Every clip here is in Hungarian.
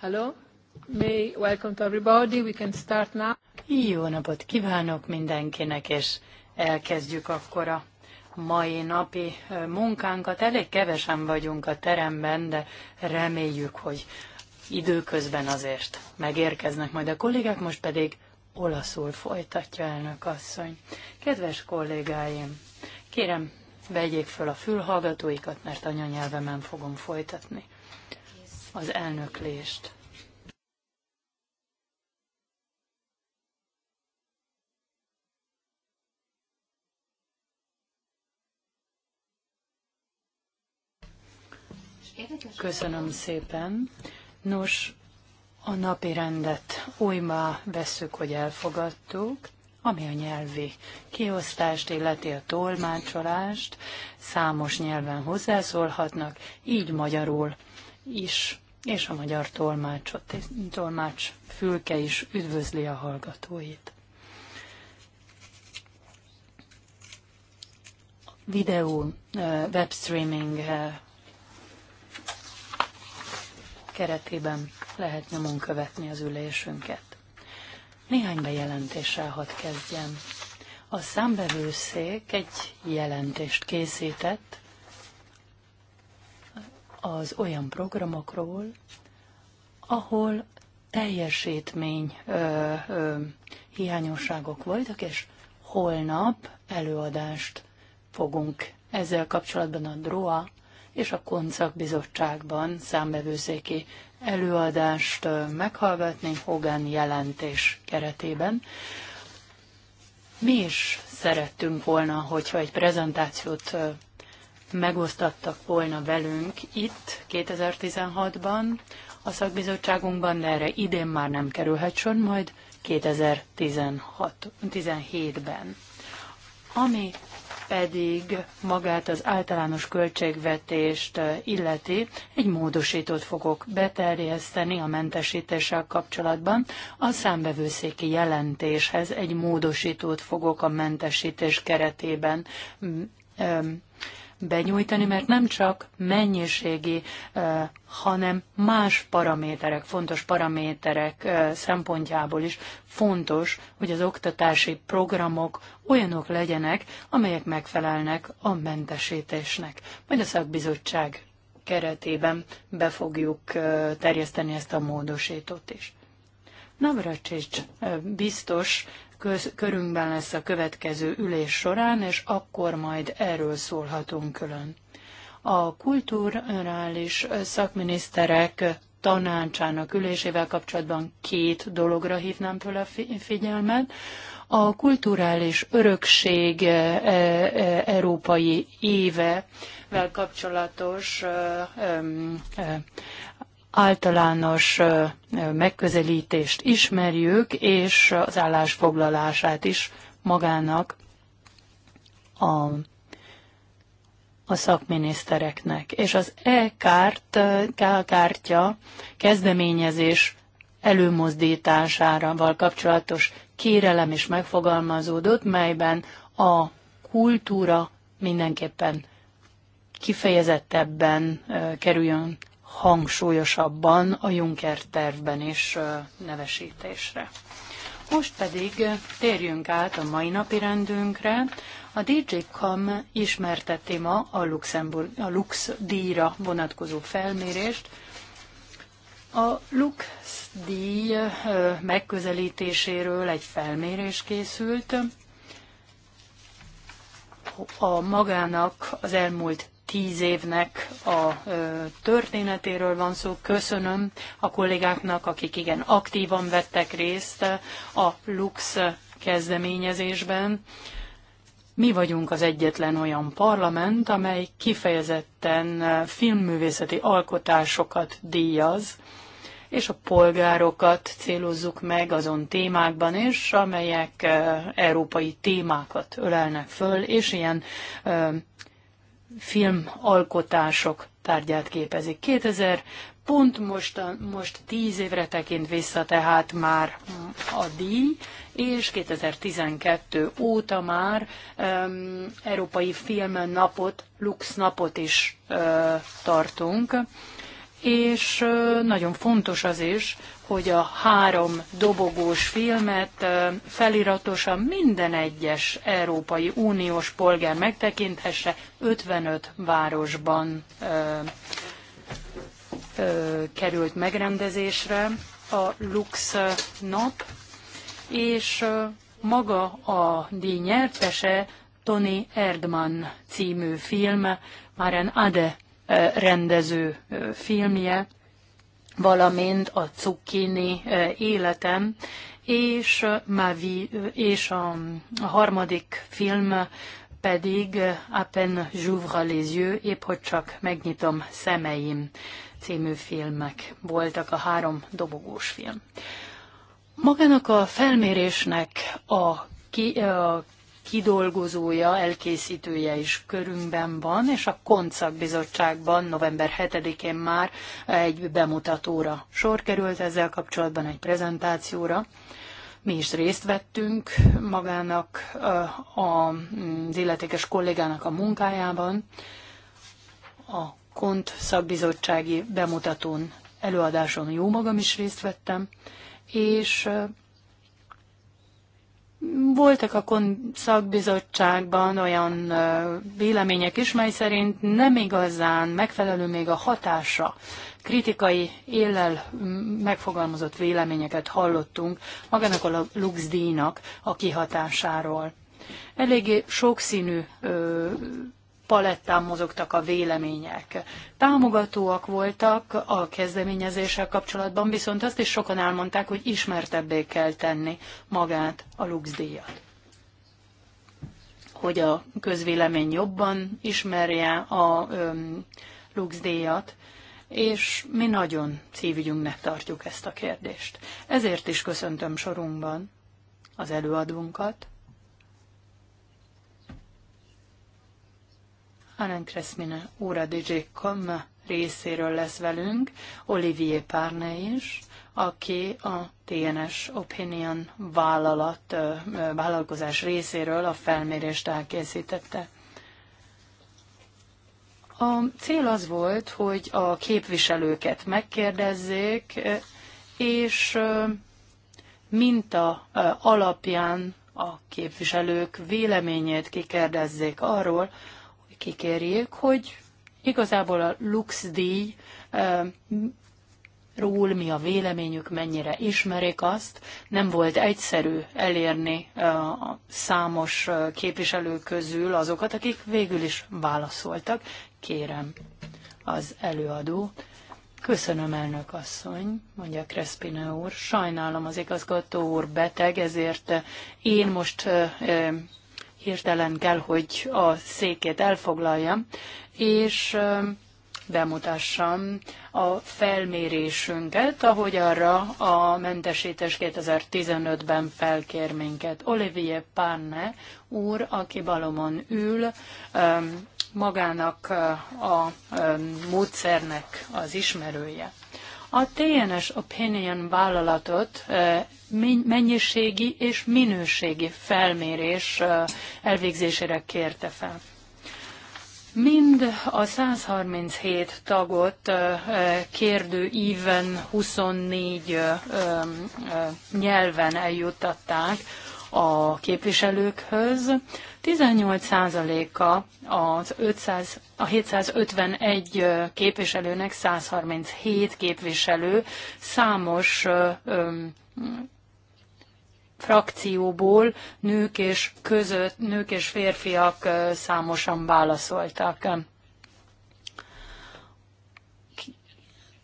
Hello. May welcome to everybody. We can start now. Jó napot kívánok mindenkinek, és elkezdjük akkor a mai napi munkánkat. Elég kevesen vagyunk a teremben, de reméljük, hogy időközben azért megérkeznek majd a kollégák, most pedig olaszul folytatja elnök asszony. Kedves kollégáim, kérem, vegyék föl a fülhallgatóikat, mert anyanyelvemen fogom folytatni az elnöklést. Köszönöm szépen. Nos, a napi rendet újra vesszük, hogy elfogadtuk, ami a nyelvi kiosztást illeti a tolmácsolást, számos nyelven hozzászólhatnak, így magyarul is, és a magyar tolmácsot, tolmács fülke is üdvözli a hallgatóit. Videó, webstreaming keretében lehet nyomon követni az ülésünket. Néhány bejelentéssel hadd kezdjem. A számbevőszék egy jelentést készített az olyan programokról, ahol teljesítmény ö, ö, hiányosságok voltak, és holnap előadást fogunk ezzel kapcsolatban a DROA és a Koncak Bizottságban számbevőszéki előadást meghallgatni Hogan jelentés keretében. Mi is szerettünk volna, hogyha egy prezentációt megosztattak volna velünk itt 2016-ban a szakbizottságunkban, de erre idén már nem kerülhet sor, majd 2017-ben. Ami pedig magát az általános költségvetést eh, illeti, egy módosítót fogok beterjeszteni a mentesítéssel kapcsolatban. A számbevőszéki jelentéshez egy módosítót fogok a mentesítés keretében mm, benyújtani, mert nem csak mennyiségi, hanem más paraméterek, fontos paraméterek szempontjából is fontos, hogy az oktatási programok olyanok legyenek, amelyek megfelelnek a mentesítésnek. Majd a szakbizottság keretében be fogjuk terjeszteni ezt a módosítót is. Navracsics biztos köz, körünkben lesz a következő ülés során, és akkor majd erről szólhatunk külön. A kulturális szakminiszterek tanácsának ülésével kapcsolatban két dologra hívnám föl a figyelmet. A kulturális örökség e, e, európai évevel kapcsolatos általános megközelítést ismerjük, és az állásfoglalását is magának a, a szakminisztereknek. És az e-kárt, kártya kezdeményezés előmozdításával kapcsolatos kérelem is megfogalmazódott, melyben a kultúra mindenképpen kifejezettebben kerüljön hangsúlyosabban a Juncker tervben is nevesítésre. Most pedig térjünk át a mai napi rendünkre. A DJ Cam ismerteti ma a, Luxemburg, a Lux díjra vonatkozó felmérést. A Lux díj megközelítéséről egy felmérés készült. A magának az elmúlt tíz évnek a történetéről van szó. Köszönöm a kollégáknak, akik igen aktívan vettek részt a Lux kezdeményezésben. Mi vagyunk az egyetlen olyan parlament, amely kifejezetten filmművészeti alkotásokat díjaz, és a polgárokat célozzuk meg azon témákban is, amelyek európai témákat ölelnek föl, és ilyen filmalkotások tárgyát képezik. 2000 pont most, most 10 évre tekint vissza tehát már a díj, és 2012 óta már um, Európai Film Napot, Lux Napot is uh, tartunk és nagyon fontos az is, hogy a három dobogós filmet feliratosan minden egyes Európai Uniós polgár megtekinthesse 55 városban ö, ö, került megrendezésre a Lux nap, és maga a díj nyertese Tony Erdmann című film en Ade rendező filmje, valamint a Cukkini életem, és, Mavi, és a, harmadik film pedig A j'ouvre les yeux, épp hogy csak megnyitom szemeim című filmek voltak a három dobogós film. Magának a felmérésnek a, ki, a kidolgozója, elkészítője is körünkben van, és a Koncak Bizottságban november 7-én már egy bemutatóra sor került ezzel kapcsolatban egy prezentációra. Mi is részt vettünk magának az illetékes kollégának a munkájában. A Kont szakbizottsági bemutatón, előadáson jó magam is részt vettem, és voltak a szakbizottságban olyan vélemények is, mely szerint nem igazán megfelelő még a hatása. Kritikai éllel megfogalmazott véleményeket hallottunk magának a Lux-díjnak a kihatásáról. Eléggé sokszínű ö, palettán mozogtak a vélemények. Támogatóak voltak a kezdeményezéssel kapcsolatban, viszont azt is sokan elmondták, hogy ismertebbé kell tenni magát a luxdíjat. Hogy a közvélemény jobban ismerje a öm, luxdíjat, és mi nagyon szívügyünknek tartjuk ezt a kérdést. Ezért is köszöntöm sorunkban az előadónkat, Alain Kreszmine DJ Com részéről lesz velünk, Olivier Párne is, aki a TNS Opinion vállalat, vállalkozás részéről a felmérést elkészítette. A cél az volt, hogy a képviselőket megkérdezzék, és minta alapján a képviselők véleményét kikérdezzék arról, kikérjék, hogy igazából a díj ról mi a véleményük, mennyire ismerik azt. Nem volt egyszerű elérni a számos képviselő közül azokat, akik végül is válaszoltak. Kérem az előadó. Köszönöm, elnök asszony, mondja Kreszpine úr. Sajnálom, az igazgató úr beteg, ezért én most hirtelen kell, hogy a székét elfoglaljam és bemutassam a felmérésünket, ahogy arra a mentesítés 2015-ben felkér minket. Olivier Panne úr, aki balomon ül, magának a módszernek az ismerője. A TNS Opinion vállalatot mennyiségi és minőségi felmérés elvégzésére kérte fel. Mind a 137 tagot kérdő íven 24 nyelven eljuttatták a képviselőkhöz. 18%-a az 500, a 751 képviselőnek 137 képviselő számos frakcióból nők és, között, nők és férfiak számosan válaszoltak.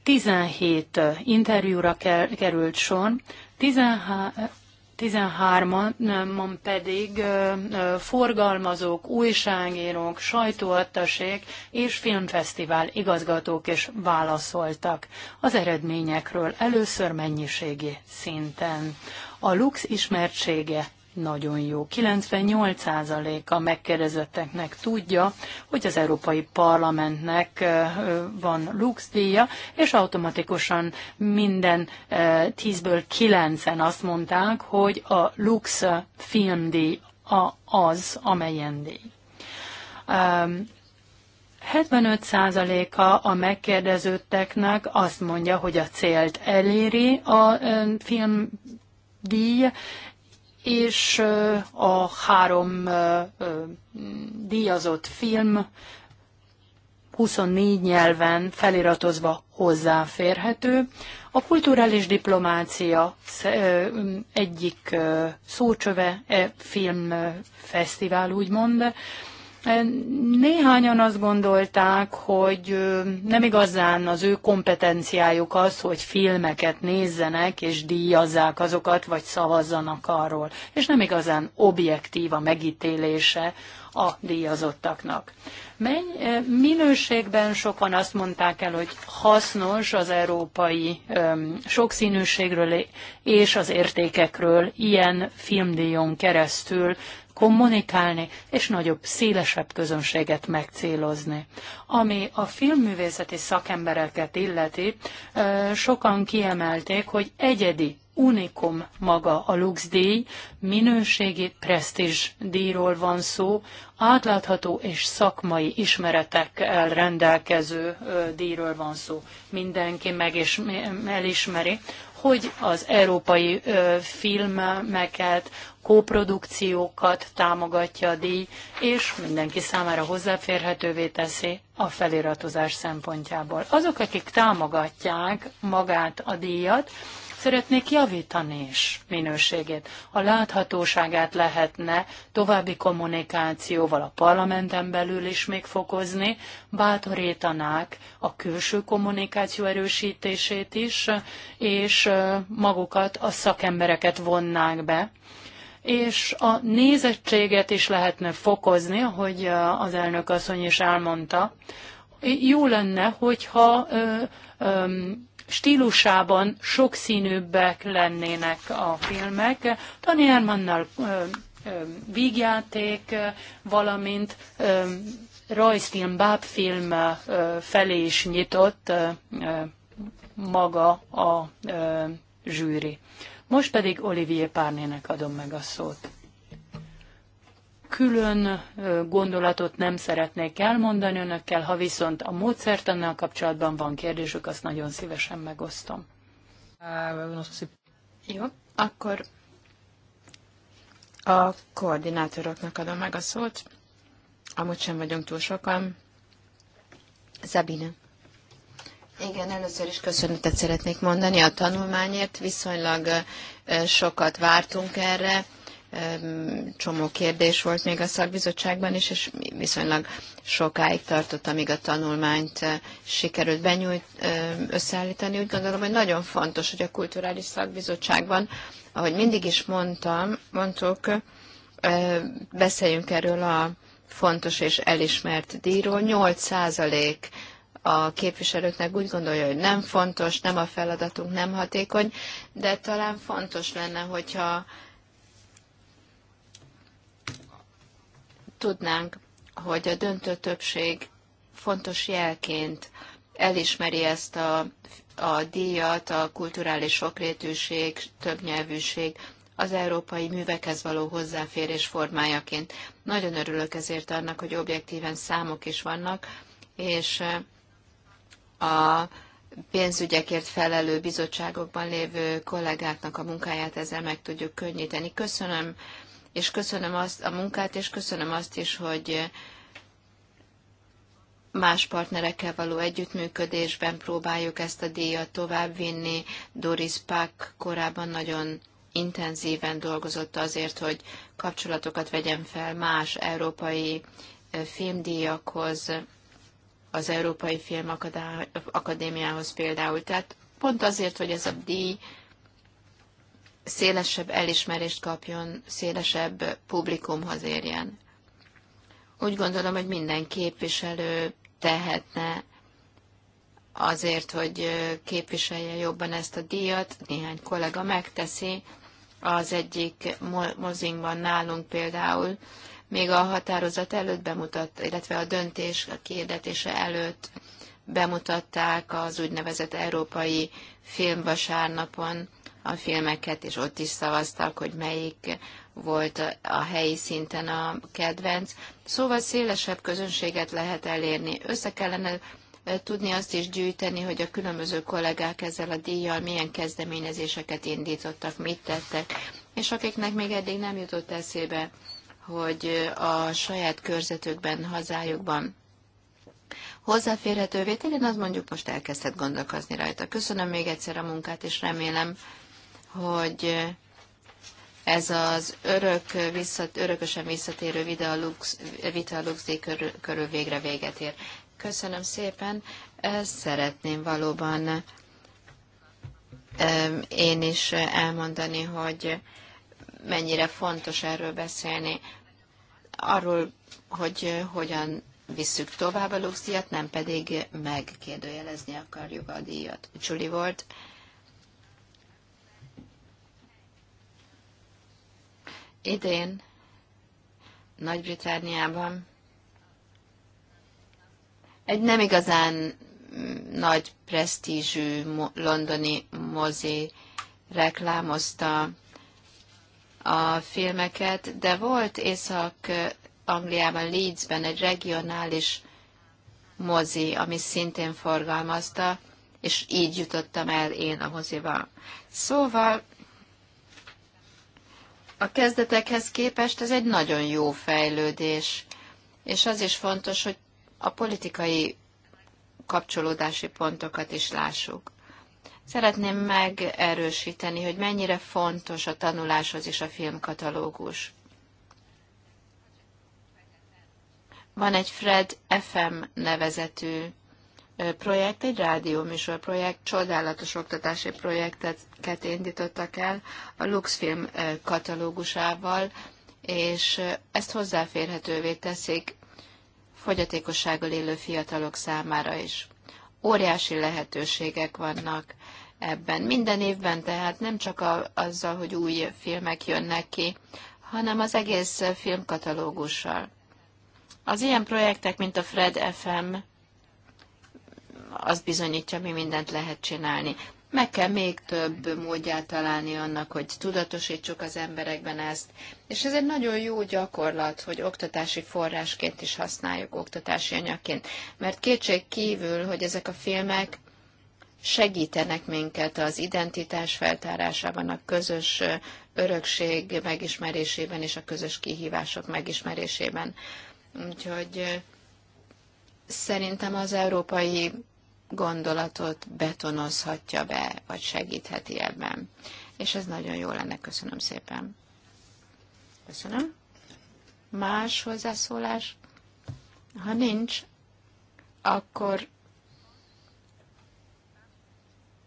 17 interjúra került son, 13, 13-an pedig forgalmazók, újságírók, sajtóattasék és filmfesztivál igazgatók is válaszoltak az eredményekről először mennyiségi szinten. A Lux ismertsége nagyon jó. 98%-a megkérdezetteknek tudja, hogy az Európai Parlamentnek van lux díja, és automatikusan minden 10-ből 9-en azt mondták, hogy a lux filmdíj az, amelyen díj. 75%-a a megkérdezőtteknek azt mondja, hogy a célt eléri a filmdíj, és a három díjazott film 24 nyelven feliratozva hozzáférhető. A kulturális diplomácia egyik szócsöve e filmfesztivál, úgymond, Néhányan azt gondolták, hogy nem igazán az ő kompetenciájuk az, hogy filmeket nézzenek és díjazzák azokat, vagy szavazzanak arról, és nem igazán objektív a megítélése a díjazottaknak. Menny, minőségben sokan azt mondták el, hogy hasznos az európai öm, sokszínűségről és az értékekről ilyen filmdíjon keresztül kommunikálni, és nagyobb, szélesebb közönséget megcélozni. Ami a filmművészeti szakembereket illeti, sokan kiemelték, hogy egyedi unikum maga a Lux díj, minőségi presztízs díjról van szó, átlátható és szakmai ismeretekkel rendelkező díjról van szó. Mindenki meg is elismeri, hogy az európai filmeket, kóprodukciókat támogatja a díj, és mindenki számára hozzáférhetővé teszi a feliratozás szempontjából. Azok, akik támogatják magát a díjat, szeretnék javítani is minőségét. A láthatóságát lehetne további kommunikációval a parlamenten belül is még fokozni, bátorítanák a külső kommunikáció erősítését is, és magukat, a szakembereket vonnák be és a nézettséget is lehetne fokozni, ahogy az elnök asszony is elmondta. Jó lenne, hogyha ö, ö, stílusában sokszínűbbek lennének a filmek. Tony Hermannal vígjáték, valamint rajzfilm, bábfilm felé is nyitott maga a zsűri. Most pedig Olivier Párnének adom meg a szót külön gondolatot nem szeretnék elmondani önökkel, ha viszont a módszertannal kapcsolatban van kérdésük, azt nagyon szívesen megosztom. Jó, akkor a koordinátoroknak adom meg a szót. Amúgy sem vagyunk túl sokan. Zabine. Igen, először is köszönetet szeretnék mondani a tanulmányért. Viszonylag sokat vártunk erre csomó kérdés volt még a szakbizottságban is, és viszonylag sokáig tartott, amíg a tanulmányt eh, sikerült benyújt, összeállítani. Úgy gondolom, hogy nagyon fontos, hogy a kulturális szakbizottságban, ahogy mindig is mondtam, mondtuk, eh, beszéljünk erről a fontos és elismert díjról. 8 százalék a képviselőknek úgy gondolja, hogy nem fontos, nem a feladatunk, nem hatékony, de talán fontos lenne, hogyha tudnánk, hogy a döntő többség fontos jelként elismeri ezt a, a díjat, a kulturális sokrétűség, többnyelvűség, az európai művekhez való hozzáférés formájaként. Nagyon örülök ezért annak, hogy objektíven számok is vannak, és eh, a pénzügyekért felelő bizottságokban lévő kollégáknak a munkáját ezzel meg tudjuk könnyíteni. Köszönöm és köszönöm azt a munkát, és köszönöm azt is, hogy más partnerekkel való együttműködésben próbáljuk ezt a díjat továbbvinni. Doris Pack korábban nagyon intenzíven dolgozott azért, hogy kapcsolatokat vegyen fel más európai filmdíjakhoz, az Európai Film Akadémiához például. Tehát pont azért, hogy ez a díj szélesebb elismerést kapjon, szélesebb publikumhoz érjen. Úgy gondolom, hogy minden képviselő tehetne azért, hogy képviselje jobban ezt a díjat. Néhány kollega megteszi. Az egyik mozingban nálunk például még a határozat előtt bemutat, illetve a döntés a kérdetése előtt bemutatták az úgynevezett Európai Filmvasárnapon a filmeket, és ott is szavaztak, hogy melyik volt a helyi szinten a kedvenc. Szóval szélesebb közönséget lehet elérni. Össze kellene e, tudni azt is gyűjteni, hogy a különböző kollégák ezzel a díjjal milyen kezdeményezéseket indítottak, mit tettek, és akiknek még eddig nem jutott eszébe, hogy a saját körzetükben, hazájukban hozzáférhetővé tegyen, az mondjuk most elkezdett gondolkozni rajta. Köszönöm még egyszer a munkát, és remélem, hogy ez az örök, visszat, örökösen visszatérő Vitalux, Vitalux körül, körül végre véget ér. Köszönöm szépen, szeretném valóban én is elmondani, hogy mennyire fontos erről beszélni, arról, hogy hogyan visszük tovább a luxdíjat, nem pedig megkérdőjelezni akarjuk a díjat. Julie volt. Idén Nagy-Britániában egy nem igazán mm, nagy presztízsű londoni mozi reklámozta a filmeket, de volt Észak-Angliában, Leedsben egy regionális mozi, ami szintén forgalmazta, és így jutottam el én a moziba. Szóval a kezdetekhez képest ez egy nagyon jó fejlődés, és az is fontos, hogy a politikai kapcsolódási pontokat is lássuk. Szeretném megerősíteni, hogy mennyire fontos a tanuláshoz is a filmkatalógus. Van egy Fred FM nevezetű projekt, egy rádióműsor projekt, csodálatos oktatási projektet indítottak el a Luxfilm katalógusával, és ezt hozzáférhetővé teszik fogyatékossággal élő fiatalok számára is. Óriási lehetőségek vannak ebben. Minden évben tehát nem csak a, azzal, hogy új filmek jönnek ki, hanem az egész filmkatalógussal. Az ilyen projektek, mint a Fred FM, az bizonyítja, mi mindent lehet csinálni. Meg kell még több módját találni annak, hogy tudatosítsuk az emberekben ezt. És ez egy nagyon jó gyakorlat, hogy oktatási forrásként is használjuk, oktatási anyagként. Mert kétség kívül, hogy ezek a filmek segítenek minket az identitás feltárásában, a közös örökség megismerésében és a közös kihívások megismerésében. Úgyhogy szerintem az európai gondolatot betonozhatja be, vagy segítheti ebben. És ez nagyon jó lenne. Köszönöm szépen. Köszönöm. Más hozzászólás? Ha nincs, akkor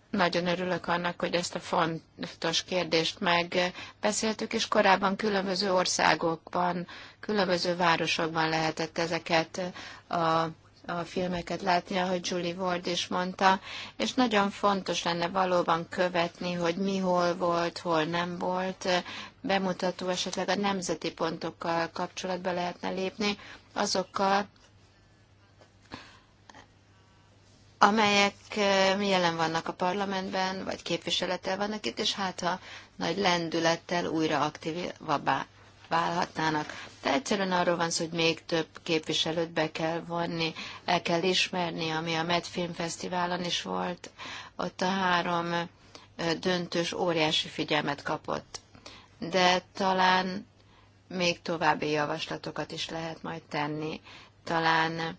nagyon örülök annak, hogy ezt a fontos kérdést megbeszéltük, és korábban különböző országokban, különböző városokban lehetett ezeket a a filmeket látni, ahogy Julie Ward is mondta, és nagyon fontos lenne valóban követni, hogy mi hol volt, hol nem volt, bemutató esetleg a nemzeti pontokkal kapcsolatba lehetne lépni, azokkal, amelyek eh, jelen vannak a parlamentben, vagy képviselettel vannak itt, és hát ha nagy lendülettel újra aktívabbá válhatnának. De egyszerűen arról van szó, hogy még több képviselőt be kell vonni, el kell ismerni, ami a Med Film Fesztiválon is volt. Ott a három döntős óriási figyelmet kapott. De talán még további javaslatokat is lehet majd tenni. Talán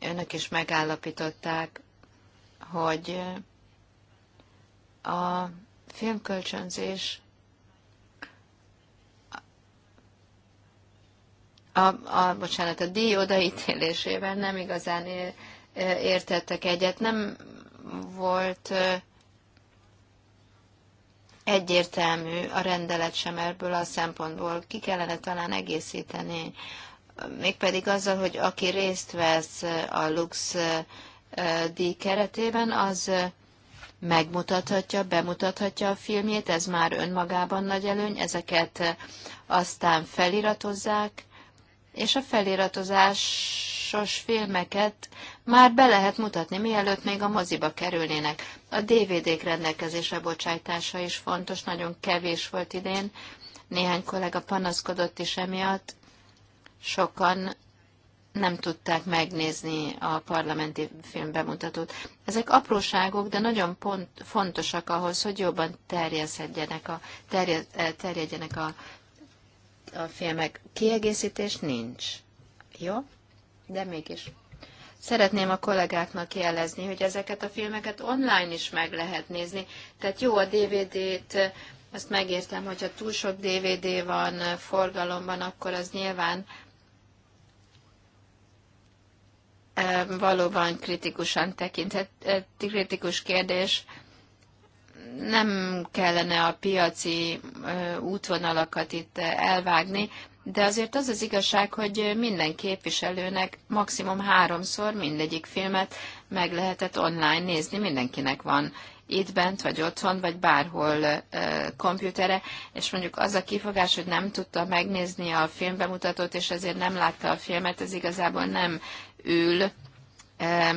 önök is megállapították, hogy a filmkölcsönzés a, a, bocsánat, a díj odaítélésével nem igazán értettek egyet. Nem volt egyértelmű a rendelet sem ebből a szempontból. Ki kellene talán egészíteni, mégpedig azzal, hogy aki részt vesz a Lux díj keretében, az megmutathatja, bemutathatja a filmjét, ez már önmagában nagy előny, ezeket aztán feliratozzák, és a feliratozásos filmeket már be lehet mutatni, mielőtt még a moziba kerülnének. A DVD-k rendelkezésre bocsájtása is fontos, nagyon kevés volt idén. Néhány kollega panaszkodott is emiatt. Sokan nem tudták megnézni a parlamenti film bemutatót. Ezek apróságok, de nagyon pont, fontosak ahhoz, hogy jobban terjedjenek a, terjed, terjedjenek a a filmek. Kiegészítés nincs. Jó? De mégis. Szeretném a kollégáknak jelezni, hogy ezeket a filmeket online is meg lehet nézni. Tehát jó a DVD-t, azt megértem, hogyha túl sok DVD van forgalomban, akkor az nyilván valóban kritikusan tekinthet, kritikus kérdés, nem kellene a piaci útvonalakat itt elvágni, de azért az az igazság, hogy minden képviselőnek maximum háromszor mindegyik filmet meg lehetett online nézni, mindenkinek van itt bent, vagy otthon, vagy bárhol e, kompjútere, és mondjuk az a kifogás, hogy nem tudta megnézni a filmbemutatót, és ezért nem látta a filmet, ez igazából nem ül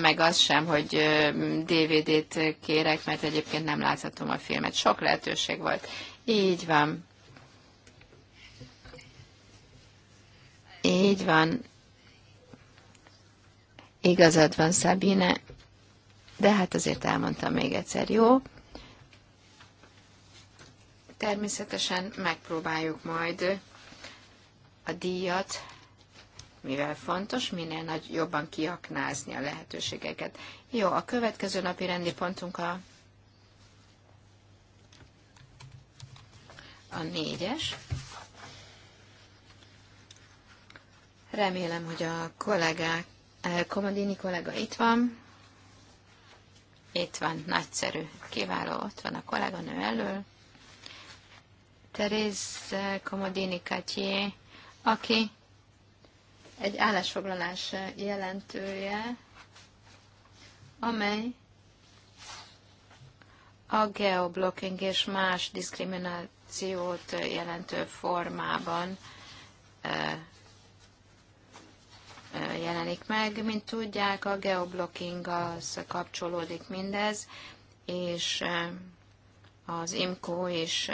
meg az sem, hogy DVD-t kérek, mert egyébként nem láthatom a filmet. Sok lehetőség volt. Így van. Így van. Igazad van, Szabine. De hát azért elmondtam még egyszer, jó? Természetesen megpróbáljuk majd a díjat mivel fontos minél nagy, jobban kiaknázni a lehetőségeket. Jó, a következő napi rendi pontunk a, a négyes. Remélem, hogy a kollégák, eh, Komodini kollega itt van. Itt van, nagyszerű, kiváló, ott van a kolléganő elől. Teréz Komodini Katyé, aki egy állásfoglalás jelentője, amely a geoblocking és más diszkriminációt jelentő formában jelenik meg. Mint tudják, a geoblocking az kapcsolódik mindez, és az IMCO is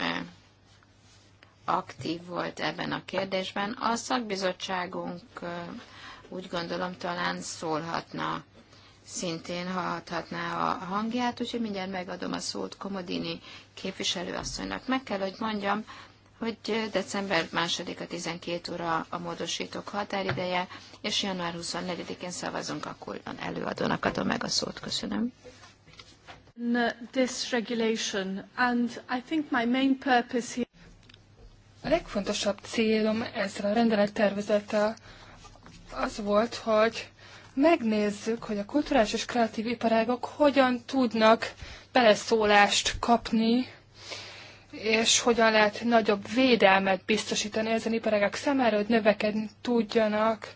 aktív volt ebben a kérdésben. A szakbizottságunk úgy gondolom talán szólhatna, szintén hallhatná a hangját, úgyhogy mindjárt megadom a szót Komodini képviselőasszonynak. Meg kell, hogy mondjam, hogy december 2-a 12 óra a módosítók határideje, és január 24-én szavazunk, akkor előadónak adom meg a szót. Köszönöm. This regulation, and I think my main purpose here a legfontosabb célom ezzel a rendelettervezettel az volt, hogy megnézzük, hogy a kulturális és kreatív iparágok hogyan tudnak beleszólást kapni, és hogyan lehet nagyobb védelmet biztosítani ezen iparágak számára, hogy növekedni tudjanak,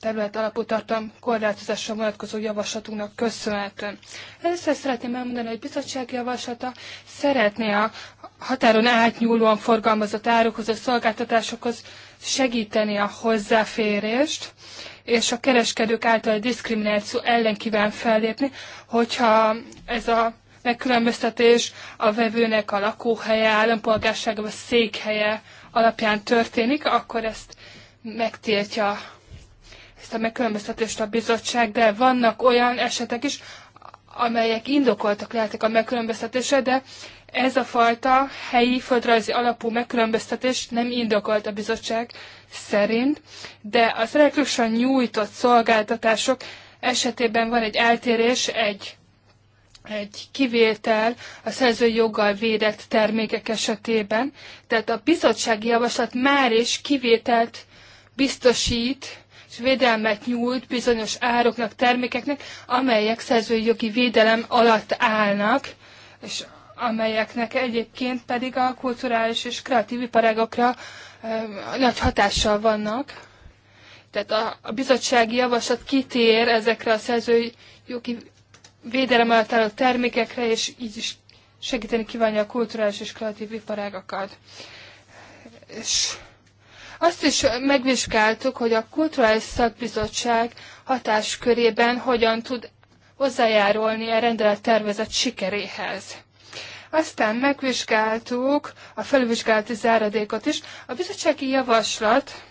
terület alapú tartalom korlátozásra vonatkozó javaslatunknak köszönhetően. Először szeretném elmondani, hogy bizottság javaslata szeretné a határon átnyúlóan forgalmazott árukhoz, a szolgáltatásokhoz segíteni a hozzáférést, és a kereskedők által a diszkrimináció ellen kíván fellépni, hogyha ez a megkülönböztetés a vevőnek a lakóhelye, állampolgársága vagy székhelye alapján történik, akkor ezt megtiltja ezt a megkülönböztetést a bizottság, de vannak olyan esetek is, amelyek indokoltak lehetek a megkülönböztetésre, de ez a fajta helyi földrajzi alapú megkülönböztetés nem indokolt a bizottság szerint, de az elektrosan nyújtott szolgáltatások esetében van egy eltérés, egy, egy kivétel a szerzői joggal védett termékek esetében. Tehát a bizottsági javaslat már is kivételt biztosít védelmet nyújt bizonyos ároknak, termékeknek, amelyek szerzői jogi védelem alatt állnak, és amelyeknek egyébként pedig a kulturális és kreatív iparágokra nagy hatással vannak. Tehát a, a bizottsági javaslat kitér ezekre a szerzői jogi védelem alatt álló termékekre, és így is segíteni kívánja a kulturális és kreatív iparágakat. És azt is megvizsgáltuk, hogy a Kulturális Szakbizottság hatáskörében hogyan tud hozzájárulni a rendelet tervezett sikeréhez. Aztán megvizsgáltuk a felvizsgálati záradékot is. A bizottsági javaslat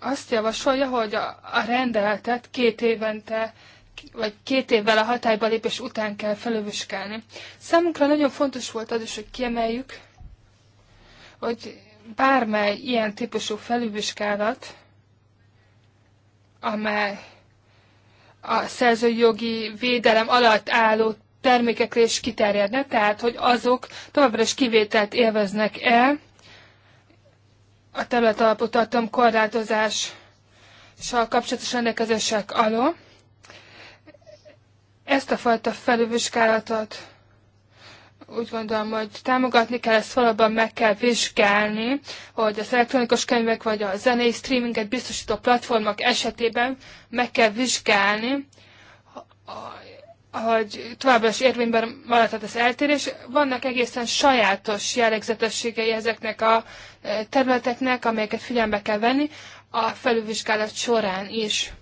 azt javasolja, hogy a, a rendeletet két évente vagy két évvel a hatályba lépés után kell felövüskelni. Számunkra nagyon fontos volt az is, hogy kiemeljük, hogy bármely ilyen típusú felülvizsgálat, amely a szerzőjogi védelem alatt álló termékekre is kiterjedne, tehát hogy azok továbbra is kivételt élveznek-e a terület alapú és korlátozással kapcsolatos rendelkezések alól. Ezt a fajta felülvizsgálatot úgy gondolom, hogy támogatni kell, ezt valóban meg kell vizsgálni, hogy az elektronikus könyvek vagy a zenei streaminget biztosító platformok esetében meg kell vizsgálni, hogy továbbra is érvényben maradhat az eltérés. Vannak egészen sajátos jellegzetességei ezeknek a eh, területeknek, amelyeket figyelme kell venni a felülvizsgálat során is.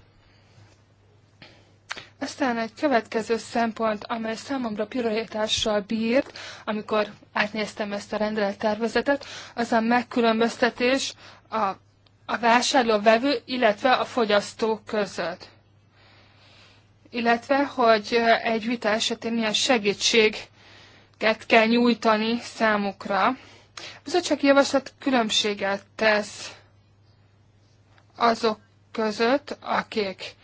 Aztán egy következő szempont, amely számomra prioritással bírt, amikor átnéztem ezt a rendelettervezetet, az a megkülönböztetés a, a vásárló-vevő, illetve a fogyasztó között. Illetve, hogy egy vita esetén milyen segítséget kell nyújtani számukra. A bizottsági javaslat különbséget tesz azok között, akik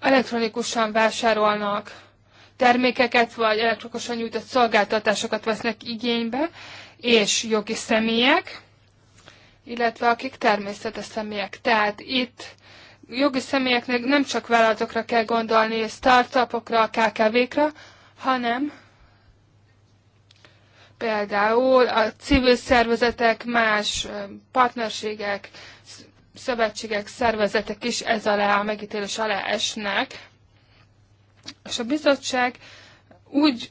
elektronikusan vásárolnak termékeket, vagy elektronikusan nyújtott szolgáltatásokat vesznek igénybe, és jogi személyek, illetve akik természetes személyek. Tehát itt jogi személyeknek nem csak vállalatokra kell gondolni, startupokra, KKV-kra, hanem például a civil szervezetek, más partnerségek, szövetségek, szervezetek is ez alá, a megítélés alá esnek. És a bizottság úgy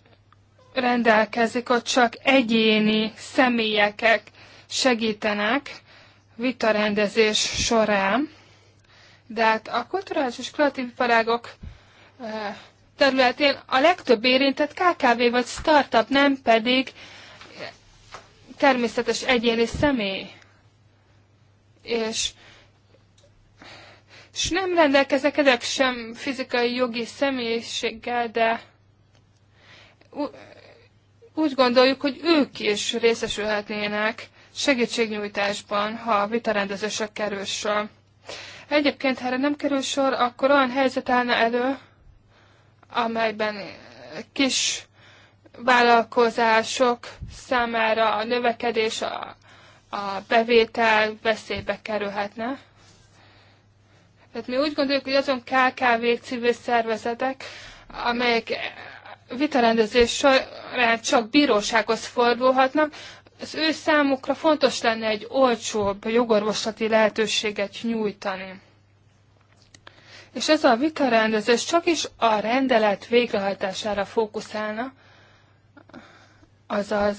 rendelkezik, hogy csak egyéni személyekek segítenek vitarendezés során. De hát a kulturális és kreatív iparágok eh, területén a legtöbb érintett KKV vagy startup, nem pedig természetes egyéni személy. És és nem rendelkezek ezek sem fizikai jogi személyiséggel, de úgy gondoljuk, hogy ők is részesülhetnének segítségnyújtásban, ha a vitarendezésre kerül sor. Egyébként, ha erre nem kerül sor, akkor olyan helyzet állna elő, amelyben kis vállalkozások számára a növekedés, a, a bevétel veszélybe kerülhetne. Tehát mi úgy gondoljuk, hogy azon KKV civil szervezetek, amelyek vitarendezés során csak bírósághoz fordulhatnak, az ő számukra fontos lenne egy olcsóbb jogorvoslati lehetőséget nyújtani. És ez a vitarendezés csak is a rendelet végrehajtására fókuszálna, azaz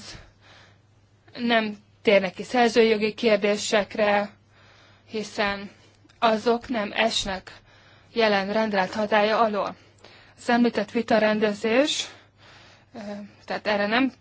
nem térnek ki szerzőjogi kérdésekre, hiszen azok nem esnek jelen rendelt hatája alól. Az említett vitarendezés, tehát erre nem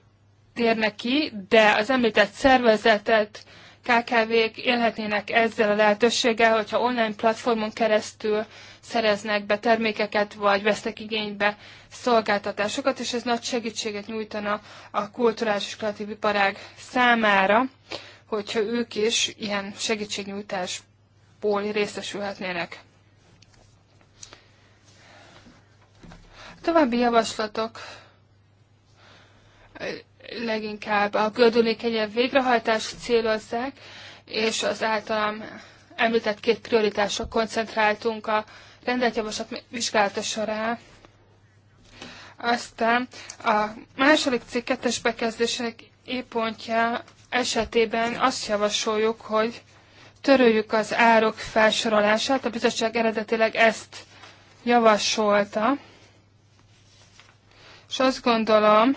térnek ki, de az említett szervezetet, KKV-k élhetnének ezzel a lehetőséggel, hogyha online platformon keresztül szereznek be termékeket, vagy vesznek igénybe szolgáltatásokat, és ez nagy segítséget nyújtana a kulturális és kreatív iparág számára, hogyha ők is ilyen segítségnyújtás ból részesülhetnének. További javaslatok leginkább a gördülékenyebb végrehajtás célozzák, és az általam említett két prioritásra koncentráltunk a javaslat vizsgálata során. Aztán a második cikk kettes bekezdések épontja e esetében azt javasoljuk, hogy töröljük az árok felsorolását. A bizottság eredetileg ezt javasolta. És azt gondolom,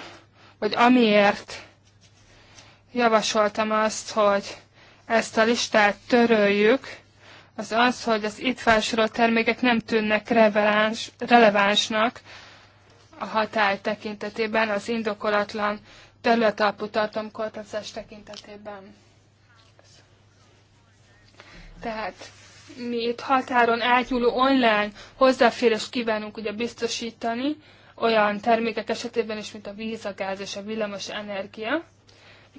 hogy amiért javasoltam azt, hogy ezt a listát töröljük, az az, hogy az itt felsorolt termékek nem tűnnek releváns, relevánsnak a hatály tekintetében, az indokolatlan területalapú tartalomkortozás tekintetében. Tehát mi itt határon átnyúló online hozzáférést kívánunk ugye biztosítani, olyan termékek esetében is, mint a víz, a gáz és a villamos energia,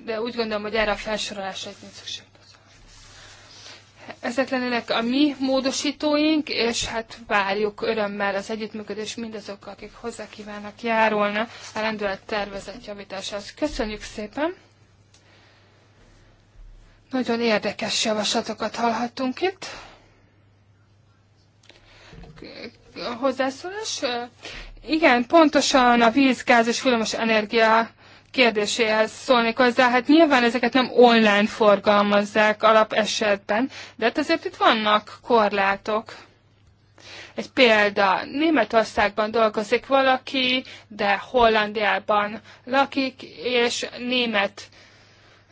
de úgy gondolom, hogy erre a felsorolásra egy nincs szükség. Ezek lennének a mi módosítóink, és hát várjuk örömmel az együttműködés mindazokkal, akik hozzá kívánnak járulni a rendület tervezett javításához. Köszönjük szépen! Nagyon érdekes javaslatokat hallhattunk itt. Hozzászólás? Igen, pontosan a víz, gáz és villamos energia kérdéséhez szólnék hozzá. Hát nyilván ezeket nem online forgalmazzák alap esetben, de hát azért itt vannak korlátok. Egy példa, Németországban dolgozik valaki, de Hollandiában lakik, és német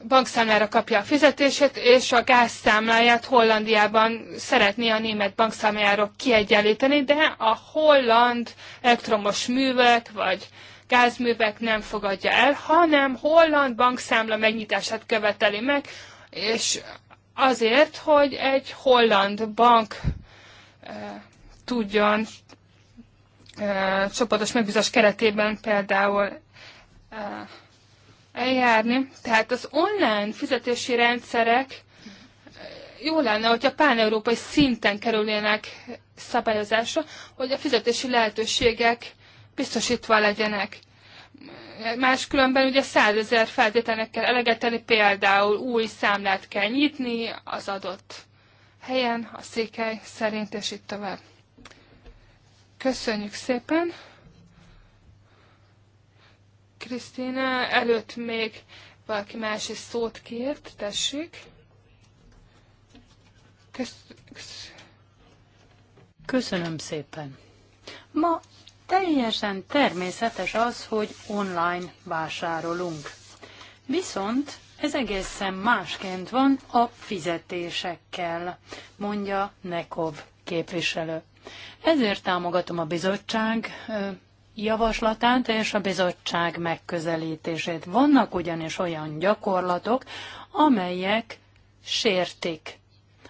bankszámlára kapja a fizetését, és a gázszámláját Hollandiában szeretné a német bankszámlájáról kiegyenlíteni, de a holland elektromos művek vagy gázművek nem fogadja el, hanem holland bankszámla megnyitását követeli meg, és azért, hogy egy holland bank e, tudjon e, csoportos megbízás keretében például e, eljárni. Tehát az online fizetési rendszerek eh, jó lenne, hogyha pán-európai szinten kerülnének szabályozásra, hogy a fizetési lehetőségek biztosítva legyenek. Máskülönben ugye százezer feltételnek kell eleget például új számlát kell nyitni az adott helyen, a székely szerint, és így tovább. Köszönjük szépen! Krisztina, előtt még valaki más is szót kért, tessék. Köszönöm szépen. Ma teljesen természetes az, hogy online vásárolunk. Viszont ez egészen másként van a fizetésekkel, mondja Nekov képviselő. Ezért támogatom a bizottság javaslatát és a bizottság megközelítését. Vannak ugyanis olyan gyakorlatok, amelyek sértik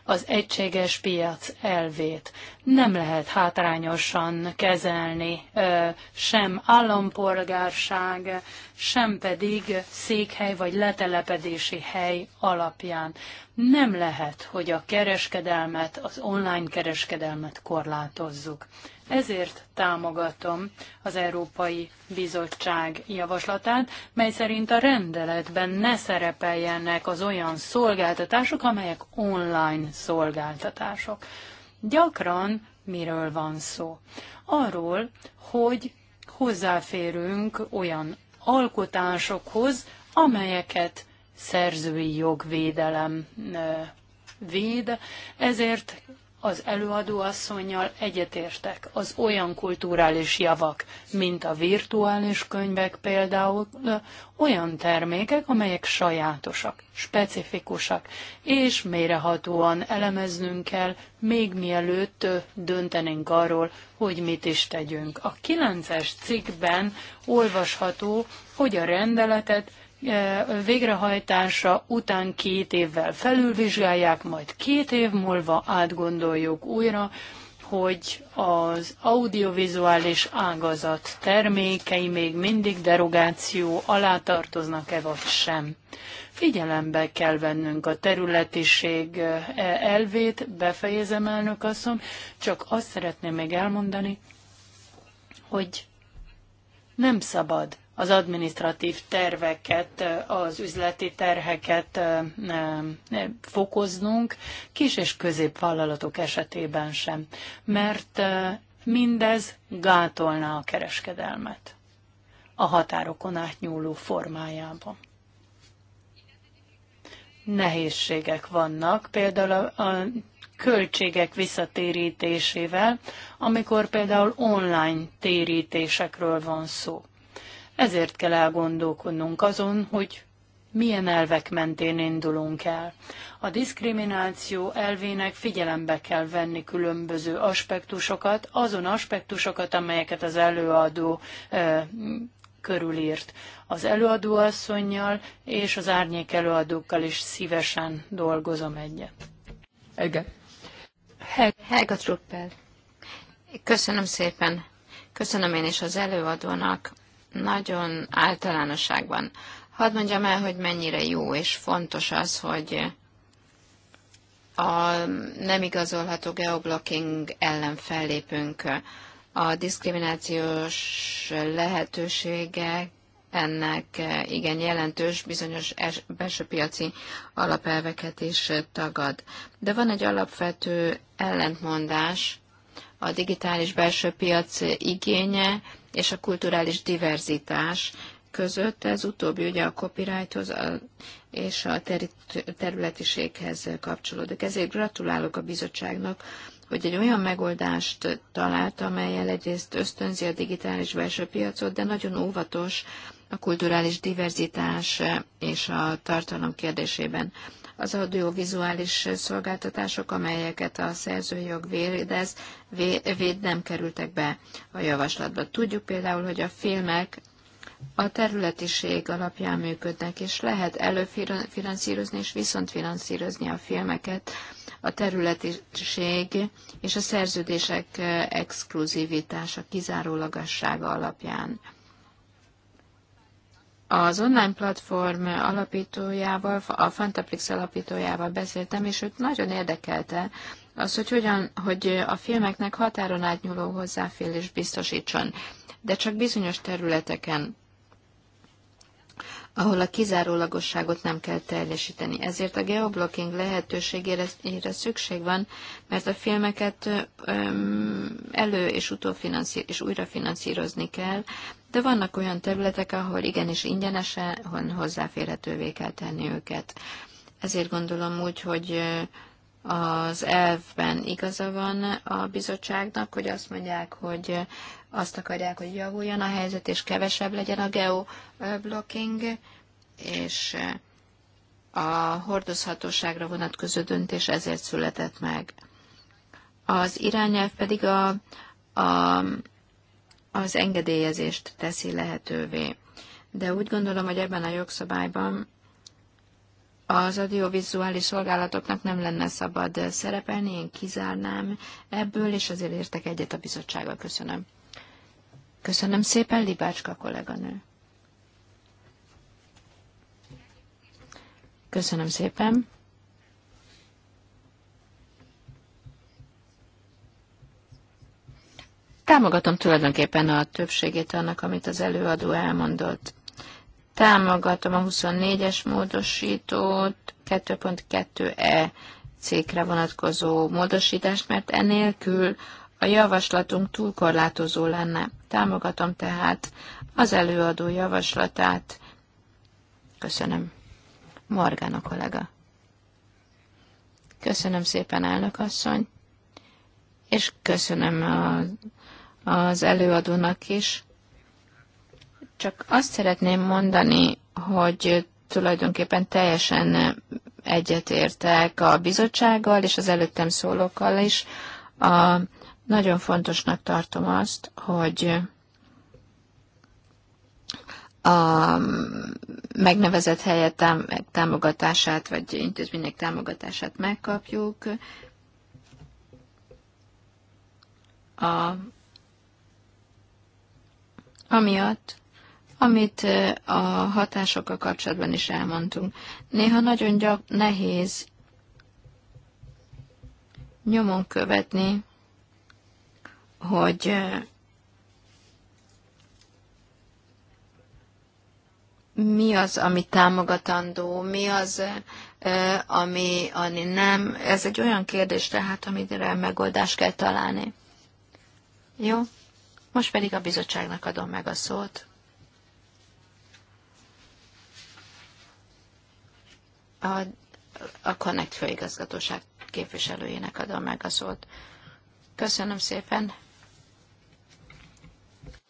az egységes piac elvét nem lehet hátrányosan kezelni sem állampolgárság, sem pedig székhely vagy letelepedési hely alapján. Nem lehet, hogy a kereskedelmet, az online kereskedelmet korlátozzuk. Ezért támogatom az Európai Bizottság javaslatát, mely szerint a rendeletben ne szerepeljenek az olyan szolgáltatások, amelyek online szolgáltatások. Gyakran miről van szó? Arról, hogy hozzáférünk olyan alkotásokhoz, amelyeket szerzői jogvédelem véd, ezért az előadóasszonyjal egyetértek. Az olyan kulturális javak, mint a virtuális könyvek például, olyan termékek, amelyek sajátosak, specifikusak, és mérehatóan elemeznünk kell, még mielőtt döntenénk arról, hogy mit is tegyünk. A 9-es cikkben olvasható, hogy a rendeletet E, végrehajtása után két évvel felülvizsgálják, majd két év múlva átgondoljuk újra, hogy az audiovizuális ágazat termékei még mindig derogáció alá tartoznak-e vagy sem. Figyelembe kell vennünk a területiség e, elvét, befejezem elnök asszom, csak azt szeretném még elmondani, hogy nem szabad az administratív terveket, az üzleti terheket fokoznunk, kis és középvállalatok esetében sem, mert mindez gátolná a kereskedelmet a határokon átnyúló formájában nehézségek vannak, például a, a költségek visszatérítésével, amikor például online térítésekről van szó. Ezért kell elgondolkodnunk azon, hogy milyen elvek mentén indulunk el. A diszkrimináció elvének figyelembe kell venni különböző aspektusokat, azon aspektusokat, amelyeket az előadó e, körülírt. Az előadóasszonynal és az árnyék előadókkal is szívesen dolgozom egyet. Helga. Helga Truppel. Köszönöm szépen. Köszönöm én is az előadónak nagyon általánosságban. Hadd mondjam el, hogy mennyire jó és fontos az, hogy a nem igazolható geoblocking ellen fellépünk. A diszkriminációs lehetősége ennek igen jelentős bizonyos es, belső piaci alapelveket is tagad. De van egy alapvető ellentmondás a digitális belső piac igénye és a kulturális diverzitás között. Ez utóbbi ugye a copyrighthoz és a területiséghez kapcsolódik. Ezért gratulálok a bizottságnak, hogy egy olyan megoldást talált, amelyel egyrészt ösztönzi a digitális belső piacot, de nagyon óvatos a kulturális diverzitás és a tartalom kérdésében az audiovizuális szolgáltatások, amelyeket a szerzőjog védez, véd nem kerültek be a javaslatba. Tudjuk például, hogy a filmek a területiség alapján működnek, és lehet előfinanszírozni és viszont finanszírozni a filmeket a területiség és a szerződések exkluzivitása, kizárólagassága alapján az online platform alapítójával, a Fantaplix alapítójával beszéltem, és őt nagyon érdekelte az, hogy hogyan, hogy a filmeknek határon átnyúló hozzáférés biztosítson, de csak bizonyos területeken ahol a kizárólagosságot nem kell teljesíteni. Ezért a geoblocking lehetőségére szükség van, mert a filmeket elő- és utófinanszírozni és újrafinanszírozni kell, de vannak olyan területek, ahol igenis ingyenesen hozzáférhetővé kell tenni őket. Ezért gondolom úgy, hogy az elvben igaza van a bizottságnak, hogy azt mondják, hogy azt akarják, hogy javuljon a helyzet, és kevesebb legyen a geoblocking, és a hordozhatóságra vonatkozó döntés ezért született meg. Az irányelv pedig a, a az engedélyezést teszi lehetővé. De úgy gondolom, hogy ebben a jogszabályban az audiovizuális szolgálatoknak nem lenne szabad szerepelni, én kizárnám ebből, és azért értek egyet a bizottsággal. Köszönöm. Köszönöm szépen, Libácska kolléganő. Köszönöm szépen. Támogatom tulajdonképpen a többségét annak, amit az előadó elmondott. Támogatom a 24-es módosítót, 2.2e cégre vonatkozó módosítást, mert enélkül a javaslatunk túl korlátozó lenne. Támogatom tehát az előadó javaslatát. Köszönöm. Morgan a kollega. Köszönöm szépen, elnök asszony, és köszönöm a az előadónak is. Csak azt szeretném mondani, hogy tulajdonképpen teljesen egyetértek a bizottsággal és az előttem szólókkal is. A, nagyon fontosnak tartom azt, hogy a megnevezett helyet támogatását, vagy intézmények támogatását megkapjuk. A Amiatt, amit a hatásokkal kapcsolatban is elmondtunk. Néha nagyon gyak, nehéz nyomon követni, hogy mi az, ami támogatandó, mi az, ami, ami nem. Ez egy olyan kérdés tehát, amire megoldást kell találni. Jó? Most pedig a bizottságnak adom meg a szót. A, a Connect főigazgatóság képviselőjének adom meg a szót. Köszönöm szépen.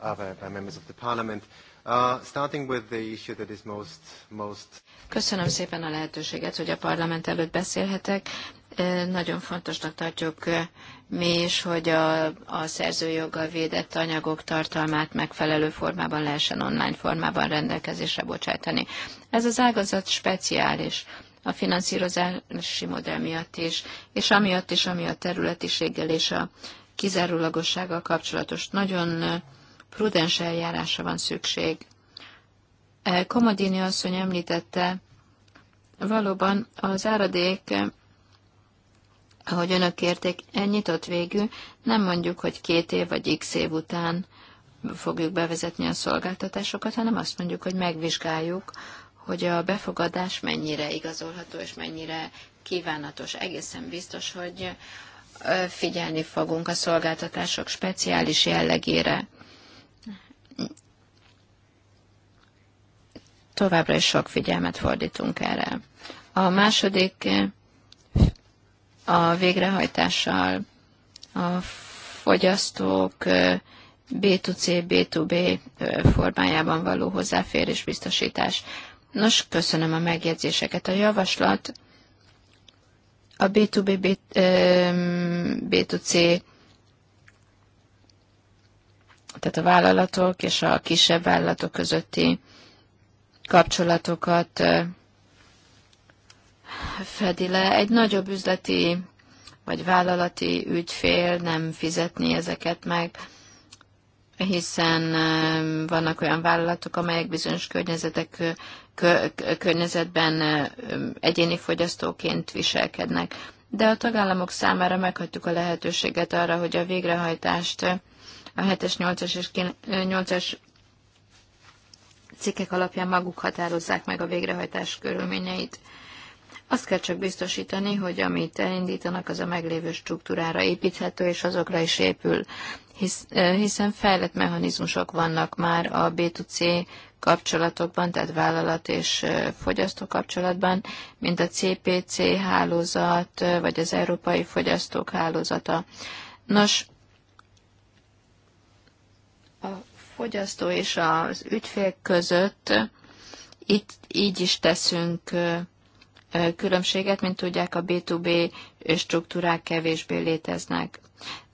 Uh, uh, Köszönöm szépen a lehetőséget, hogy a parlament előtt beszélhetek. Uh, nagyon fontosnak tartjuk mi is, hogy a, a szerzőjoggal védett anyagok tartalmát megfelelő formában lehessen online formában rendelkezésre bocsátani. Ez az ágazat speciális a finanszírozási modell miatt is, és amiatt is, ami a területiséggel és a kizárólagossággal kapcsolatos. Nagyon prudens eljárásra van szükség. Komodini asszony említette, valóban az áradék ahogy önök kérték, ott végül, nem mondjuk, hogy két év vagy x év után fogjuk bevezetni a szolgáltatásokat, hanem azt mondjuk, hogy megvizsgáljuk, hogy a befogadás mennyire igazolható és mennyire kívánatos. Egészen biztos, hogy figyelni fogunk a szolgáltatások speciális jellegére. Továbbra is sok figyelmet fordítunk erre. A második a végrehajtással a fogyasztók B2C, B2B formájában való hozzáférés biztosítás. Nos, köszönöm a megjegyzéseket. A javaslat a B2B, B2C, tehát a vállalatok és a kisebb vállalatok közötti kapcsolatokat fedi le. Egy nagyobb üzleti vagy vállalati ügyfél nem fizetni ezeket meg, hiszen vannak olyan vállalatok, amelyek bizonyos környezetek, környezetben egyéni fogyasztóként viselkednek. De a tagállamok számára meghagytuk a lehetőséget arra, hogy a végrehajtást a 7-es, 8-es és 8-es cikkek alapján maguk határozzák meg a végrehajtás körülményeit. Azt kell csak biztosítani, hogy amit elindítanak, az a meglévő struktúrára építhető, és azokra is épül. Hisz, hiszen fejlett mechanizmusok vannak már a B2C kapcsolatokban, tehát vállalat és fogyasztó kapcsolatban, mint a CPC hálózat, vagy az Európai Fogyasztók Hálózata. Nos, a fogyasztó és az ügyfél között itt így is teszünk különbséget, mint tudják, a B2B struktúrák kevésbé léteznek.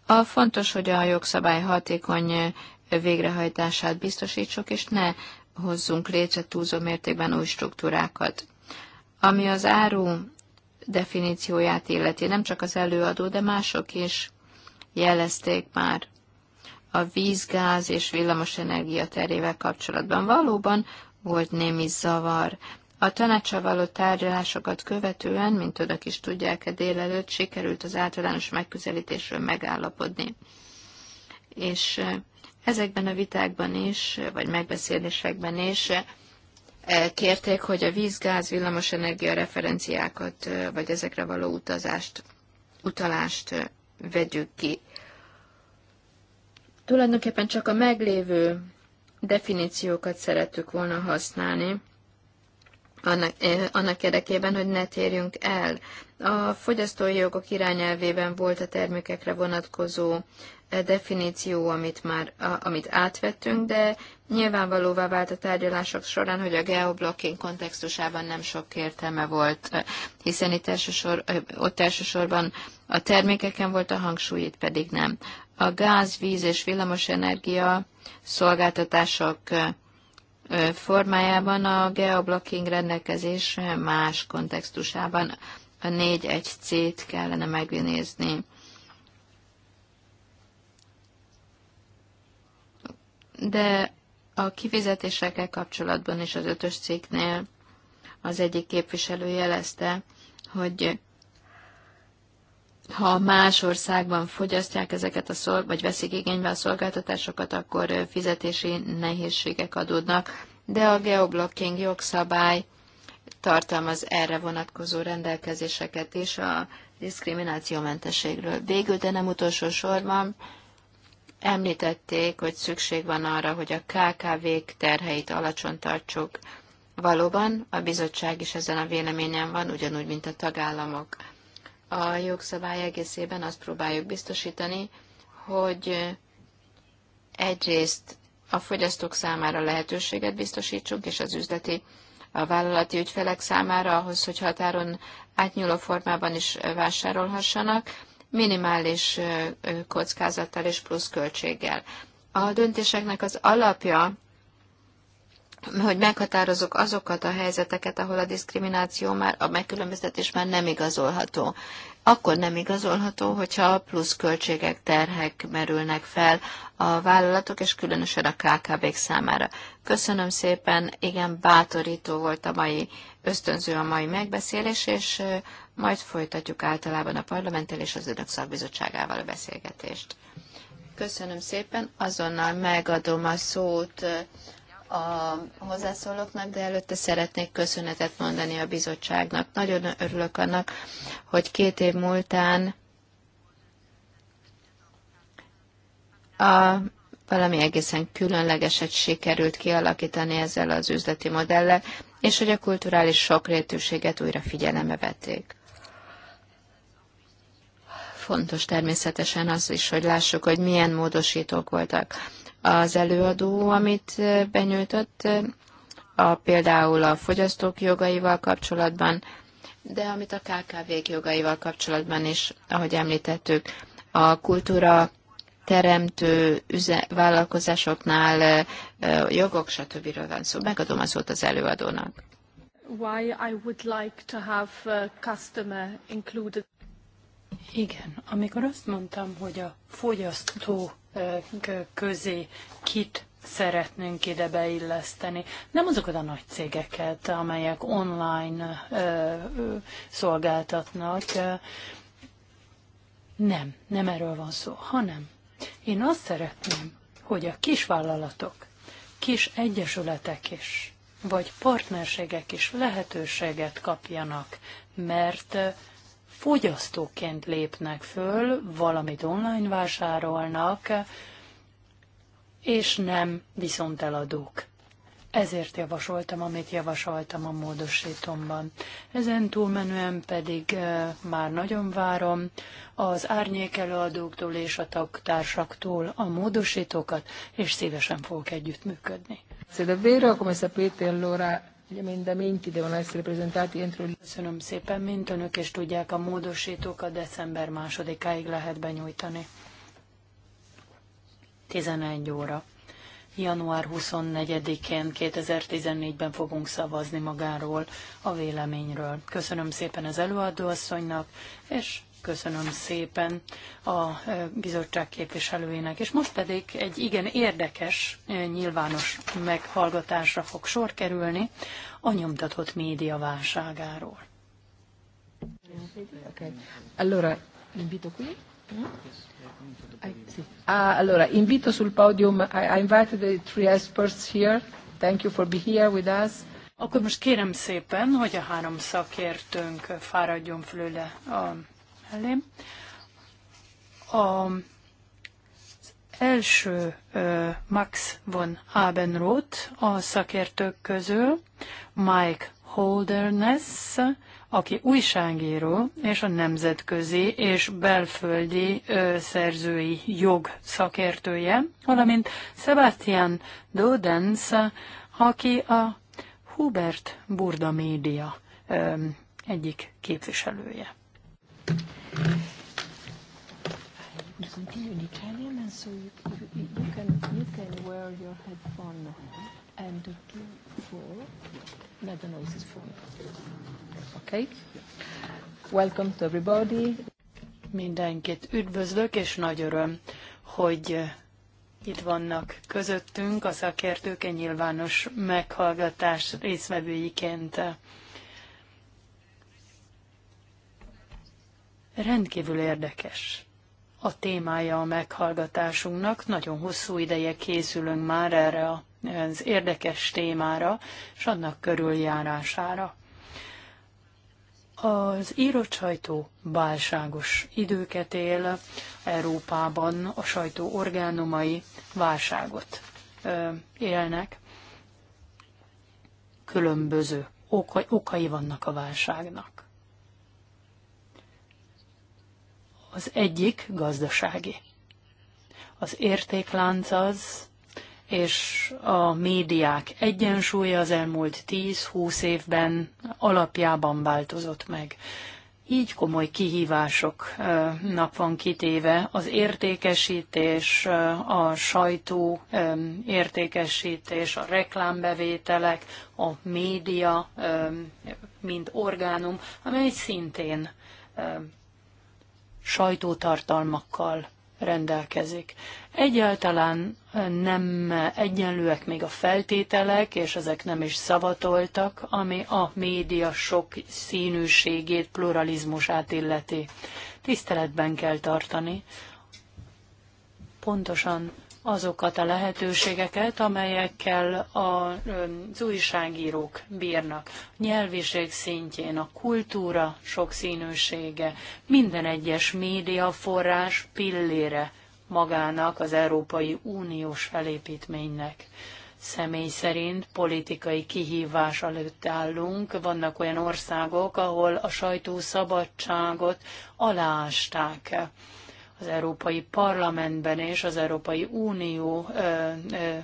A fontos, hogy a jogszabály hatékony végrehajtását biztosítsuk, és ne hozzunk létre túlzó mértékben új struktúrákat. Ami az áru definícióját illeti, nem csak az előadó, de mások is jelezték már a vízgáz és villamos energia terével kapcsolatban. Valóban volt némi zavar, a tanácsa való tárgyalásokat követően, mint önök is tudják, délelőtt sikerült az általános megközelítésről megállapodni. És eh, ezekben a vitákban is, vagy megbeszélésekben is eh, kérték, hogy a vízgáz, villamosenergia referenciákat, eh, vagy ezekre való utazást, utalást vegyük ki. Tulajdonképpen csak a meglévő definíciókat szerettük volna használni, annak, eh, annak érdekében, hogy ne térjünk el. A fogyasztói jogok irányelvében volt a termékekre vonatkozó eh, definíció, amit már amit átvettünk, de nyilvánvalóvá vált a tárgyalások során, hogy a geoblocking kontextusában nem sok értelme volt, eh, hiszen itt elsősor, ott elsősorban a termékeken volt a hangsúly, itt pedig nem. A gáz, víz és villamos energia szolgáltatások formájában a geoblocking rendelkezés más kontextusában a 4.1c-t kellene megnézni. De a kifizetésekkel kapcsolatban is az ötös cikknél az egyik képviselő jelezte, hogy ha más országban fogyasztják ezeket a szol, vagy veszik igénybe a szolgáltatásokat, akkor fizetési nehézségek adódnak, de a geoblocking jogszabály tartalmaz erre vonatkozó rendelkezéseket is a diszkriminációmentességről. Végül, de nem utolsó sorban említették, hogy szükség van arra, hogy a KKV-k terheit alacsony tartsuk. Valóban a bizottság is ezen a véleményen van, ugyanúgy, mint a tagállamok a jogszabály egészében azt próbáljuk biztosítani, hogy egyrészt a fogyasztók számára lehetőséget biztosítsunk, és az üzleti, a vállalati ügyfelek számára ahhoz, hogy határon átnyúló formában is vásárolhassanak, minimális kockázattal és plusz költséggel. A döntéseknek az alapja hogy meghatározok azokat a helyzeteket, ahol a diszkrimináció már, a megkülönböztetés már nem igazolható. Akkor nem igazolható, hogyha plusz költségek, terhek merülnek fel a vállalatok, és különösen a KKB-k számára. Köszönöm szépen, igen, bátorító volt a mai ösztönző a mai megbeszélés, és majd folytatjuk általában a parlamenttel és az önök szakbizottságával a beszélgetést. Köszönöm szépen, azonnal megadom a szót a hozzászólóknak, de előtte szeretnék köszönetet mondani a bizottságnak. Nagyon örülök annak, hogy két év múltán a valami egészen különlegeset sikerült kialakítani ezzel az üzleti modellel, és hogy a kulturális sokrétűséget újra figyelembe vették. Fontos természetesen az is, hogy lássuk, hogy milyen módosítók voltak az előadó, amit benyújtott, a, például a fogyasztók jogaival kapcsolatban, de amit a kkv jogaival kapcsolatban is, ahogy említettük, a kultúra teremtő üze, vállalkozásoknál jogok, stb. van szó. Megadom az szót az előadónak. Why I would like to have a uh, customer included. Igen, amikor azt mondtam, hogy a fogyasztó közé kit szeretnénk ide beilleszteni. Nem azokat a nagy cégeket, amelyek online szolgáltatnak. Nem, nem erről van szó, hanem én azt szeretném, hogy a kisvállalatok, kis egyesületek is, vagy partnerségek is lehetőséget kapjanak, mert fogyasztóként lépnek föl, valamit online vásárolnak, és nem viszont eladók. Ezért javasoltam, amit javasoltam a módosítomban. Ezen túlmenően pedig már nagyon várom az árnyékelőadóktól és a tagtársaktól a módosítókat, és szívesen fogok együttműködni. Se davvero, come sapete, allora Gli emendamenti devono essere presentati entro il... Köszönöm szépen, mint önök és tudják, a módosítókat december másodikáig lehet benyújtani. 11 óra. Január 24-én 2014-ben fogunk szavazni magáról a véleményről. Köszönöm szépen az előadóasszonynak, és Köszönöm szépen a bizottság képviselőjének. És most pedig egy igen érdekes nyilvános meghallgatásra fog sor kerülni a nyomtatott média válságáról. Allora, invito qui. Ah, ah, allora, invito sul podium, I, I invited the three experts here. Thank you for being here with us. Akkor most kérem szépen, hogy a három szakértőnk fáradjon fölőle a elém. A első Max von Abenroth a szakértők közül, Mike Holderness, aki újságíró és a nemzetközi és belföldi ö, szerzői jog szakértője, valamint Sebastian Dodens, aki a Hubert Burda Média ö, egyik képviselője will in Italian, and so you, you, you, can, you can wear your headphone and do is Okay? Welcome to everybody. Mindenkit üdvözlök, és nagy öröm, hogy eh, itt vannak közöttünk a szakértők egy nyilvános meghallgatás részvevőiként. Rendkívül érdekes a témája a meghallgatásunknak. Nagyon hosszú ideje készülünk már erre az érdekes témára, és annak körüljárására. Az írott sajtó válságos időket él, Európában a sajtó orgánumai válságot élnek. Különböző okai vannak a válságnak. Az egyik gazdasági. Az értéklánc az, és a médiák egyensúlya az elmúlt 10-20 évben alapjában változott meg. Így komoly kihívásoknak van kitéve az értékesítés, a sajtó értékesítés, a reklámbevételek, a média, mint orgánum, amely szintén sajtótartalmakkal rendelkezik. Egyáltalán nem egyenlőek még a feltételek, és ezek nem is szavatoltak, ami a média sok színűségét, pluralizmusát illeti. Tiszteletben kell tartani. Pontosan azokat a lehetőségeket, amelyekkel az újságírók bírnak. Nyelviség szintjén a kultúra sokszínűsége, minden egyes médiaforrás pillére magának az Európai Uniós felépítménynek személy szerint politikai kihívás előtt állunk. Vannak olyan országok, ahol a sajtószabadságot aláásták az Európai Parlamentben és az Európai Unió ö, ö,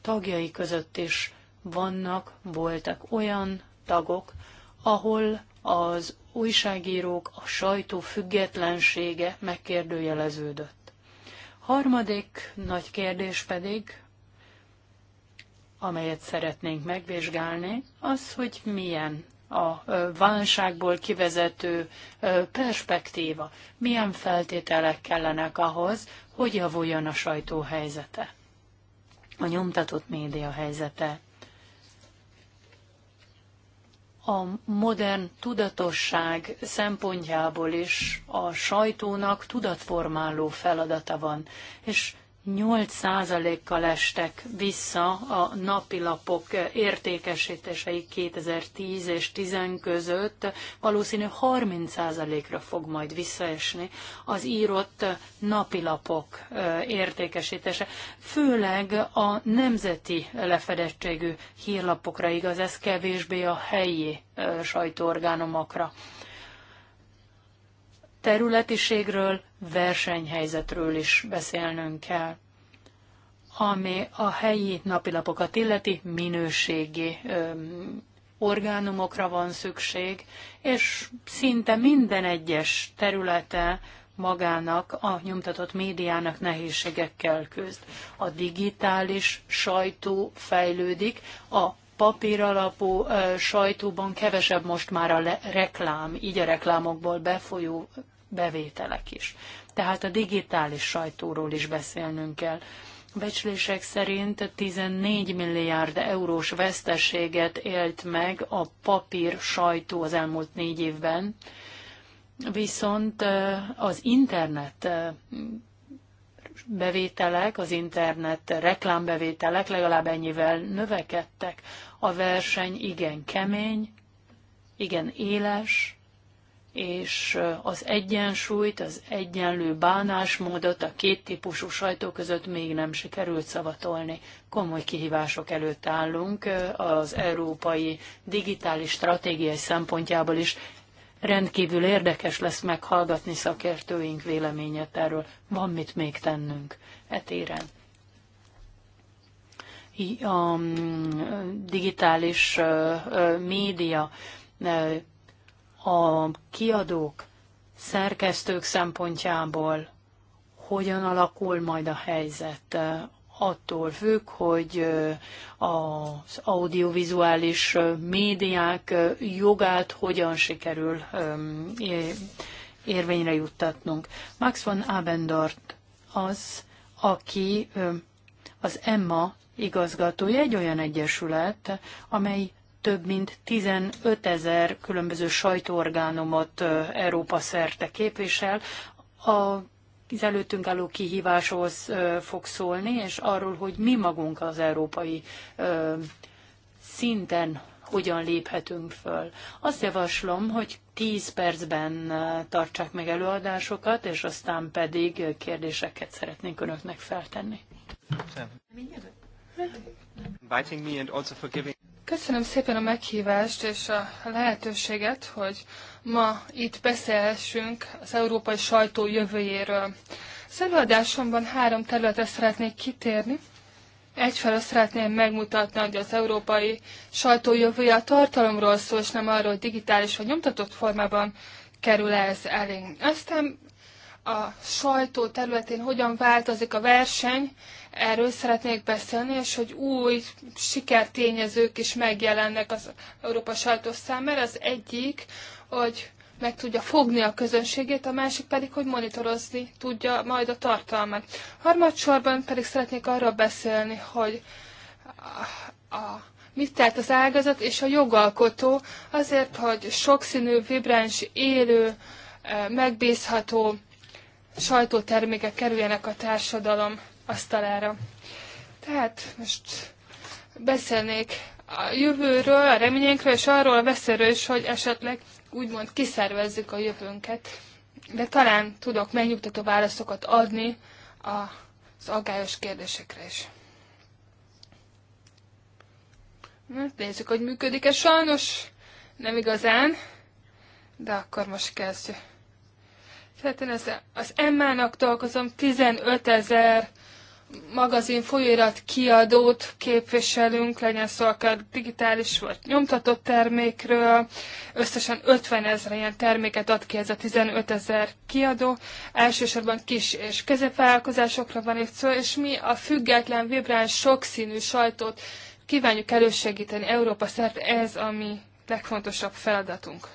tagjai között is vannak, voltak olyan tagok, ahol az újságírók, a sajtó függetlensége megkérdőjeleződött. Harmadik nagy kérdés pedig, amelyet szeretnénk megvizsgálni, az, hogy milyen a válságból kivezető perspektíva, milyen feltételek kellenek ahhoz, hogy javuljon a sajtó helyzete, a nyomtatott média helyzete, a modern tudatosság szempontjából is a sajtónak tudatformáló feladata van, és 8%-kal estek vissza a napilapok értékesítései 2010 és 10 között, valószínű 30%-ra fog majd visszaesni az írott napilapok értékesítése. Főleg a nemzeti lefedettségű hírlapokra igaz, ez kevésbé a helyi sajtóorgánumokra területiségről, versenyhelyzetről is beszélnünk kell ami a helyi napilapokat illeti minőségi ö, orgánumokra van szükség, és szinte minden egyes területe magának, a nyomtatott médiának nehézségekkel küzd. A digitális sajtó fejlődik, a papír alapú sajtóban kevesebb most már a reklám, így a reklámokból befolyó bevételek is. Tehát a digitális sajtóról is beszélnünk kell. Becslések szerint 14 milliárd eurós veszteséget élt meg a papír sajtó az elmúlt négy évben, viszont az internet bevételek, az internet reklámbevételek legalább ennyivel növekedtek. A verseny igen kemény, igen éles, és az egyensúlyt, az egyenlő bánásmódot a két típusú sajtó között még nem sikerült szavatolni. Komoly kihívások előtt állunk az európai digitális stratégiai szempontjából is. Rendkívül érdekes lesz meghallgatni szakértőink véleményét erről. Van mit még tennünk etéren a digitális média a kiadók, szerkesztők szempontjából hogyan alakul majd a helyzet. Eh, attól függ, hogy eh, az audiovizuális eh, médiák jogát hogyan sikerül ehm, érvényre juttatnunk. Max von Abendort az, aki az Emma igazgatója, egy olyan egyesület, amely több mint 15 ezer különböző sajtóorgánumot Európa szerte képvisel. A az előttünk álló kihíváshoz fog szólni, és arról, hogy mi magunk az európai szinten hogyan léphetünk föl. Azt javaslom, hogy 10 percben tartsák meg előadásokat, és aztán pedig kérdéseket szeretnénk önöknek feltenni. Köszönöm szépen a meghívást és a lehetőséget, hogy ma itt beszélhessünk az európai sajtó jövőjéről. Az előadásomban három területre szeretnék kitérni. Egyfelől szeretném megmutatni, hogy az európai sajtó jövője a tartalomról szól, és nem arról, hogy digitális vagy nyomtatott formában kerül -e ez elénk. Aztán a sajtó területén hogyan változik a verseny, erről szeretnék beszélni, és hogy új sikertényezők is megjelennek az Európa sajtó számára. Az egyik, hogy meg tudja fogni a közönségét, a másik pedig, hogy monitorozni tudja majd a tartalmat. Harmadsorban pedig szeretnék arról beszélni, hogy a, a, mit tett az ágazat és a jogalkotó azért, hogy sokszínű, vibráns, élő, eh, megbízható sajtótermékek kerüljenek a társadalom asztalára. Tehát most beszélnék a jövőről, a reményekről, és arról a veszélyről is, hogy esetleg úgymond kiszervezzük a jövőnket. De talán tudok megnyugtató válaszokat adni az aggályos kérdésekre is. Mert nézzük, hogy működik-e. Sajnos nem igazán, de akkor most kezdjük. Tehát én az, az Emmának dolgozom, 15 ezer magazin folyóirat kiadót képviselünk, legyen szó akár digitális vagy nyomtatott termékről. Összesen 50 ezer ilyen terméket ad ki ez a 15 ezer kiadó. Elsősorban kis és középvállalkozásokra van itt szó, és mi a független, vibráns, sokszínű sajtót kívánjuk elősegíteni Európa szerte, ez a mi legfontosabb feladatunk.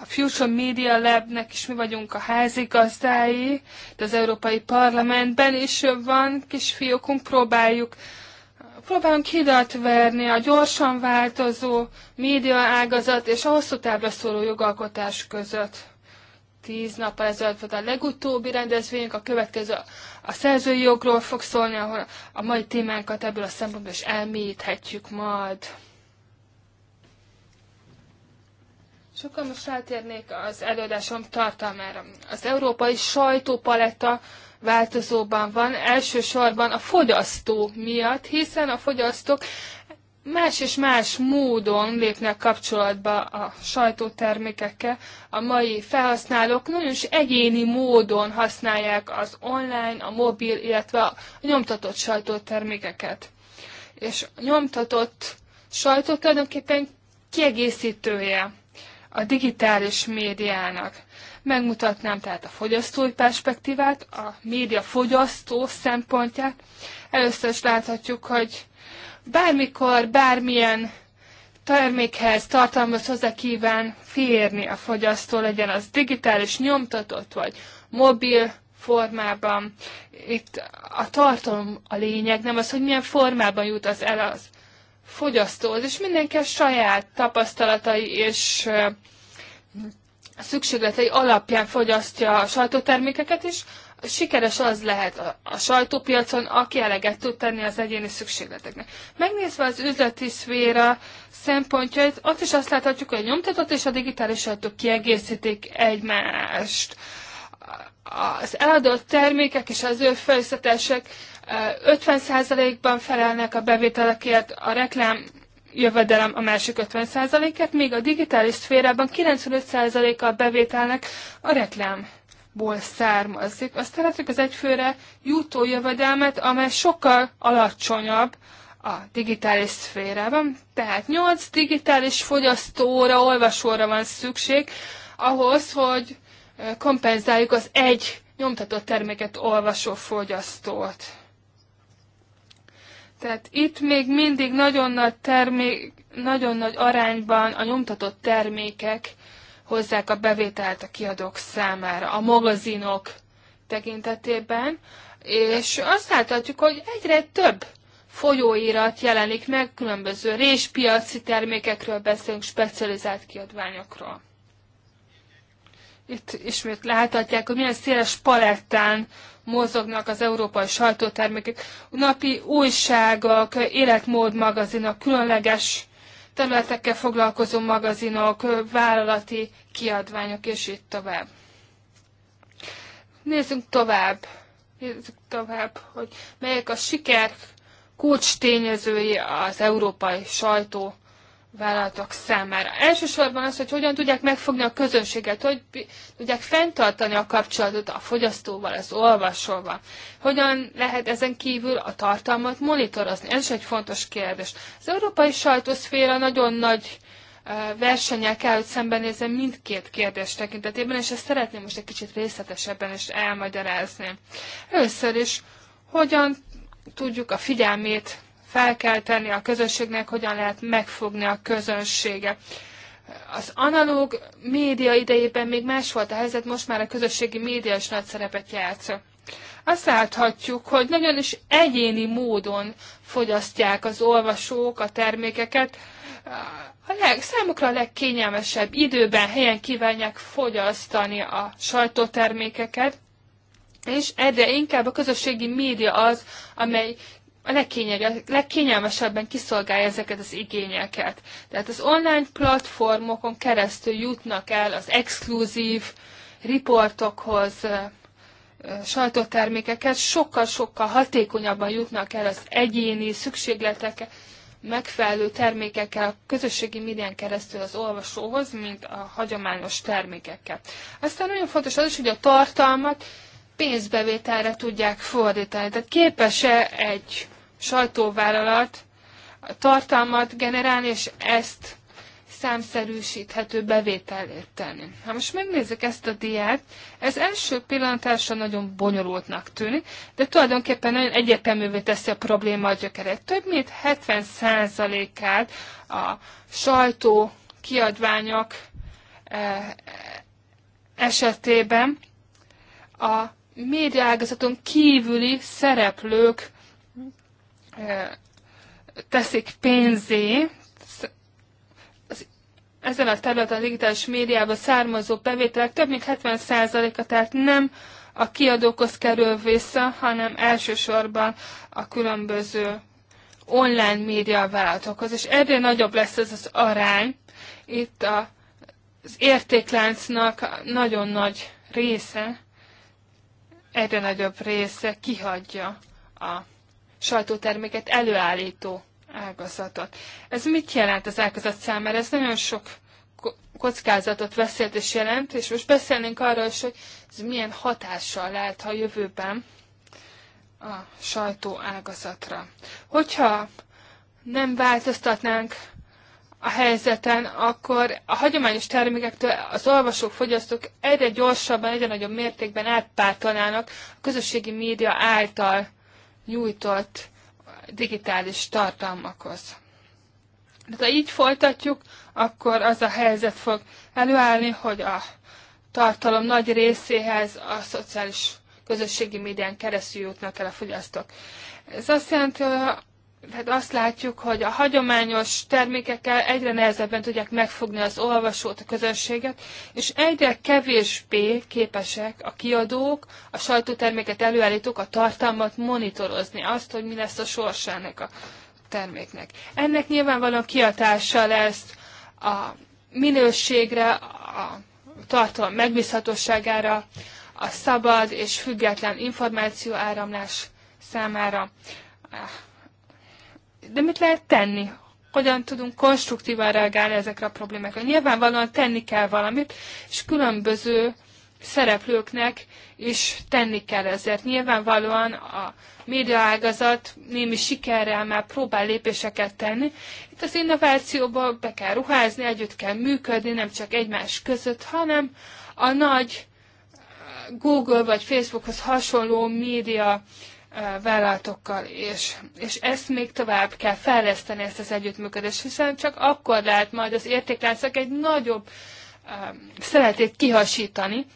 a Future Media Labnek is mi vagyunk a házigazdái, de az Európai Parlamentben is van kis fiókunk, próbáljuk próbálunk hidat verni a gyorsan változó média ágazat és a hosszú távra szóló jogalkotás között. Tíz nappal ezelőtt volt a legutóbbi rendezvényünk, a következő a szerzői jogról fog szólni, ahol a mai témánkat ebből a szempontból is elmélyíthetjük majd. Sokan most rátérnék az előadásom tartalmára. Az európai sajtópaletta változóban van, elsősorban a fogyasztó miatt, hiszen a fogyasztók más és más módon lépnek kapcsolatba a sajtótermékekkel. A mai felhasználók nagyon is egyéni módon használják az online, a mobil, illetve a nyomtatott sajtótermékeket. És a nyomtatott sajtó tulajdonképpen kiegészítője a digitális médiának. Megmutatnám tehát a fogyasztói perspektívát, a média fogyasztó szempontját. Először is láthatjuk, hogy bármikor, bármilyen termékhez, tartalmaz hozzá kíván férni a fogyasztó, legyen az digitális, nyomtatott vagy mobil formában. Itt a tartalom a lényeg, nem az, hogy milyen formában jut az el az fogyasztóhoz, és mindenki a saját tapasztalatai és szükségletei alapján fogyasztja a sajtótermékeket, is. sikeres az lehet a, a sajtópiacon, aki eleget tud tenni az egyéni szükségleteknek. Megnézve az üzleti szféra szempontjait, ott is azt láthatjuk, hogy a nyomtatott és a digitális sajtó kiegészítik egymást. Az eladott termékek és az ő 50%-ban felelnek a bevételekért, a reklám jövedelem a másik 50%-et, míg a digitális szférában 95%-a a bevételnek a reklámból származik. Azt látjuk az egyfőre jutó jövedelmet, amely sokkal alacsonyabb a digitális szférában. Tehát 8 digitális fogyasztóra, olvasóra van szükség ahhoz, hogy kompenzáljuk az egy nyomtatott terméket olvasó fogyasztót. Tehát itt még mindig nagyon nagy, termék, nagyon nagy arányban a nyomtatott termékek hozzák a bevételt a kiadók számára, a magazinok tekintetében, és azt láthatjuk, hogy egyre több folyóirat jelenik meg, különböző réspiaci termékekről beszélünk, specializált kiadványokról. Itt ismét láthatják, hogy milyen széles palettán mozognak az európai sajtótermékek. Napi újságok, életmód magazinok, különleges területekkel foglalkozó magazinok, vállalati kiadványok, és így tovább. Nézzünk tovább. Nézzük tovább, hogy melyek a siker kulcs tényezői az európai sajtó vállalatok számára. Elsősorban az, hogy hogyan tudják megfogni a közönséget, hogy tudják fenntartani a kapcsolatot a fogyasztóval, az olvasóval. Hogyan lehet ezen kívül a tartalmat monitorozni? Ez is egy fontos kérdés. Az európai sajtószféra nagyon nagy versenyel kell, hogy szembenézem mindkét kérdés tekintetében, és ezt szeretném most egy kicsit részletesebben is elmagyarázni. Először is, hogyan tudjuk a figyelmét fel kell tenni a közösségnek, hogyan lehet megfogni a közönséget. Az analóg média idejében még más volt a helyzet, most már a közösségi média is nagy szerepet játszik azt láthatjuk, hogy nagyon is egyéni módon fogyasztják az olvasók a termékeket. A leg, számukra a legkényelmesebb időben, helyen kívánják fogyasztani a sajtótermékeket, és egyre inkább a közösségi média az, amely a legkényelmesebben kiszolgálja ezeket az igényeket. Tehát az online platformokon keresztül jutnak el az exkluzív riportokhoz, sajtótermékeket, sokkal-sokkal hatékonyabban jutnak el az egyéni szükségletek megfelelő termékekkel a közösségi médián keresztül az olvasóhoz, mint a hagyományos termékekkel. Aztán nagyon fontos az is, hogy a tartalmat pénzbevételre tudják fordítani. Tehát képes-e egy sajtóvállalat tartalmat generálni, és ezt számszerűsíthető bevételért tenni. Ha most megnézzük ezt a diát, ez első pillanatásra nagyon bonyolultnak tűnik, de tulajdonképpen nagyon egyértelművé teszi a probléma a gyökeret. Több mint 70%-át a sajtó kiadványok eh, esetében a médiaágazaton kívüli szereplők teszik pénzé, ezen a területen a digitális médiában származó bevételek több mint 70%-a, tehát nem a kiadókhoz kerül vissza, hanem elsősorban a különböző online média vállalatokhoz. És egyre nagyobb lesz ez az arány. Itt a, az értékláncnak nagyon nagy része, egyre nagyobb része kihagyja a sajtóterméket előállító ágazatot. Ez mit jelent az ágazat számára? Ez nagyon sok kockázatot, veszélyt is jelent, és most beszélnénk arról is, hogy ez milyen hatással lehet a jövőben a sajtó ágazatra. Hogyha nem változtatnánk a helyzeten, akkor a hagyományos termékektől az olvasók, fogyasztók egyre gyorsabban, egyre nagyobb mértékben átpártolnának a közösségi média által nyújtott digitális tartalmakhoz. De ha így folytatjuk, akkor az a helyzet fog előállni, hogy a tartalom nagy részéhez a szociális közösségi médián keresztül jutnak el a fogyasztók. Ez azt jelenti, tehát azt látjuk, hogy a hagyományos termékekkel egyre nehezebben tudják megfogni az olvasót, a közönséget, és egyre kevésbé képesek a kiadók, a sajtóterméket előállítók a tartalmat monitorozni, azt, hogy mi lesz a sorsának a terméknek. Ennek nyilvánvalóan kiatása lesz a minőségre, a tartalom megbízhatóságára, a szabad és független információ áramlás számára ah, de mit lehet tenni? Hogyan tudunk konstruktívan reagálni ezekre a problémákra? Nyilvánvalóan tenni kell valamit, és különböző szereplőknek is tenni kell ezért. Nyilvánvalóan a médiaágazat némi sikerrel már próbál lépéseket tenni. Itt az innovációba be kell ruházni, együtt kell működni, nem csak egymás között, hanem a nagy Google vagy Facebookhoz hasonló média vállalatokkal, és, és ezt még tovább kell fejleszteni, ezt az együttműködést, hiszen csak akkor lehet majd az értékláncok egy nagyobb szeretét kihasítani,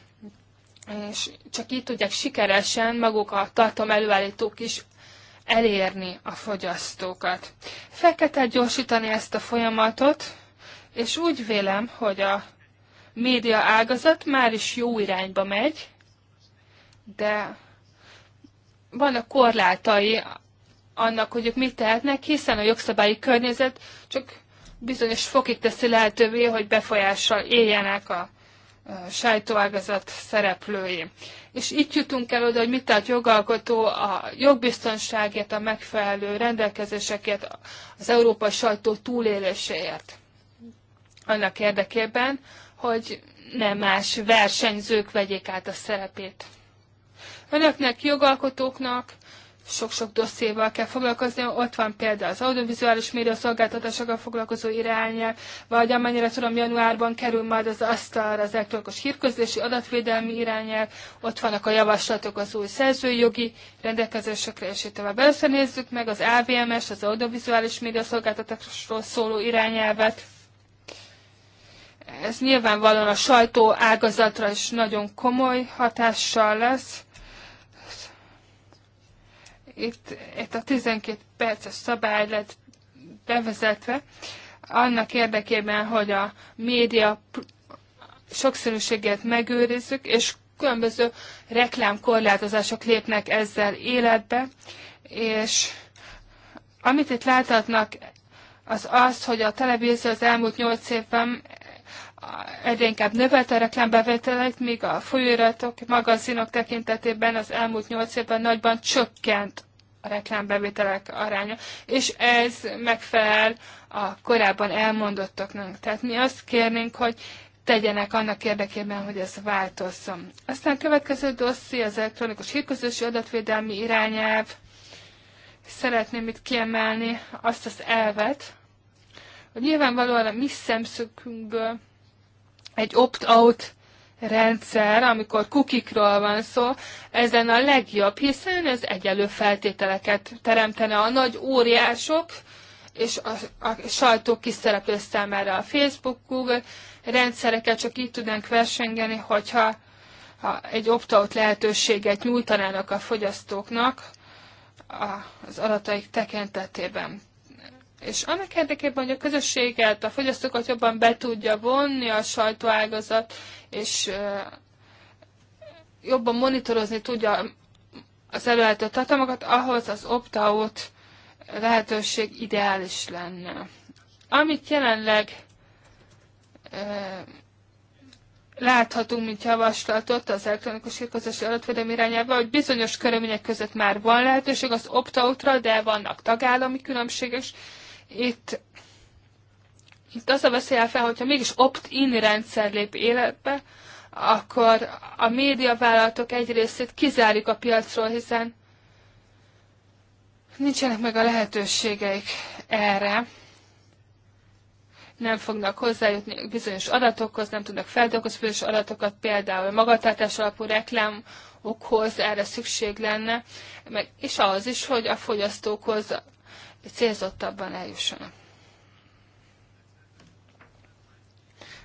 és csak így tudják sikeresen maguk a tartom előállítók is elérni a fogyasztókat. Fel kell gyorsítani ezt a folyamatot, és úgy vélem, hogy a média ágazat már is jó irányba megy, de vannak korlátai annak, hogy ők mit tehetnek, hiszen a jogszabályi környezet csak bizonyos fokig teszi lehetővé, hogy befolyással éljenek a sajtóágazat szereplői. És itt jutunk el oda, hogy mit tart jogalkotó a jogbiztonságért, a megfelelő rendelkezéseket az európai sajtó túléléséért. Annak érdekében, hogy nem más versenyzők vegyék át a szerepét. Önöknek, jogalkotóknak sok-sok dosszéval kell foglalkozni. Ott van például az audiovizuális médiaszolgáltatásokkal foglalkozó irányelv, vagy amennyire tudom, januárban kerül majd az asztalra az elektronikus hírközlési adatvédelmi irányelv, ott vannak a javaslatok az új jogi rendelkezésekre, és itt tovább. Először nézzük meg az AVMS, az audiovizuális médiaszolgáltatásról szóló irányelvet. Ez nyilvánvalóan a sajtó ágazatra is nagyon komoly hatással lesz itt, itt a 12 perces szabály lett bevezetve, annak érdekében, hogy a média sokszínűséget megőrizzük, és különböző reklámkorlátozások lépnek ezzel életbe, és amit itt láthatnak, az az, hogy a televízió az elmúlt nyolc évben egyre inkább növelt a reklámbevételeit, míg a folyóiratok, magazinok tekintetében az elmúlt nyolc évben nagyban csökkent a reklámbevételek aránya, és ez megfelel a korábban elmondottaknak. Tehát mi azt kérnénk, hogy tegyenek annak érdekében, hogy ez változzon. Aztán következő dosszi az elektronikus hírközösségi adatvédelmi irányelv. Szeretném itt kiemelni azt az elvet, hogy nyilvánvalóan a mi szemszögünkből egy opt-out rendszer, amikor kukikról van szó, ezen a legjobb, hiszen ez egyelő feltételeket teremtene a nagy óriások, és a, a sajtó kiszereplő számára a Facebook, Google rendszereket csak így tudnánk versengeni, hogyha ha egy opt-out lehetőséget nyújtanának a fogyasztóknak az adataik tekintetében. És annak érdekében, hogy a közösséget, a fogyasztókat jobban be tudja vonni a sajtóágazat, és jobban monitorozni tudja az előállított tartalmakat, ahhoz az opt-out lehetőség ideális lenne. Amit jelenleg láthatunk, mint javaslatot az elektronikus hírközösség adatvédelmi irányába, hogy bizonyos körülmények között már van lehetőség az opt-outra, de vannak tagállami különbségek, itt, itt az a veszély fel, hogyha mégis opt-in rendszer lép életbe, akkor a médiavállalatok egy részét kizárjuk a piacról, hiszen nincsenek meg a lehetőségeik erre. Nem fognak hozzájutni bizonyos adatokhoz, nem tudnak feldolgozni bizonyos adatokat, például magatartás alapú reklámokhoz erre szükség lenne, meg, és ahhoz is, hogy a fogyasztókhoz célzottabban eljussanak.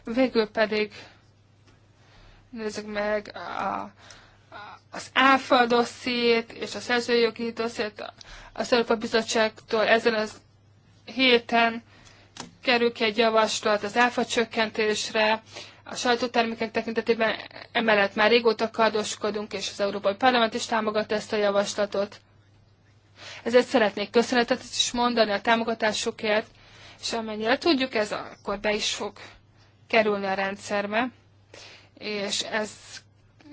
Végül pedig nézzük meg a, az ÁFA dossziét és a szerzőjogi dossziét az Európa Bizottságtól ezen az héten kerül ki egy javaslat az áfa csökkentésre, a sajtótermékek tekintetében emellett már régóta kardoskodunk, és az Európai Parlament is támogatta ezt a javaslatot. Ezért szeretnék köszönetet is mondani a támogatásokért, és amennyire tudjuk, ez akkor be is fog kerülni a rendszerbe, és ez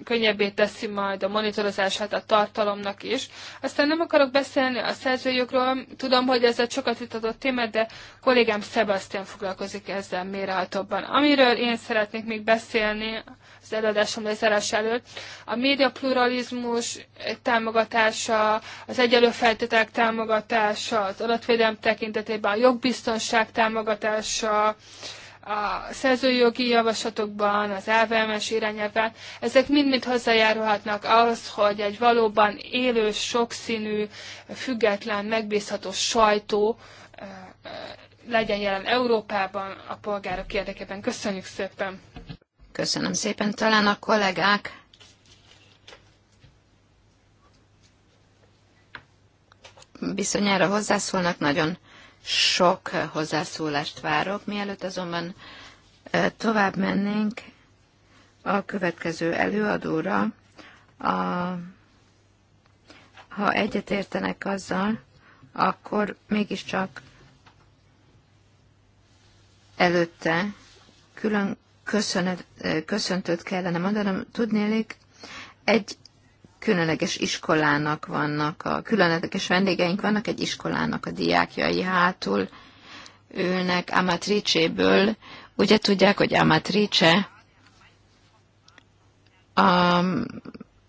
könnyebbé teszi majd a monitorozását a tartalomnak is. Aztán nem akarok beszélni a szerzőjogról, tudom, hogy ez egy sokat vitatott téma, de kollégám Sebastian foglalkozik ezzel mérehatóbban. Amiről én szeretnék még beszélni, az előadásom lezárás előtt. A média pluralizmus támogatása, az egyenlő feltételek támogatása, az adatvédelem tekintetében a jogbiztonság támogatása, a szerzőjogi javaslatokban, az elvelmes irányelvben, ezek mind-mind hozzájárulhatnak ahhoz, hogy egy valóban élő, sokszínű, független, megbízható sajtó legyen jelen Európában a polgárok érdekében. Köszönjük szépen! Köszönöm szépen. Talán a kollégák bizonyára hozzászólnak, nagyon sok hozzászólást várok. Mielőtt azonban tovább mennénk a következő előadóra, a, ha egyetértenek azzal, akkor mégiscsak előtte külön köszönet, köszöntőt kellene mondanom. Tudnélik, egy különleges iskolának vannak, a különleges vendégeink vannak, egy iskolának a diákjai hátul ülnek amatrice Ugye tudják, hogy Amatrice a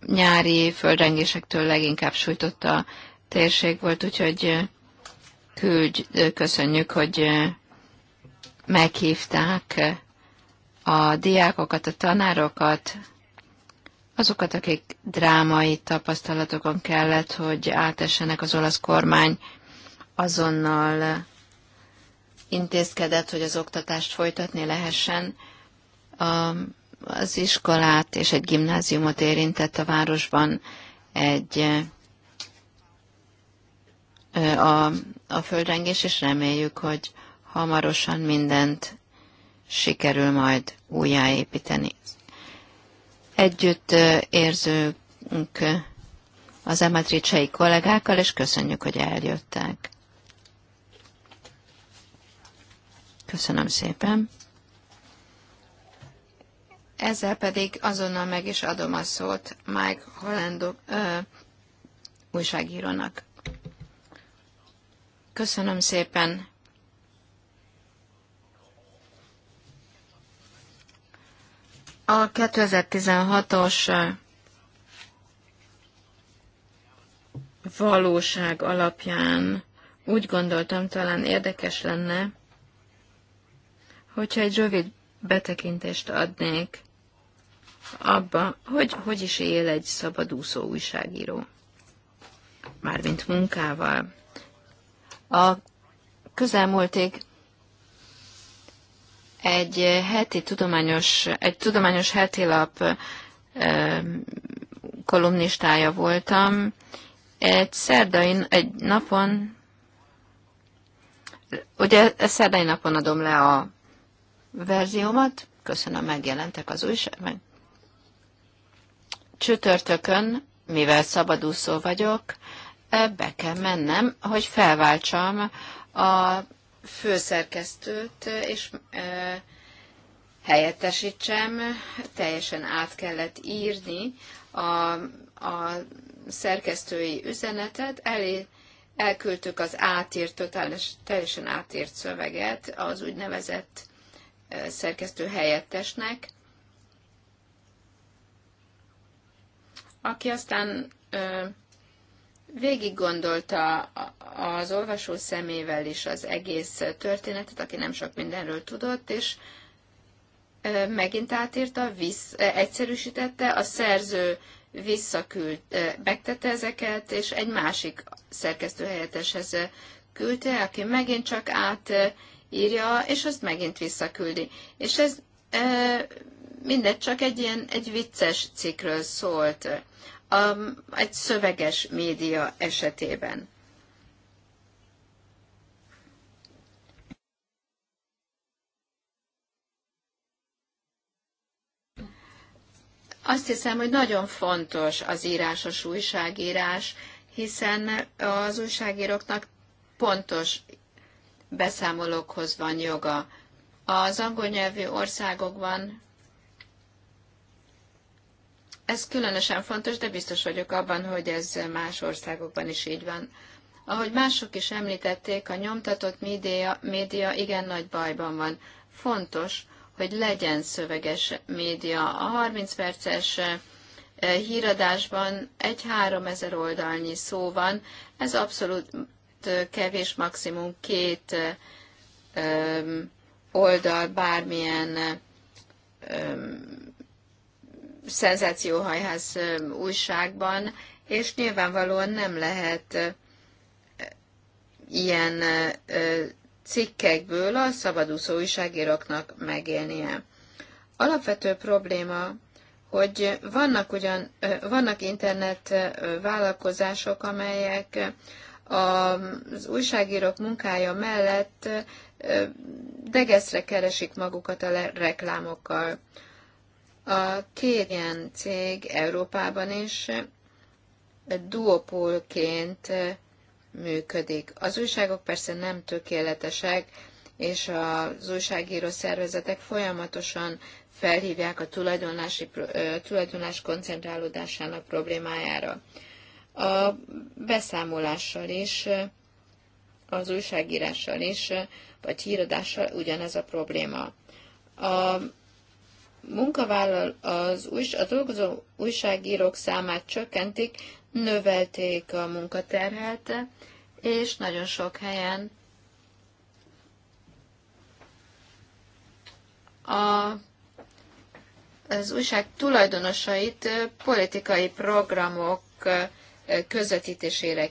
nyári földrengésektől leginkább sújtott a térség volt, úgyhogy küldj, köszönjük, hogy meghívták a diákokat, a tanárokat, azokat, akik drámai tapasztalatokon kellett, hogy átessenek az olasz kormány, azonnal intézkedett, hogy az oktatást folytatni lehessen. az iskolát és egy gimnáziumot érintett a városban egy a, a földrengés, és reméljük, hogy hamarosan mindent sikerül majd újjáépíteni. Együtt érzünk az emetricsei kollégákkal, és köszönjük, hogy eljöttek. Köszönöm szépen. Ezzel pedig azonnal meg is adom a szót Mike Hollandok ö, újságírónak. Köszönöm szépen, A 2016-os valóság alapján úgy gondoltam, talán érdekes lenne, hogyha egy rövid betekintést adnék abba, hogy hogy is él egy szabadúszó újságíró. Mármint munkával. A közelmúltig egy heti tudományos, egy tudományos heti lap kolumnistája voltam. Egy szerdai, egy napon, ugye szerdai napon adom le a verziómat, köszönöm, megjelentek az újságban. csütörtökön, mivel szabadúszó vagyok, be kell mennem, hogy felváltsam a főszerkesztőt, és helyettesítsem, teljesen át kellett írni a, a szerkesztői üzenetet, elé, elküldtük az átírt, totális, teljesen átírt szöveget az úgynevezett szerkesztő helyettesnek, aki aztán végig gondolta az olvasó szemével is az egész történetet, aki nem sok mindenről tudott, és megint átírta, visz, egyszerűsítette, a szerző visszaküld, megtette ezeket, és egy másik szerkesztőhelyetteshez küldte, aki megint csak átírja, és azt megint visszaküldi. És ez mindegy csak egy ilyen egy vicces cikkről szólt um, egy szöveges média esetében. Azt hiszem, hogy nagyon fontos az írásos újságírás, hiszen az újságíróknak pontos beszámolókhoz van joga. Az angol nyelvű országokban ez különösen fontos, de biztos vagyok abban, hogy ez más országokban is így van. Ahogy mások is említették, a nyomtatott média, média igen nagy bajban van. Fontos, hogy legyen szöveges média. A 30 perces eh, híradásban egy 3000 oldalnyi szó van, ez abszolút eh, kevés, maximum két eh, oldal bármilyen szenzációhajház újságban, és nyilvánvalóan nem lehet ilyen cikkekből a szabadúszó újságíróknak megélnie. Alapvető probléma, hogy vannak ugyan, vannak internet vállalkozások, amelyek az újságírók munkája mellett degeszre keresik magukat a reklámokkal. A ilyen cég Európában is duopolként működik. Az újságok persze nem tökéletesek, és az újságíró szervezetek folyamatosan felhívják a tulajdonlási, tulajdonlás koncentrálódásának problémájára. A beszámolással is, az újságírással is, vagy híradással ugyanez a probléma. A munkavállal az új, a dolgozó újságírók számát csökkentik, növelték a munkaterhet, és nagyon sok helyen a, az újság tulajdonosait politikai programok közvetítésére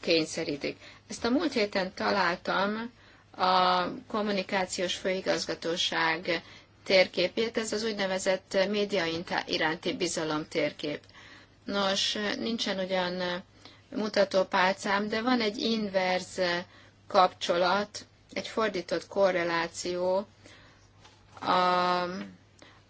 kényszerítik. Ezt a múlt héten találtam a kommunikációs főigazgatóság térképét, ez az úgynevezett média iránti bizalom térkép. Nos, nincsen ugyan pálcám, de van egy inverz kapcsolat, egy fordított korreláció a,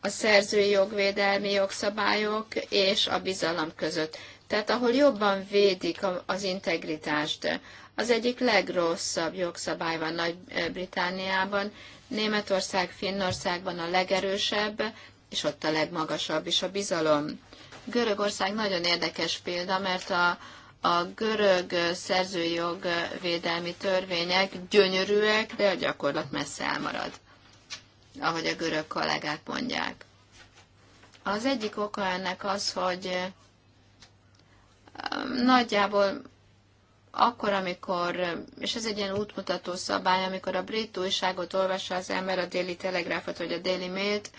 a szerzői jogvédelmi jogszabályok és a bizalom között. Tehát ahol jobban védik az integritást, az egyik legrosszabb jogszabály van Nagy-Britániában, Németország, Finnországban a legerősebb, és ott a legmagasabb is a bizalom. Görögország nagyon érdekes példa, mert a, a görög szerzőjogvédelmi törvények gyönyörűek, de a gyakorlat messze elmarad, ahogy a görög kollégák mondják. Az egyik oka ennek az, hogy um, nagyjából akkor, amikor, és ez egy ilyen útmutató szabály, amikor a brit újságot olvassa az ember, a déli telegráfot vagy a déli mailt,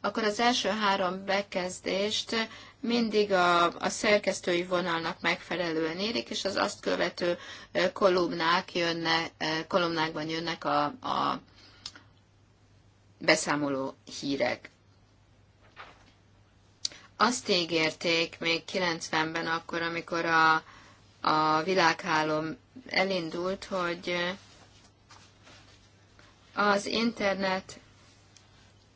akkor az első három bekezdést mindig a, a szerkesztői vonalnak megfelelően érik, és az azt követő kolumnák jönne, kolumnákban jönnek a, a beszámoló hírek. Azt ígérték még 90-ben akkor, amikor a a világhálom elindult, hogy az internet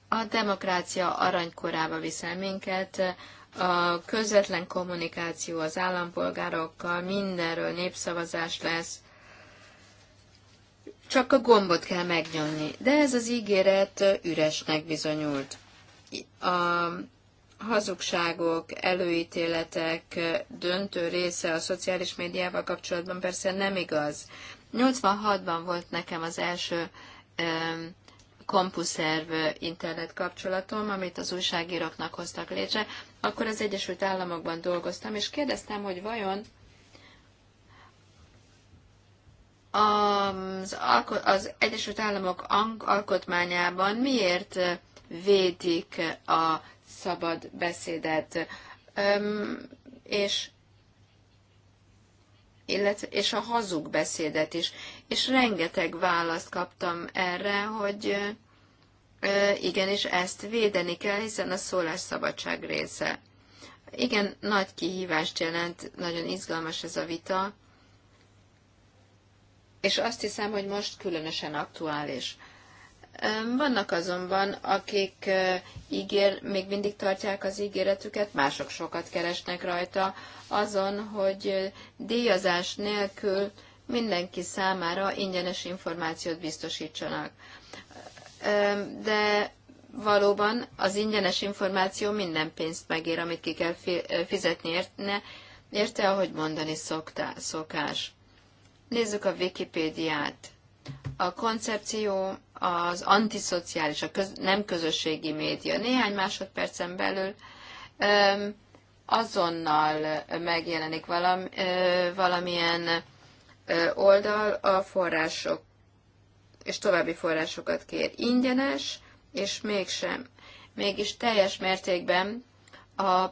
a demokrácia aranykorába viszel minket, a közvetlen kommunikáció az állampolgárokkal, mindenről népszavazás lesz, csak a gombot kell megnyomni. De ez az ígéret üresnek bizonyult. A hazugságok, előítéletek döntő része a szociális médiával kapcsolatban persze nem igaz. 86-ban volt nekem az első kompuszerv internet kapcsolatom, amit az újságíróknak hoztak létre. Akkor az Egyesült Államokban dolgoztam, és kérdeztem, hogy vajon az, az Egyesült Államok alkotmányában miért eh, védik a szabad beszédet, és, illetve, és a hazug beszédet is. És rengeteg választ kaptam erre, hogy igenis ezt védeni kell, hiszen a szólásszabadság része. Igen, nagy kihívást jelent, nagyon izgalmas ez a vita, és azt hiszem, hogy most különösen aktuális. Vannak azonban, akik ígér, még mindig tartják az ígéretüket, mások sokat keresnek rajta azon, hogy díjazás nélkül mindenki számára ingyenes információt biztosítsanak. De valóban az ingyenes információ minden pénzt megér, amit ki kell fizetni érte, érte ahogy mondani szoktá, szokás. Nézzük a Wikipédiát. A koncepció az antiszociális, a köz, nem közösségi média néhány másodpercen belül ö, azonnal megjelenik valami, ö, valamilyen ö, oldal a források, és további forrásokat kér ingyenes, és mégsem, mégis teljes mértékben a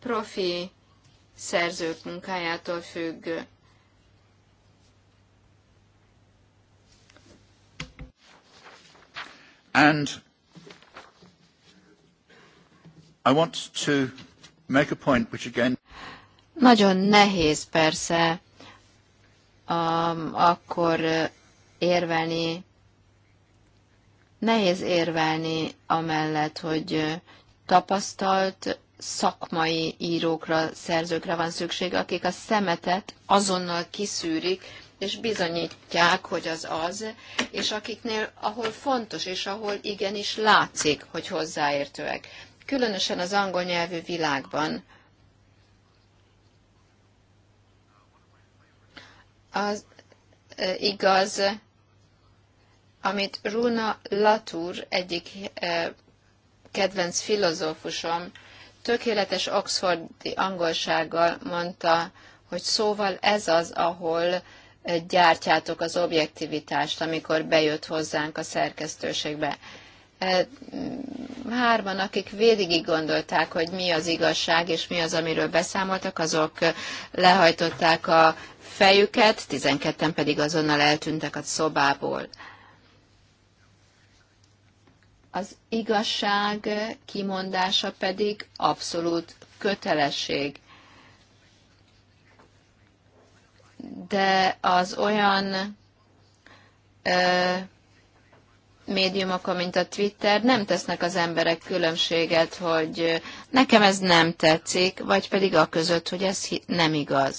profi szerzők munkájától függ And I want to make a point which again nagyon nehéz persze um, akkor uh, érvelni, nehéz érvelni amellett, hogy uh, tapasztalt szakmai írókra, szerzőkre van szükség, akik a szemetet azonnal kiszűrik, és bizonyítják, hogy az az, és akiknél, ahol fontos, és ahol igenis látszik, hogy hozzáértőek. Különösen az angol nyelvű világban, az e, igaz, amit Runa Latour, egyik e, kedvenc filozófusom, tökéletes oxfordi angolsággal mondta, hogy szóval ez az, ahol gyártjátok az objektivitást, amikor bejött hozzánk a szerkesztőségbe. E, hárman, akik végig gondolták, hogy mi az igazság és mi az, amiről beszámoltak, azok lehajtották a fejüket, 12-en pedig azonnal eltűntek a szobából. Az igazság kimondása pedig abszolút kötelesség de az olyan ö, médiumok, mint a Twitter, nem tesznek az emberek különbséget, hogy nekem ez nem tetszik, vagy pedig a között, hogy ez nem igaz.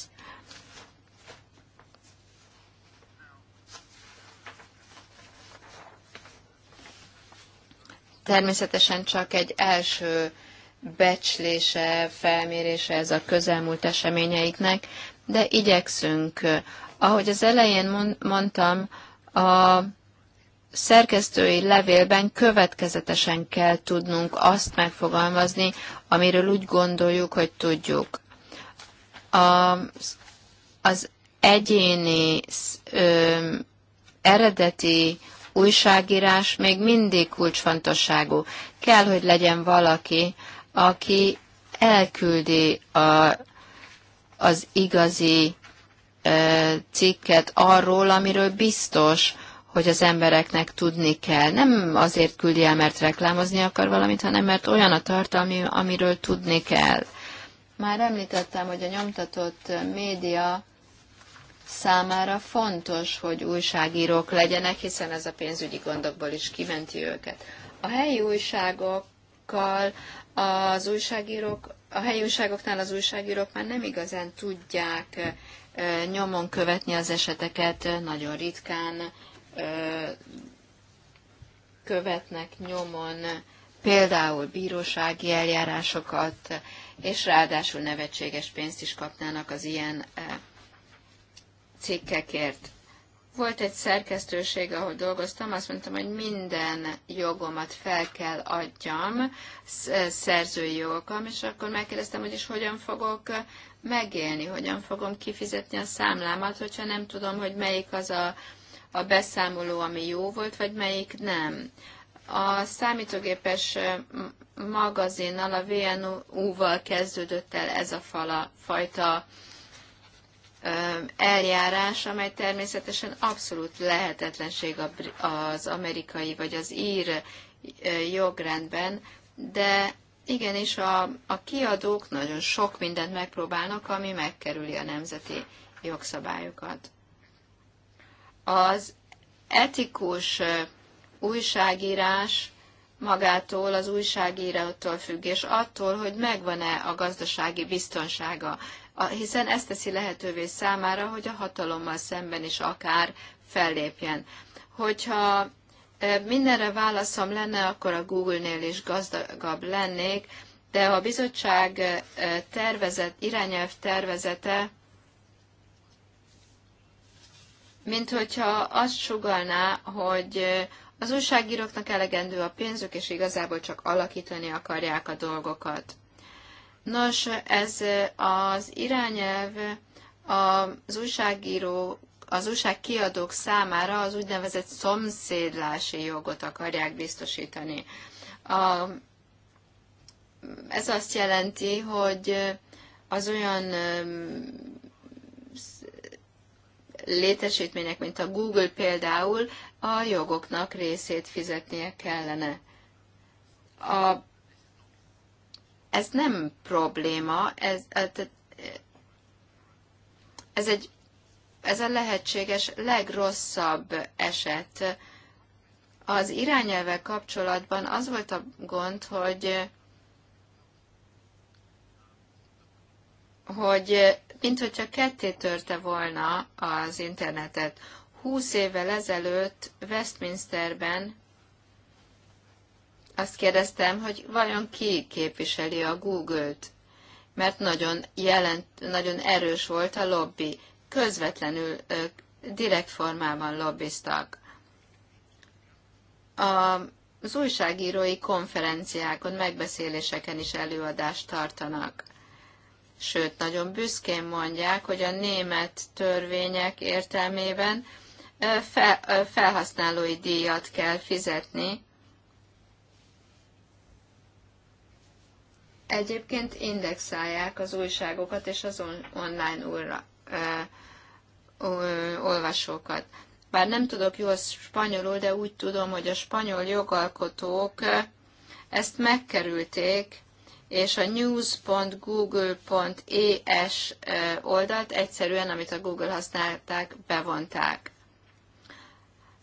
Természetesen csak egy első becslése, felmérése ez a közelmúlt eseményeiknek, de igyekszünk. Ahogy az elején mondtam, a szerkesztői levélben következetesen kell tudnunk azt megfogalmazni, amiről úgy gondoljuk, hogy tudjuk. A, az egyéni ö, eredeti újságírás még mindig kulcsfontosságú. Kell, hogy legyen valaki, aki elküldi a az igazi cikket arról, amiről biztos, hogy az embereknek tudni kell. Nem azért küldi el, mert reklámozni akar valamit, hanem mert olyan a tartalmi, amiről tudni kell. Már említettem, hogy a nyomtatott média számára fontos, hogy újságírók legyenek, hiszen ez a pénzügyi gondokból is kimenti őket. A helyi újságokkal az újságírók a helyi újságoknál az újságírók már nem igazán tudják nyomon követni az eseteket, nagyon ritkán követnek nyomon például bírósági eljárásokat, és ráadásul nevetséges pénzt is kapnának az ilyen cikkekért. Volt egy szerkesztőség, ahol dolgoztam, azt mondtam, hogy minden jogomat fel kell adjam, eh, szerzői jogokam, és akkor megkérdeztem, hogy is hogyan fogok eh, megélni, hogyan fogom kifizetni a számlámat, hogyha nem tudom, hogy melyik az a, a beszámoló, ami jó volt, vagy melyik nem. A számítógépes eh, magazinnal, a VNU-val kezdődött el ez a fala, fajta eljárás, amely természetesen abszolút lehetetlenség az amerikai vagy az ír jogrendben, de igenis a, a kiadók nagyon sok mindent megpróbálnak, ami megkerüli a nemzeti jogszabályokat. Az etikus újságírás magától, az újságírótól függ, és attól, hogy megvan-e a gazdasági biztonsága hiszen ezt teszi lehetővé számára, hogy a hatalommal szemben is akár fellépjen. Hogyha e, mindenre válaszom lenne, akkor a Google-nél is gazdagabb lennék, de a bizottság e, tervezet, irányelv tervezete, mint hogyha azt sugalná, hogy e, az újságíróknak elegendő a pénzük, és igazából csak alakítani akarják a dolgokat. Nos, ez az irányelv az újságíró, az újság kiadók számára az úgynevezett szomszédlási jogot akarják biztosítani. A, ez azt jelenti, hogy az olyan um, létesítmények, mint a Google például, a jogoknak részét fizetnie kellene. A ez nem probléma, ez, ez egy ez a lehetséges legrosszabb eset. Az irányelvek kapcsolatban az volt a gond, hogy hogy mint hogyha ketté törte volna az internetet. Húsz évvel ezelőtt Westminsterben azt kérdeztem, hogy vajon ki képviseli a Google-t, mert nagyon, jelent, nagyon erős volt a lobby. Közvetlenül, direkt formában lobbiztak. A, az újságírói konferenciákon, megbeszéléseken is előadást tartanak. Sőt, nagyon büszkén mondják, hogy a német törvények értelmében felhasználói díjat kell fizetni Egyébként indexálják az újságokat és az online újra, ö, ö, olvasókat. Bár nem tudok jól spanyolul, de úgy tudom, hogy a spanyol jogalkotók ezt megkerülték, és a news.google.es oldalt egyszerűen, amit a Google használták, bevonták.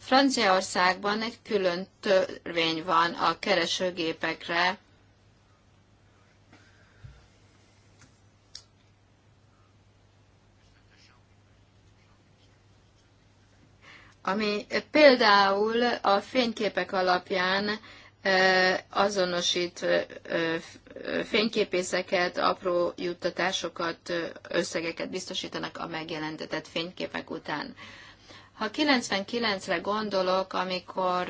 Franciaországban egy külön törvény van a keresőgépekre, ami például a fényképek alapján azonosít fényképészeket, apró juttatásokat, összegeket biztosítanak a megjelentetett fényképek után. Ha 99-re gondolok, amikor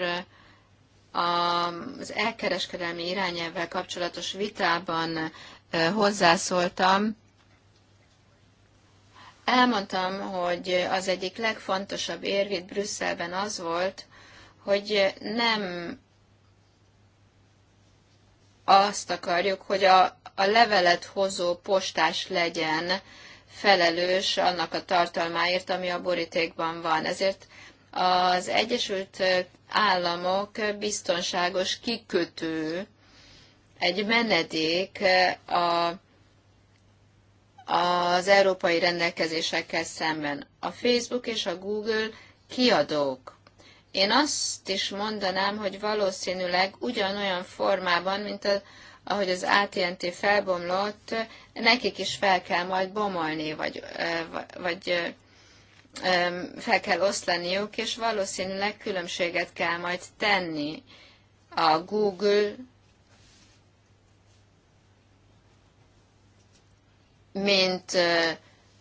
az elkereskedelmi irányelvvel kapcsolatos vitában hozzászóltam, Elmondtam, hogy az egyik legfontosabb érvét Brüsszelben az volt, hogy nem azt akarjuk, hogy a, a levelet hozó postás legyen felelős annak a tartalmáért, ami a borítékban van. Ezért az Egyesült Államok biztonságos kikötő, egy menedék a az európai rendelkezésekkel szemben. A Facebook és a Google kiadók. Én azt is mondanám, hogy valószínűleg ugyanolyan formában, mint a, ahogy az AT&T felbomlott, nekik is fel kell majd bomolni, vagy, vagy fel kell oszlaniuk, és valószínűleg különbséget kell majd tenni a Google mint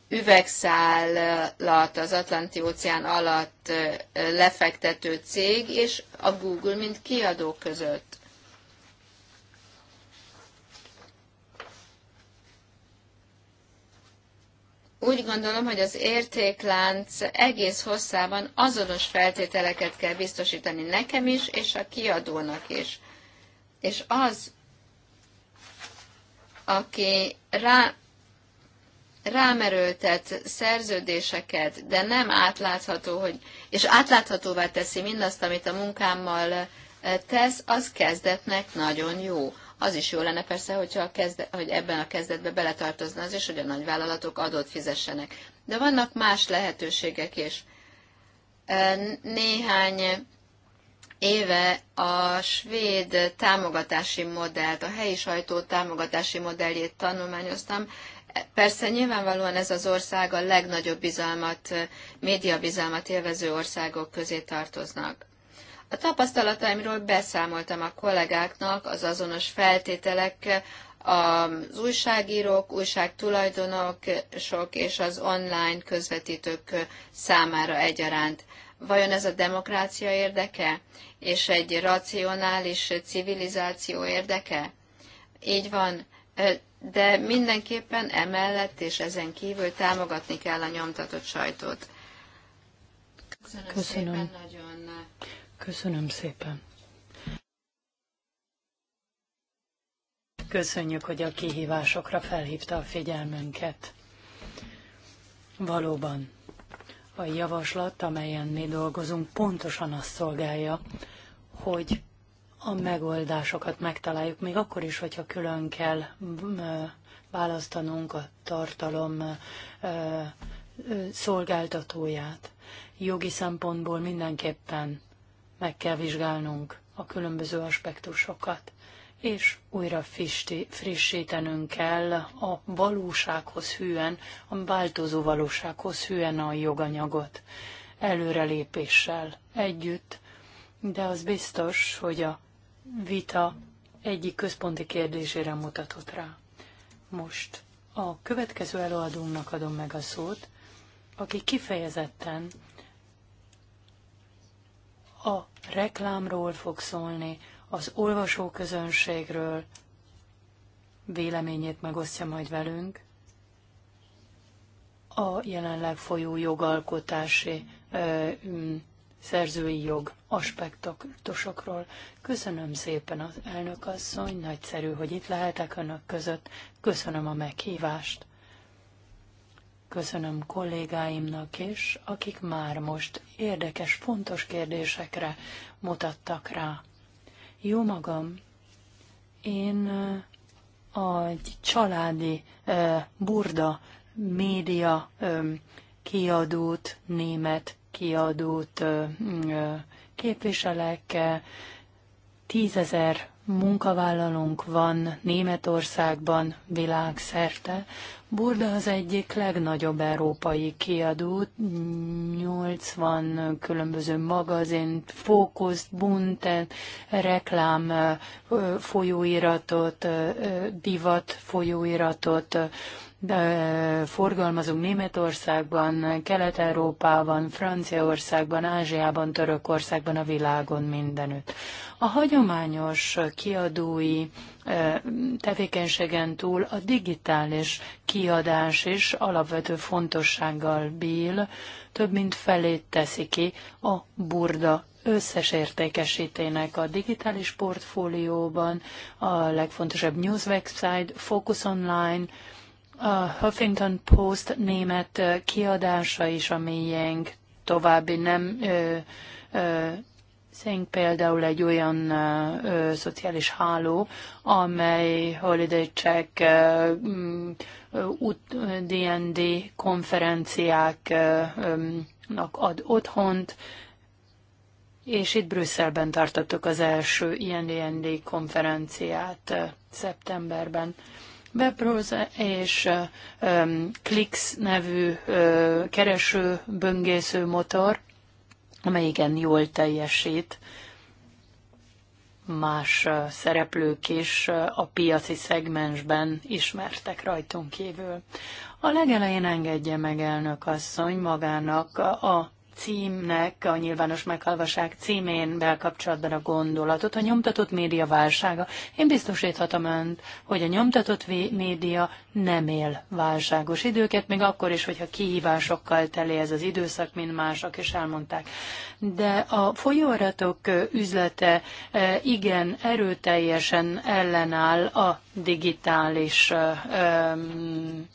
üvegszállat az Atlanti óceán alatt lefektető cég, és a Google, mint kiadó között. Úgy gondolom, hogy az értéklánc egész hosszában azonos feltételeket kell biztosítani nekem is, és a kiadónak is. És az, aki rá, rámerőltet szerződéseket, de nem átlátható, hogy, és átláthatóvá teszi mindazt, amit a munkámmal e, tesz, az kezdetnek nagyon jó. Az is jó lenne persze, hogyha a kezde, hogy ebben a kezdetben beletartozna az is, hogy a nagyvállalatok adót fizessenek. De vannak más lehetőségek is. E, néhány éve a svéd támogatási modellt, a helyi sajtó támogatási modelljét tanulmányoztam, Persze nyilvánvalóan ez az ország a legnagyobb bizalmat, média bizalmat élvező országok közé tartoznak. A tapasztalataimról beszámoltam a kollégáknak az azonos feltételek, az újságírók, sok és az online közvetítők számára egyaránt. Vajon ez a demokrácia érdeke? És egy racionális civilizáció érdeke? Így van de mindenképpen emellett és ezen kívül támogatni kell a nyomtatott sajtót. Köszönöm, Köszönöm. szépen nagyon. Eh, Köszönöm szépen. Köszönjük, hogy a kihívásokra felhívta a figyelmünket. Valóban, a javaslat, amelyen mi dolgozunk, pontosan azt szolgálja, hogy a megoldásokat megtaláljuk, még akkor is, hogyha külön kell választanunk a tartalom szolgáltatóját. Jogi szempontból mindenképpen meg kell vizsgálnunk a különböző aspektusokat, és újra fisti, frissítenünk kell a valósághoz hűen, a változó valósághoz hűen a joganyagot előrelépéssel együtt, de az biztos, hogy a vita egyik központi kérdésére mutatott rá. Most a következő előadónak adom meg a szót, aki kifejezetten a reklámról fog szólni, az olvasóközönségről, véleményét megosztja majd velünk, a jelenleg folyó jogalkotási szerzői jog aspektusokról. Köszönöm szépen az elnök asszony, nagyszerű, hogy itt lehetek önök között. Köszönöm a meghívást. Köszönöm kollégáimnak is, akik már most érdekes, fontos kérdésekre mutattak rá. Jó magam, én egy családi burda média kiadót, német kiadót képviselek, tízezer munkavállalónk van Németországban világszerte. Burda az egyik legnagyobb európai kiadó, 80 különböző magazin: fókuszt, buntet, reklám folyóiratot, divat folyóiratot, de eh, forgalmazunk Németországban, Kelet-Európában, Franciaországban, Ázsiában, Törökországban, a világon mindenütt. A hagyományos kiadói eh, tevékenységen túl a digitális kiadás is alapvető fontossággal bír, több mint felét teszi ki a burda összes értékesítének a digitális portfólióban, a legfontosabb news website, Focus Online, a Huffington Post német kiadása is a miénk, további nem ö, ö, szénk például egy olyan ö, szociális háló, amely Holiday Check, ö, út, D&D konferenciáknak ad otthont, és itt Brüsszelben tartottuk az első ilyen D&D konferenciát szeptemberben. Webbrowser és Klix nevű kereső, böngésző motor, amely igen jól teljesít. Más szereplők is a piaci szegmensben ismertek rajtunk kívül. A legelején engedje meg elnök asszony magának a címnek, a nyilvános meghallgaság címén belkapcsolatban a gondolatot, a nyomtatott média válsága. Én biztosíthatom önt, hogy a nyomtatott média nem él válságos időket, még akkor is, hogyha kihívásokkal teli ez az időszak, mint mások is elmondták. De a folyóratok üzlete igen erőteljesen ellenáll a digitális um,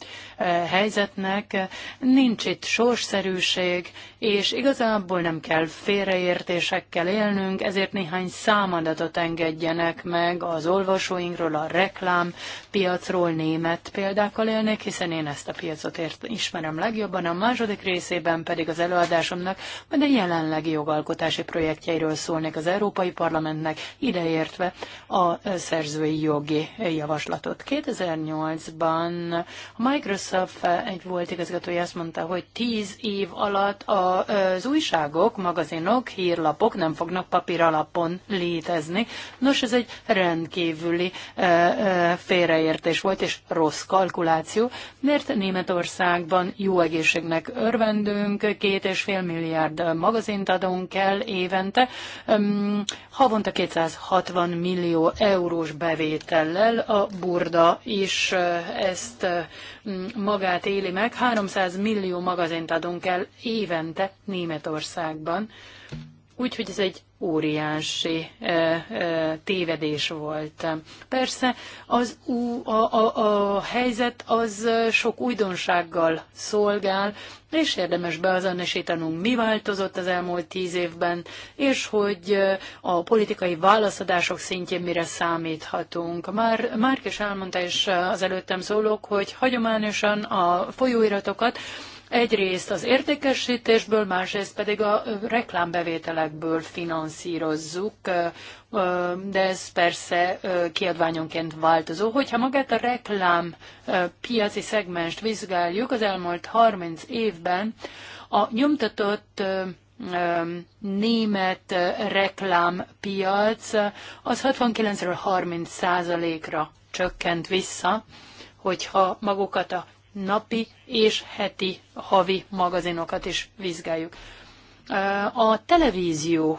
helyzetnek. Nincs itt sorsszerűség, és igazából nem kell félreértésekkel élnünk, ezért néhány számadatot engedjenek meg az olvasóinkról, a reklám piacról német példákkal élnék, hiszen én ezt a piacot ért, ismerem legjobban, a második részében pedig az előadásomnak majd a jelenlegi jogalkotási projektjeiről szólnék az Európai Parlamentnek, ideértve a szerzői jogi javaslatot. 2008-ban a Microsoft ISAF egy volt igazgatója azt mondta, hogy tíz év alatt az újságok, magazinok, hírlapok nem fognak papír alapon létezni. Nos, ez egy rendkívüli e, e, félreértés volt, és rossz kalkuláció, mert Németországban jó egészségnek örvendünk, két és fél milliárd magazint adunk el évente, havonta 260 millió eurós bevétellel a burda is e, ezt magát éli meg. 300 millió magazint adunk el évente Németországban. Úgyhogy ez egy óriási e, e, tévedés volt. Persze az a, a, a helyzet az sok újdonsággal szolgál, és érdemes beazonosítanunk, mi változott az elmúlt tíz évben, és hogy a politikai válaszadások szintjén mire számíthatunk. Már Márk is elmondta, és az előttem szólok, hogy hagyományosan a folyóiratokat egyrészt az értékesítésből, másrészt pedig a reklámbevételekből finanszírozzuk, de ez persze kiadványonként változó. Hogyha magát a reklám piaci szegmest vizsgáljuk, az elmúlt 30 évben a nyomtatott német reklámpiac az 69-ről 30 ra csökkent vissza, hogyha magukat a napi és heti, havi magazinokat is vizsgáljuk. A televízió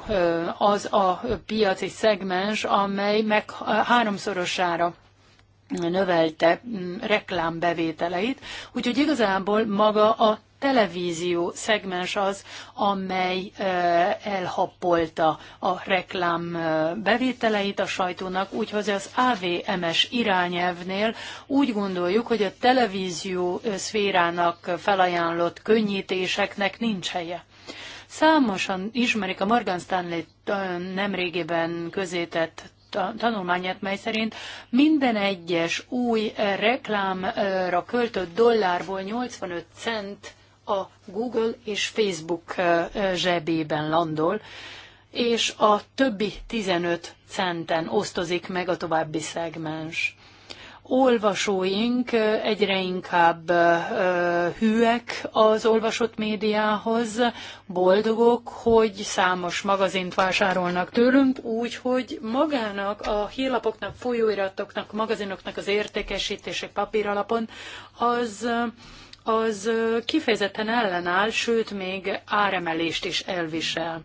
az a piaci szegmens, amely meg háromszorosára növelte mm, reklámbevételeit, úgyhogy igazából maga a televízió szegmens az, amely elhappolta a reklám bevételeit a sajtónak, úgyhogy az AVMS irányelvnél úgy gondoljuk, hogy a televízió szférának felajánlott könnyítéseknek nincs helye. Számosan ismerik a Morgan Stanley nemrégiben közétett tanulmányát, mely szerint minden egyes új reklámra költött dollárból 85 cent a Google és Facebook zsebében landol, és a többi 15 centen osztozik meg a további szegmens olvasóink egyre inkább hűek az olvasott médiához, boldogok, hogy számos magazint vásárolnak tőlünk, úgyhogy magának, a hírlapoknak, folyóiratoknak, magazinoknak az értékesítések papíralapon az az kifejezetten ellenáll, sőt még áremelést is elvisel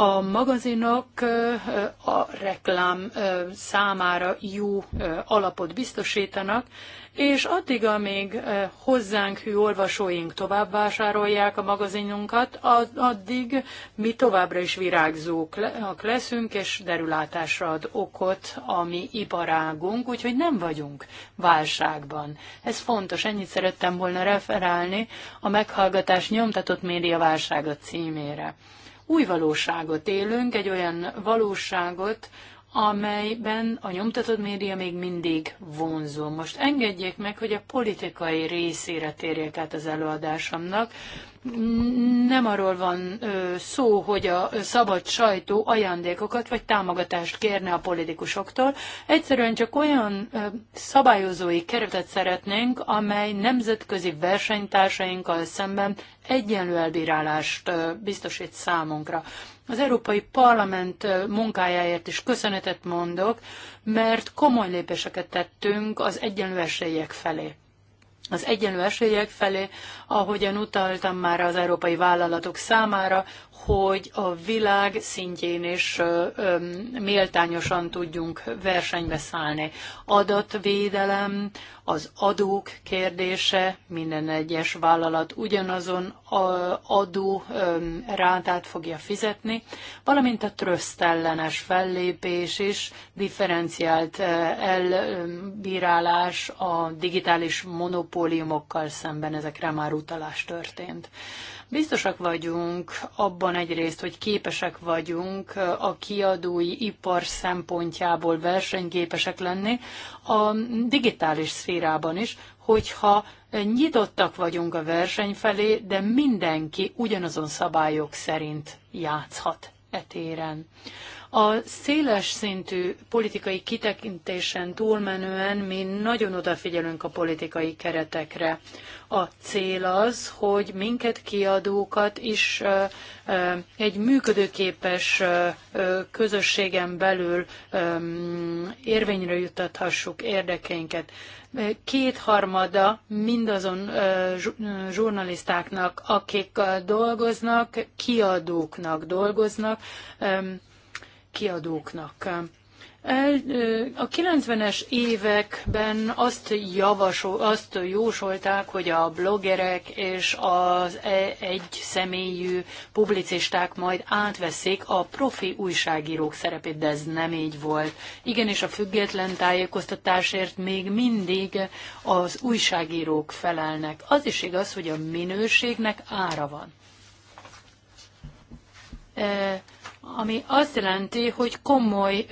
a magazinok a reklám számára jó alapot biztosítanak, és addig, amíg hozzánk hű olvasóink tovább vásárolják a magazinunkat, addig mi továbbra is virágzók leszünk, és derülátásra ad okot a mi iparágunk, úgyhogy nem vagyunk válságban. Ez fontos, ennyit szerettem volna referálni a meghallgatás nyomtatott média válsága címére új valóságot élünk, egy olyan valóságot, amelyben a nyomtatott média még mindig vonzó. Most engedjék meg, hogy a politikai részére térjek át az előadásomnak. Nem arról van szó, hogy a szabad sajtó ajándékokat vagy támogatást kérne a politikusoktól. Egyszerűen csak olyan szabályozói keretet szeretnénk, amely nemzetközi versenytársainkkal szemben egyenlő elbírálást biztosít számunkra. Az Európai Parlament munkájáért is köszönetet mondok, mert komoly lépéseket tettünk az egyenlő esélyek felé az egyenlő esélyek felé, ahogyan utaltam már az európai vállalatok számára, hogy a világ szintjén is méltányosan tudjunk versenybe szállni. Adatvédelem, az adók kérdése, minden egyes vállalat ugyanazon adó rátát fogja fizetni, valamint a tröszt ellenes fellépés is, differenciált elbírálás a digitális monopóliumokkal szemben, ezekre már utalás történt. Biztosak vagyunk abban egyrészt, hogy képesek vagyunk a kiadói ipar szempontjából versenyképesek lenni a digitális szférában is, hogyha nyitottak vagyunk a verseny felé, de mindenki ugyanazon szabályok szerint játszhat etéren. téren. A széles szintű politikai kitekintésen túlmenően mi nagyon odafigyelünk a politikai keretekre. A cél az, hogy minket kiadókat is egy működőképes közösségen belül érvényre juttathassuk érdekeinket kétharmada mindazon journalistáknak, akik dolgoznak, kiadóknak dolgoznak, kiadóknak. A 90-es években azt, javasol, azt jósolták, hogy a bloggerek és az e, egy személyű publicisták majd átveszik a profi újságírók szerepét, de ez nem így volt. Igenis a független tájékoztatásért még mindig az újságírók felelnek. Az is igaz, hogy a minőségnek ára van. E ami azt jelenti, hogy komoly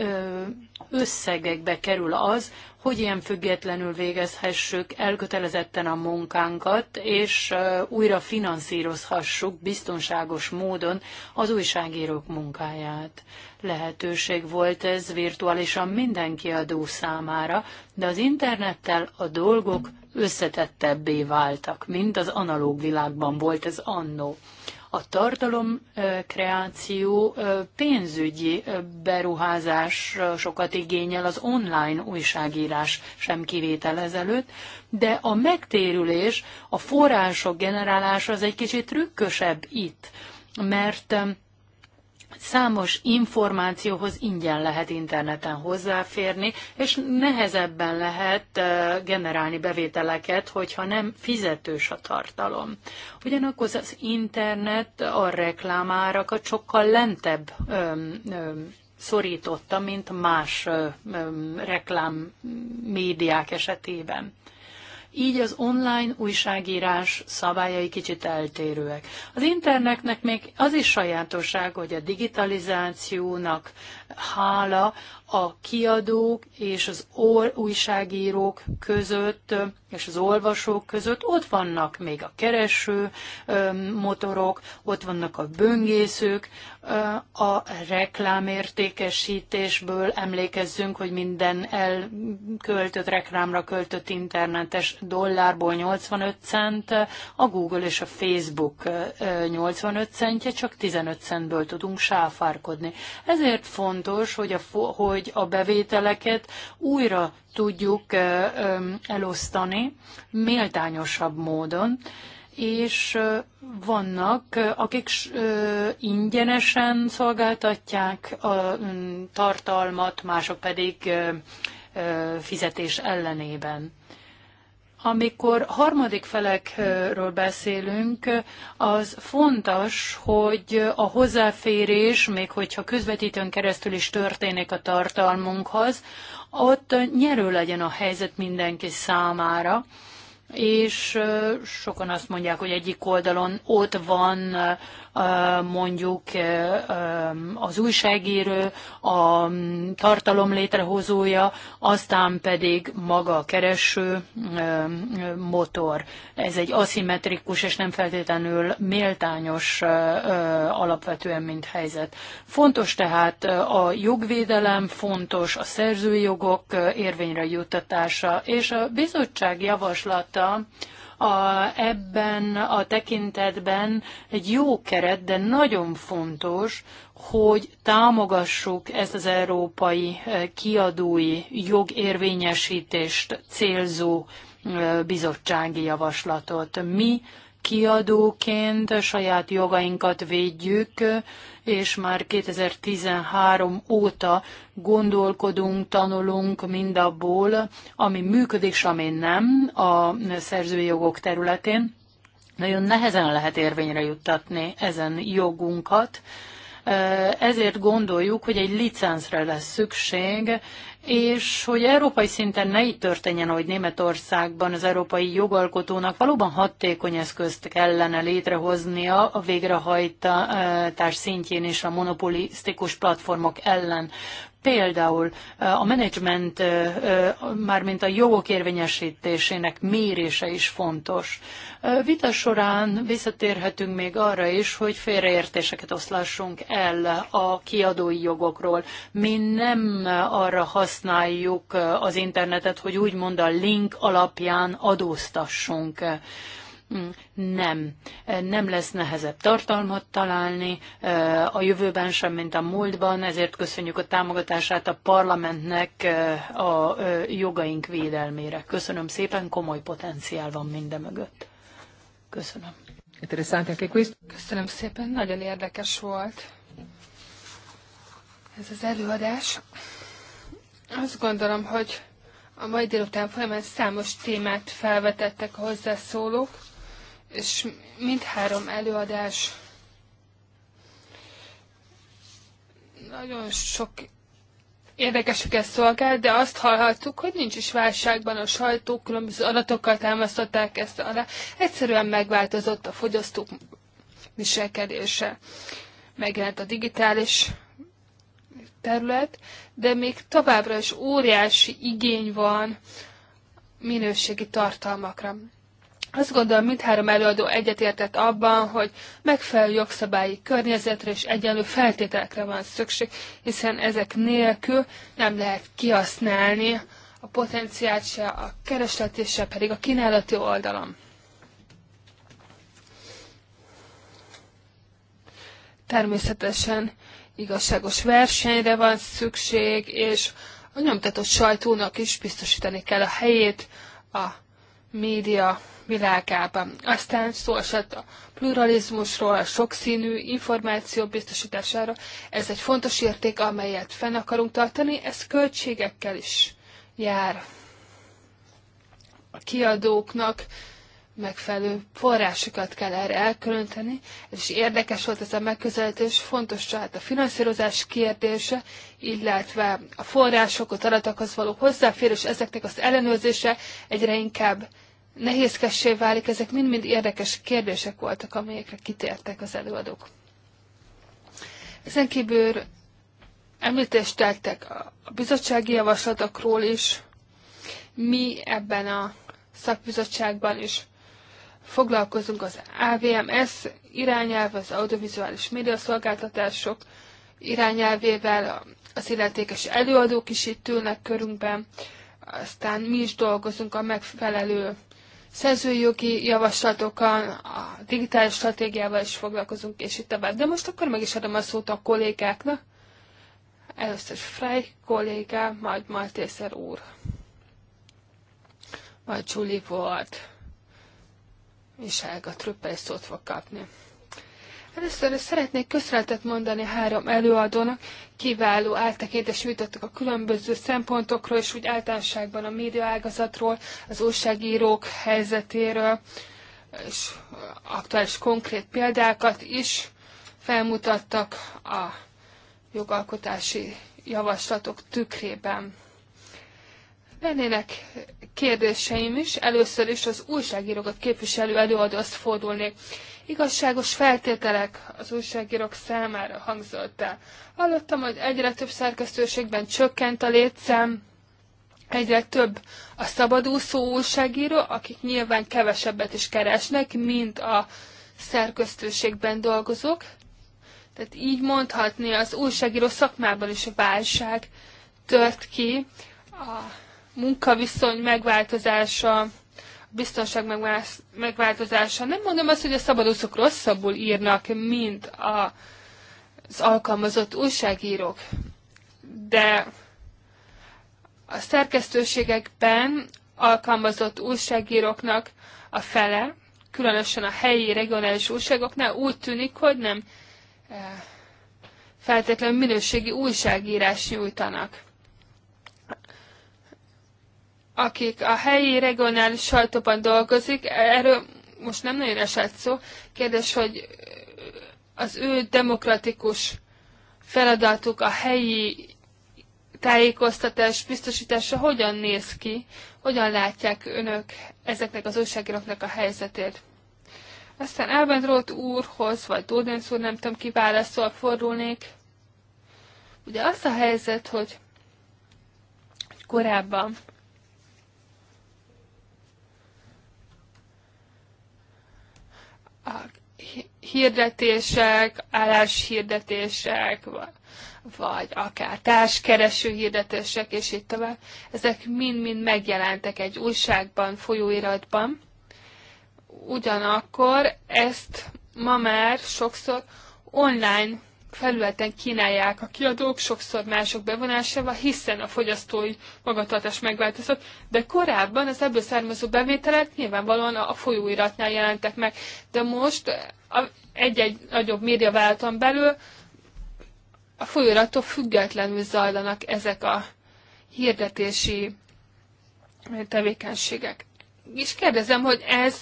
összegekbe kerül az, hogy ilyen függetlenül végezhessük elkötelezetten a munkánkat, és újra finanszírozhassuk biztonságos módon az újságírók munkáját. Lehetőség volt ez virtuálisan mindenki adó számára, de az internettel a dolgok összetettebbé váltak, mint az analóg világban volt ez annó. A tartalomkreáció pénzügyi beruházás sokat igényel az online újságírás sem kivétel ezelőtt, de a megtérülés, a források generálása az egy kicsit trükkösebb itt, mert Számos információhoz ingyen lehet interneten hozzáférni, és nehezebben lehet generálni bevételeket, hogyha nem fizetős a tartalom. Ugyanakkor az internet a reklámárakat sokkal lentebb öm, öm, szorította, mint más öm, reklám médiák esetében így az online újságírás szabályai kicsit eltérőek. Az internetnek még az is sajátosság, hogy a digitalizációnak hála a kiadók és az újságírók között, és az olvasók között. Ott vannak még a kereső motorok, ott vannak a böngészők, a reklámértékesítésből emlékezzünk, hogy minden elköltött reklámra költött internetes dollárból 85 cent, a Google és a Facebook 85 centje, csak 15 centből tudunk sáfárkodni. Ezért font fontos, hogy a, hogy a bevételeket újra tudjuk elosztani méltányosabb módon, és vannak, akik ingyenesen szolgáltatják a tartalmat, mások pedig fizetés ellenében. Amikor harmadik felekről beszélünk, az fontos, hogy a hozzáférés, még hogyha közvetítőn keresztül is történik a tartalmunkhoz, ott nyerő legyen a helyzet mindenki számára, és sokan azt mondják, hogy egyik oldalon ott van mondjuk az újságíró, a tartalom létrehozója, aztán pedig maga a kereső motor. Ez egy aszimmetrikus és nem feltétlenül méltányos alapvetően, mint helyzet. Fontos tehát a jogvédelem, fontos a szerzőjogok érvényre juttatása, és a bizottság javaslat vita a, ebben a tekintetben egy jó keret, de nagyon fontos, hogy támogassuk ezt az európai eh, kiadói jogérvényesítést célzó eh, bizottsági javaslatot. Mi kiadóként saját jogainkat védjük, és már 2013 óta gondolkodunk, tanulunk mindabból, ami működik, és ami nem a szerzői jogok területén. Nagyon nehezen lehet érvényre juttatni ezen jogunkat, ezért gondoljuk, hogy egy licencre lesz szükség, és hogy európai szinten ne így történjen, ahogy Németországban az európai jogalkotónak valóban hatékony eszközt kellene létrehoznia a végrehajtás szintjén és a monopolisztikus platformok ellen. Például a menedzsment, mármint a jogok érvényesítésének mérése is fontos. Vita során visszatérhetünk még arra is, hogy félreértéseket oszlassunk el a kiadói jogokról. Mi nem arra használjuk az internetet, hogy úgymond a link alapján adóztassunk nem. Nem lesz nehezebb tartalmat találni a jövőben sem, mint a múltban, ezért köszönjük a támogatását a parlamentnek a jogaink védelmére. Köszönöm szépen, komoly potenciál van minden mögött. Köszönöm. Köszönöm szépen, nagyon érdekes volt ez az előadás. Azt gondolom, hogy a mai délután folyamán számos témát felvetettek a hozzászólók, és mindhárom előadás nagyon sok érdekeseket szolgál, de azt hallhattuk, hogy nincs is válságban a sajtó, különböző adatokkal támasztották ezt alá. Egyszerűen megváltozott a fogyasztók viselkedése. Megjelent a digitális terület, de még továbbra is óriási igény van minőségi tartalmakra. Azt gondolom, mindhárom előadó egyetértett abban, hogy megfelelő jogszabályi környezetre és egyenlő feltételekre van szükség, hiszen ezek nélkül nem lehet kihasználni a potenciált se a keresleti, se pedig a kínálati oldalon. Természetesen igazságos versenyre van szükség, és a nyomtatott sajtónak is biztosítani kell a helyét a média világában. Aztán szó esett a pluralizmusról, a sokszínű információ biztosítására. Ez egy fontos érték, amelyet fenn akarunk tartani, ez költségekkel is jár. A kiadóknak megfelelő forrásokat kell erre elkülöníteni, és érdekes volt ez a megközelítés, fontos tehát a finanszírozás kérdése, illetve a források, adatokhoz való hozzáférés, ezeknek az ellenőrzése egyre inkább nehézkessé válik, ezek mind-mind érdekes kérdések voltak, amelyekre kitértek az előadók. Ezen kívül említést tettek a bizottsági javaslatokról is, mi ebben a szakbizottságban is foglalkozunk az AVMS irányelv, az audiovizuális médiaszolgáltatások irányelvével, az illetékes előadók is itt ülnek körünkben, aztán mi is dolgozunk a megfelelő szerzőjogi javaslatokkal, a digitális stratégiával is foglalkozunk, és itt tovább. De most akkor meg is adom a szót a kollégáknak. Először Frey kollégá, majd Maltészer úr, majd Julie volt, és Helga Trüppel szót fog kapni. Először is szeretnék köszönetet mondani három előadónak, kiváló áttekintés nyújtottak a különböző szempontokról, és úgy általánosságban a médiaágazatról, az újságírók helyzetéről, és aktuális konkrét példákat is felmutattak a jogalkotási javaslatok tükrében. Lennének kérdéseim is, először is az újságírókat képviselő azt fordulnék igazságos feltételek az újságírók számára hangzott el. Hallottam, hogy egyre több szerkesztőségben csökkent a létszám, egyre több a szabadúszó újságíró, akik nyilván kevesebbet is keresnek, mint a szerkesztőségben dolgozók. Tehát így mondhatni, az újságíró szakmában is a válság tört ki, a munkaviszony megváltozása, biztonság megváltozása. Nem mondom azt, hogy a szabadúszók rosszabbul írnak, mint a, az alkalmazott újságírók, de a szerkesztőségekben alkalmazott újságíróknak a fele, különösen a helyi, regionális újságoknál úgy tűnik, hogy nem eh, feltétlenül minőségi újságírás nyújtanak akik a helyi regionális sajtóban dolgozik, erről most nem nagyon esett szó. Kérdés, hogy az ő demokratikus feladatuk a helyi tájékoztatás biztosítása hogyan néz ki, hogyan látják önök ezeknek az újságíróknak a helyzetét. Aztán Elbendrót úrhoz, vagy Dódenc úr, nem tudom, ki válaszol, fordulnék. Ugye az a helyzet, hogy korábban hirdetések, álláshirdetések, vagy akár társkereső hirdetések, és így tovább. Ezek mind-mind megjelentek egy újságban, folyóiratban. Ugyanakkor ezt ma már sokszor online felületen kínálják a kiadók, sokszor mások bevonásával, hiszen a fogyasztói magatartás megváltozott, de korábban az ebből származó bevételek nyilvánvalóan a folyóiratnál jelentek meg, de most egy-egy nagyobb média médiaválton belül a folyóirattól függetlenül zajlanak ezek a hirdetési tevékenységek. És kérdezem, hogy ez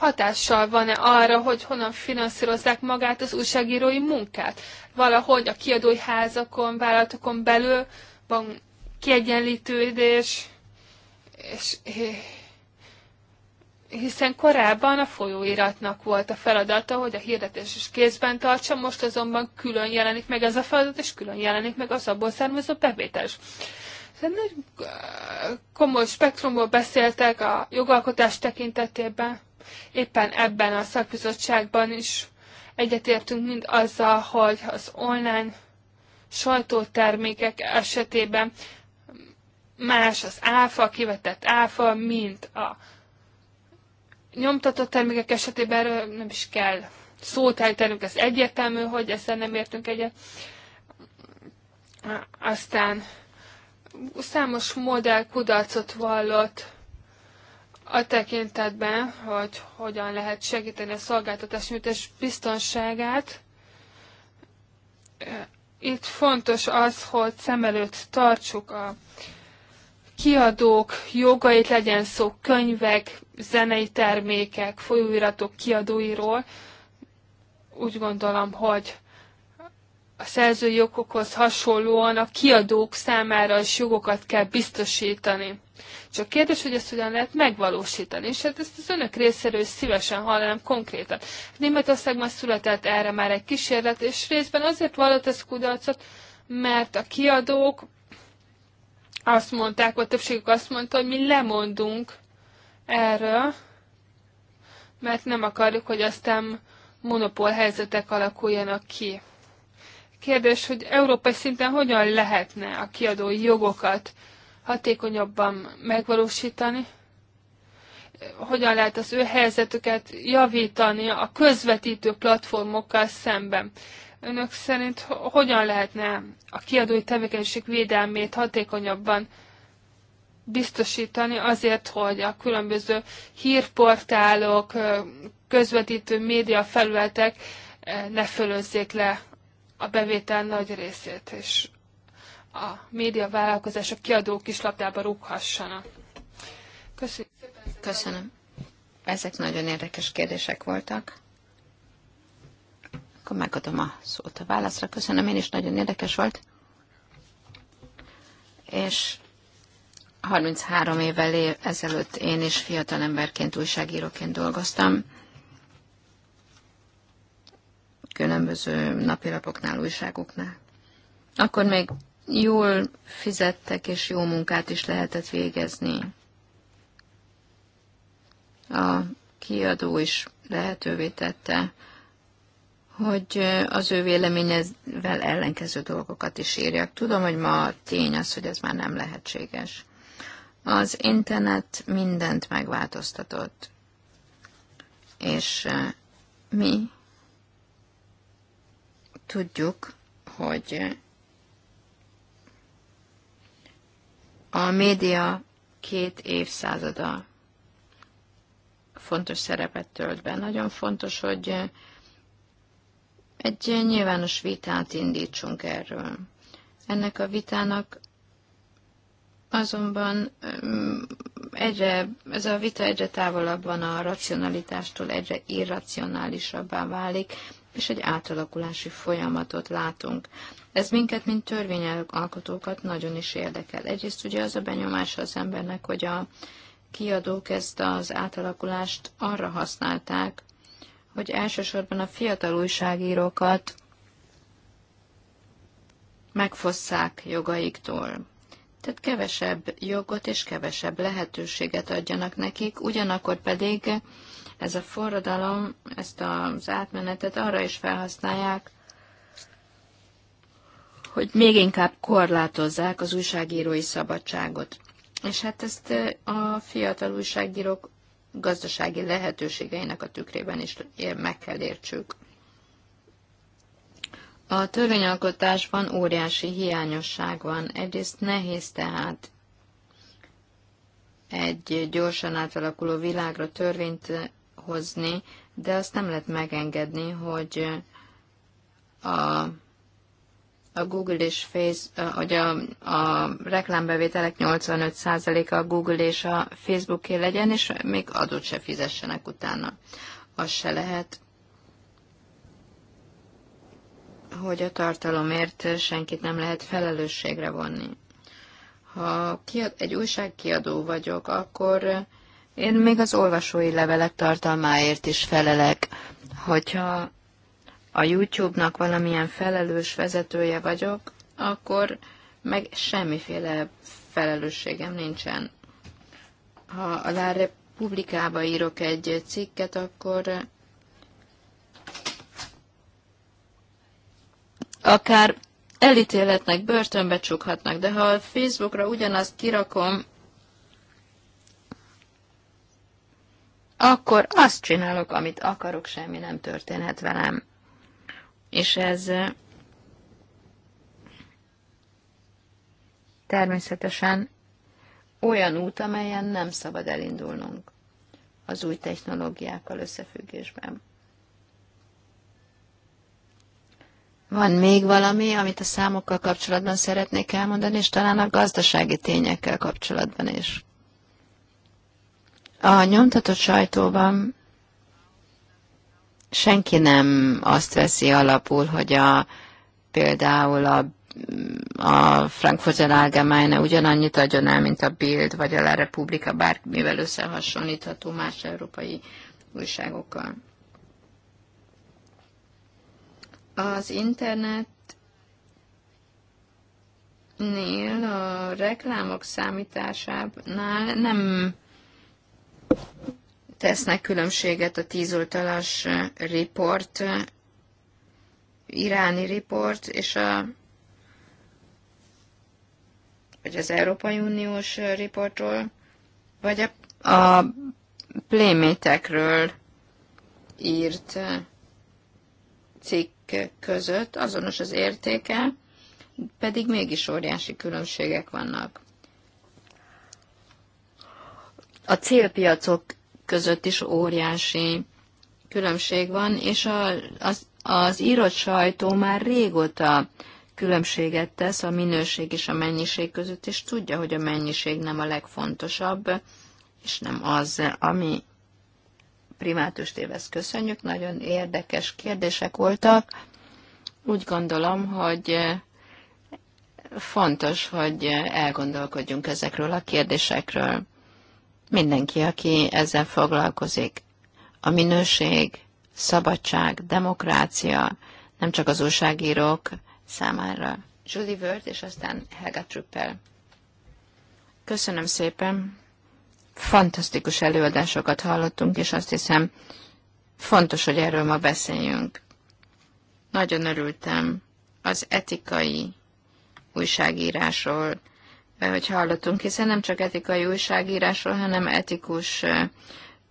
hatással van-e arra, hogy honnan finanszírozzák magát az újságírói munkát. Valahogy a kiadói házakon, vállalatokon belül van kiegyenlítődés, és eh, hiszen korábban a folyóiratnak volt a feladata, hogy a hirdetés is kézben tartsa, most azonban külön jelenik meg ez a feladat, és külön jelenik meg az abból származó bevétel Ez Tehát nagy komoly spektrumból beszéltek a jogalkotás tekintetében éppen ebben a szakbizottságban is egyetértünk mind azzal, hogy az online sajtótermékek esetében más az áfa, kivetett áfa, mint a nyomtatott termékek esetében nem is kell szót ejtenünk, ez egyértelmű, hogy ezzel nem értünk egyet. Aztán számos modell kudarcot vallott, a tekintetben, hogy hogyan lehet segíteni a szolgáltatás nyújtás biztonságát. Itt fontos az, hogy szem előtt tartsuk a kiadók jogait, legyen szó könyvek, zenei termékek, folyóiratok kiadóiról. Úgy gondolom, hogy a szerzői jogokhoz hasonlóan a kiadók számára is jogokat kell biztosítani csak kérdés, hogy ezt hogyan lehet megvalósítani, és hát ezt az önök részéről is szívesen hallanám konkrétan. Hát Németországban született erre már egy kísérlet, és részben azért vallott ez kudarcot, mert a kiadók azt mondták, vagy többségük azt mondta, hogy mi lemondunk erről, mert nem akarjuk, hogy aztán monopól helyzetek alakuljanak ki. Kérdés, hogy európai szinten hogyan lehetne a kiadói jogokat hatékonyabban megvalósítani, hogyan lehet az ő helyzetüket javítani a közvetítő platformokkal szemben. Önök szerint hogyan lehetne a kiadói tevékenység védelmét hatékonyabban biztosítani azért, hogy a különböző hírportálok, közvetítő média felületek ne fölözzék le a bevétel nagy részét, és a médiavállalkozások, kiadók is labdába rúghassanak. Köszönöm. Köszönöm. Ezek nagyon érdekes kérdések voltak. Akkor megadom a szót a válaszra. Köszönöm, én is nagyon érdekes volt. És 33 évvel ezelőtt én is fiatal emberként, újságíróként dolgoztam. Különböző napilapoknál, újságoknál. Akkor még jól fizettek, és jó munkát is lehetett végezni. A kiadó is lehetővé tette, hogy az ő véleményevel ellenkező dolgokat is írjak. Tudom, hogy ma a tény az, hogy ez már nem lehetséges. Az internet mindent megváltoztatott, és eh, mi tudjuk, hogy A média két évszázada fontos szerepet tölt be. Nagyon fontos, hogy egy nyilvános vitát indítsunk erről. Ennek a vitának azonban mm, egyre, ez a vita egyre távolabb van a racionalitástól, egyre irracionálisabbá válik, és egy átalakulási folyamatot látunk. Ez minket, mint törvényalkotókat nagyon is érdekel. Egyrészt ugye az a benyomása az embernek, hogy a kiadók ezt az átalakulást arra használták, hogy elsősorban a fiatal újságírókat megfosszák jogaiktól. Tehát kevesebb jogot és kevesebb lehetőséget adjanak nekik, ugyanakkor pedig ez a forradalom, ezt az átmenetet arra is felhasználják, hogy még inkább korlátozzák az újságírói szabadságot. És hát ezt a fiatal újságírók gazdasági lehetőségeinek a tükrében is meg kell értsük. A törvényalkotásban óriási hiányosság van. Egyrészt nehéz tehát egy gyorsan átalakuló világra törvényt hozni, de azt nem lehet megengedni, hogy a, a Google és Face, hogy a, a reklámbevételek 85%-a a Google és a Facebooké legyen, és még adót se fizessenek utána. Az se lehet, hogy a tartalomért senkit nem lehet felelősségre vonni. Ha kiad, egy újságkiadó vagyok, akkor én még az olvasói levelek tartalmáért is felelek, hogyha a YouTube-nak valamilyen felelős vezetője vagyok, akkor meg semmiféle felelősségem nincsen. Ha a La Republikába írok egy cikket, akkor akár elítéletnek börtönbe csukhatnak, de ha a Facebookra ugyanazt kirakom, akkor azt csinálok, amit akarok, semmi nem történhet velem. És ez eh, természetesen olyan út, amelyen nem szabad elindulnunk az új technológiákkal összefüggésben. Van még valami, amit a számokkal kapcsolatban szeretnék elmondani, és talán a gazdasági tényekkel kapcsolatban is. A nyomtatott sajtóban senki nem azt veszi alapul, hogy a, például a, a Frankfurter Allgemeine ugyanannyit adjon el, mint a Bild vagy a La Repubblica, bármivel összehasonlítható más európai újságokkal. Az internet Nél a reklámok számításánál nem tesznek különbséget a tízoltalas eh, report, eh, iráni report és a vagy az Európai Uniós eh, riportról, vagy a, a plémétekről írt cikk között azonos az értéke, pedig mégis óriási különbségek vannak a célpiacok között is óriási különbség van, és a, az, az írott sajtó már régóta különbséget tesz a minőség és a mennyiség között, és tudja, hogy a mennyiség nem a legfontosabb, és nem az, ami primátus tévesz köszönjük. Nagyon érdekes kérdések voltak. Úgy gondolom, hogy fontos, hogy elgondolkodjunk ezekről a kérdésekről. Mindenki, aki ezzel foglalkozik. A minőség, szabadság, demokrácia, nem csak az újságírók számára. Julie Wörth és aztán Helga Trüppel. Köszönöm szépen. Fantasztikus előadásokat hallottunk, és azt hiszem, fontos, hogy erről ma beszéljünk. Nagyon örültem az etikai újságírásról, hogy hallottunk, hiszen nem csak etikai újságírásról, hanem etikus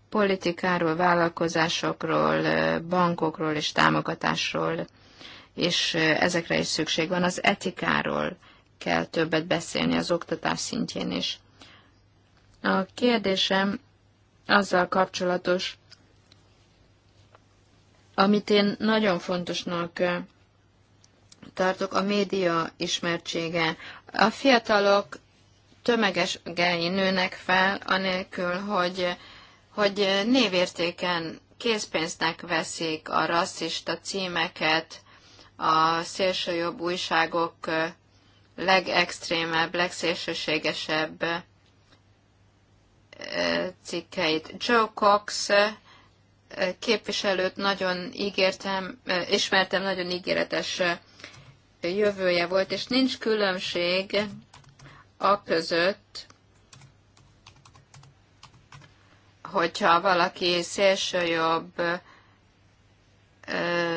politikáról, vállalkozásokról, bankokról és támogatásról, és ezekre is szükség van. Az etikáról kell többet beszélni az oktatás szintjén is. A kérdésem azzal kapcsolatos, amit én nagyon fontosnak tartok, a média ismertsége, a fiatalok tömegesen nőnek fel, anélkül, hogy, hogy névértéken készpénznek veszik a rasszista címeket, a szélsőjobb újságok legextrémebb, legszélsőségesebb cikkeit. Joe Cox képviselőt nagyon ígértem, ismertem, nagyon ígéretes jövője volt, és nincs különbség a között, hogyha valaki jobb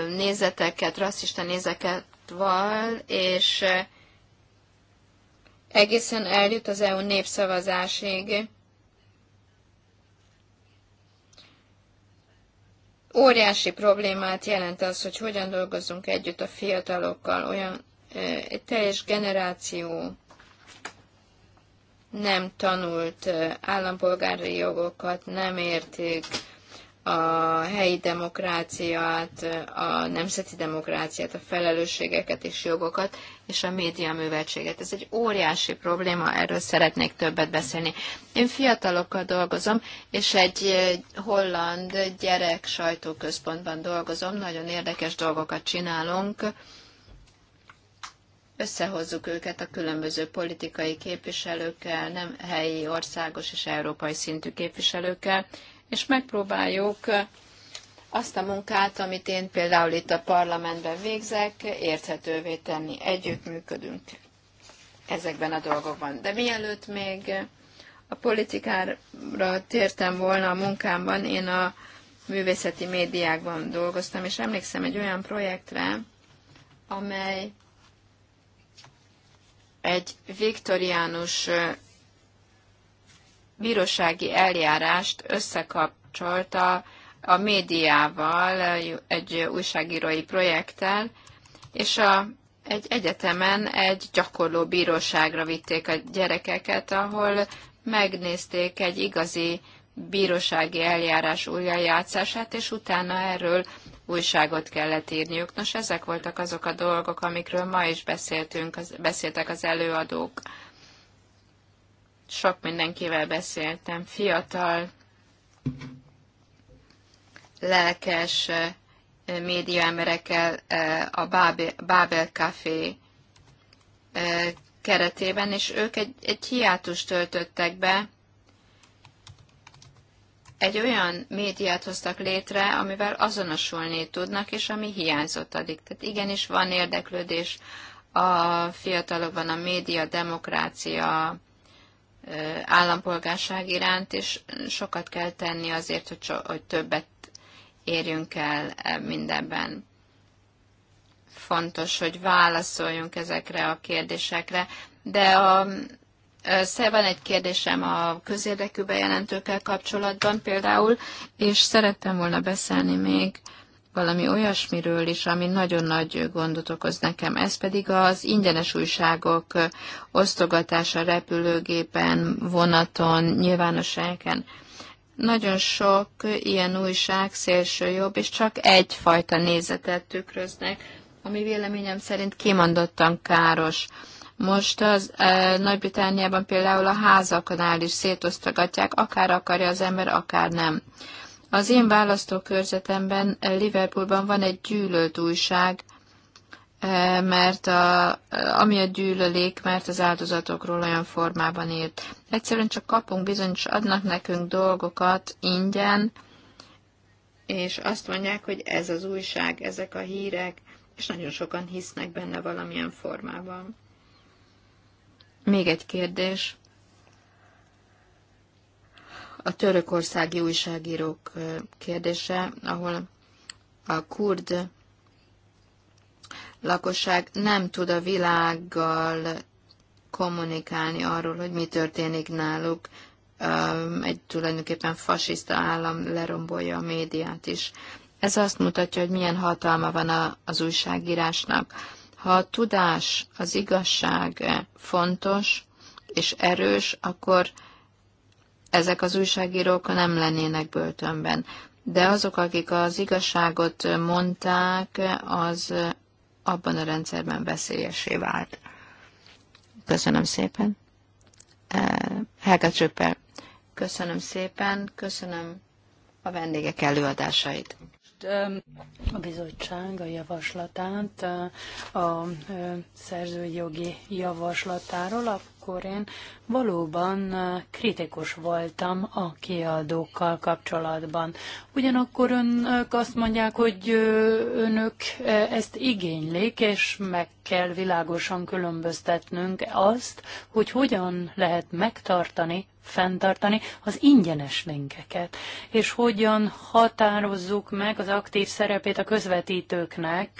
nézeteket, rasszista nézeteket val, és egészen eljut az EU népszavazásig, Óriási problémát jelent az, hogy hogyan dolgozunk együtt a fiatalokkal, olyan egy teljes generáció nem tanult állampolgári jogokat, nem értik, a helyi demokráciát, a nemzeti demokráciát, a felelősségeket és jogokat, és a média műveltséget. Ez egy óriási probléma, erről szeretnék többet beszélni. Én fiatalokkal dolgozom, és egy holland gyerek sajtóközpontban dolgozom, nagyon érdekes dolgokat csinálunk, összehozzuk őket a különböző politikai képviselőkkel, nem helyi, országos és európai szintű képviselőkkel, és megpróbáljuk azt a munkát, amit én például itt a parlamentben végzek, érthetővé tenni. Együttműködünk ezekben a dolgokban. De mielőtt még a politikára tértem volna a munkámban, én a művészeti médiákban dolgoztam, és emlékszem egy olyan projektre, amely egy viktoriánus bírósági eljárást összekapcsolta a médiával, egy újságírói projekttel, és a, egy egyetemen egy gyakorló bíróságra vitték a gyerekeket, ahol megnézték egy igazi bírósági eljárás újjajátszását, és utána erről újságot kellett írniuk. Nos, ezek voltak azok a dolgok, amikről ma is beszéltünk, az, beszéltek az előadók sok mindenkivel beszéltem, fiatal, lelkes eh, médiaemberekkel eh, a Babel Café eh, keretében, és ők egy, egy hiátust töltöttek be, egy olyan médiát hoztak létre, amivel azonosulni tudnak, és ami hiányzott addig. Tehát igenis van érdeklődés a fiatalokban a média, demokrácia, állampolgárság iránt, és sokat kell tenni azért, hogy, so, hogy többet érjünk el e mindenben. Fontos, hogy válaszoljunk ezekre a kérdésekre, de a, van egy kérdésem a közérdekű bejelentőkkel kapcsolatban például, és szerettem volna beszélni még valami olyasmiről is, ami nagyon nagy gondot okoz nekem. Ez pedig az ingyenes újságok osztogatása repülőgépen, vonaton, nyilvános helyeken. Nagyon sok ilyen újság szélső jobb, és csak egyfajta nézetet tükröznek, ami véleményem szerint kimondottan káros. Most az e, Nagy-Britániában például a házaknál is szétosztogatják, akár akarja az ember, akár nem. Az én választókörzetemben, Liverpoolban van egy gyűlölt újság, e, mert a, ami a gyűlölék, mert az áldozatokról olyan formában írt. Egyszerűen csak kapunk, bizonyos adnak nekünk dolgokat ingyen, és azt mondják, hogy ez az újság, ezek a hírek, és nagyon sokan hisznek benne valamilyen formában. Még egy kérdés a törökországi újságírók kérdése, ahol a kurd lakosság nem tud a világgal kommunikálni arról, hogy mi történik náluk. Egy tulajdonképpen fasiszta állam lerombolja a médiát is. Ez azt mutatja, hogy milyen hatalma van az újságírásnak. Ha a tudás, az igazság fontos és erős, akkor ezek az újságírók nem lennének börtönben. De azok, akik az igazságot mondták, az abban a rendszerben veszélyesé vált. Köszönöm szépen. Helga Csöppel. Köszönöm szépen, köszönöm a vendégek előadásait. A bizottság a javaslatát, a szerzőjogi javaslatáról a akkor én valóban kritikus voltam a kiadókkal kapcsolatban. Ugyanakkor önök azt mondják, hogy önök ezt igénylik, és meg kell világosan különböztetnünk azt, hogy hogyan lehet megtartani fenntartani az ingyenes linkeket, és hogyan határozzuk meg az aktív szerepét a közvetítőknek,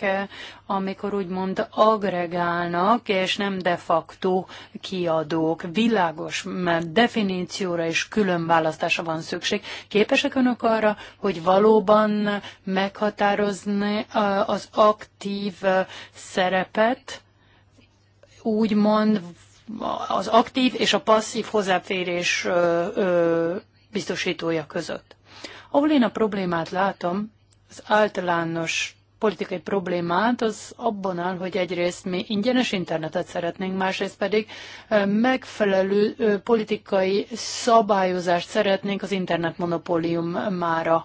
amikor úgymond agregálnak, és nem de facto kiadók. Világos mert definícióra és különválasztásra van szükség. Képesek önök arra, hogy valóban meghatározni az aktív szerepet, úgymond az aktív és a passzív hozzáférés biztosítója között. Ahol én a problémát látom, az általános politikai problémát, az abban áll, hogy egyrészt mi ingyenes internetet szeretnénk, másrészt pedig megfelelő politikai szabályozást szeretnénk az internet mára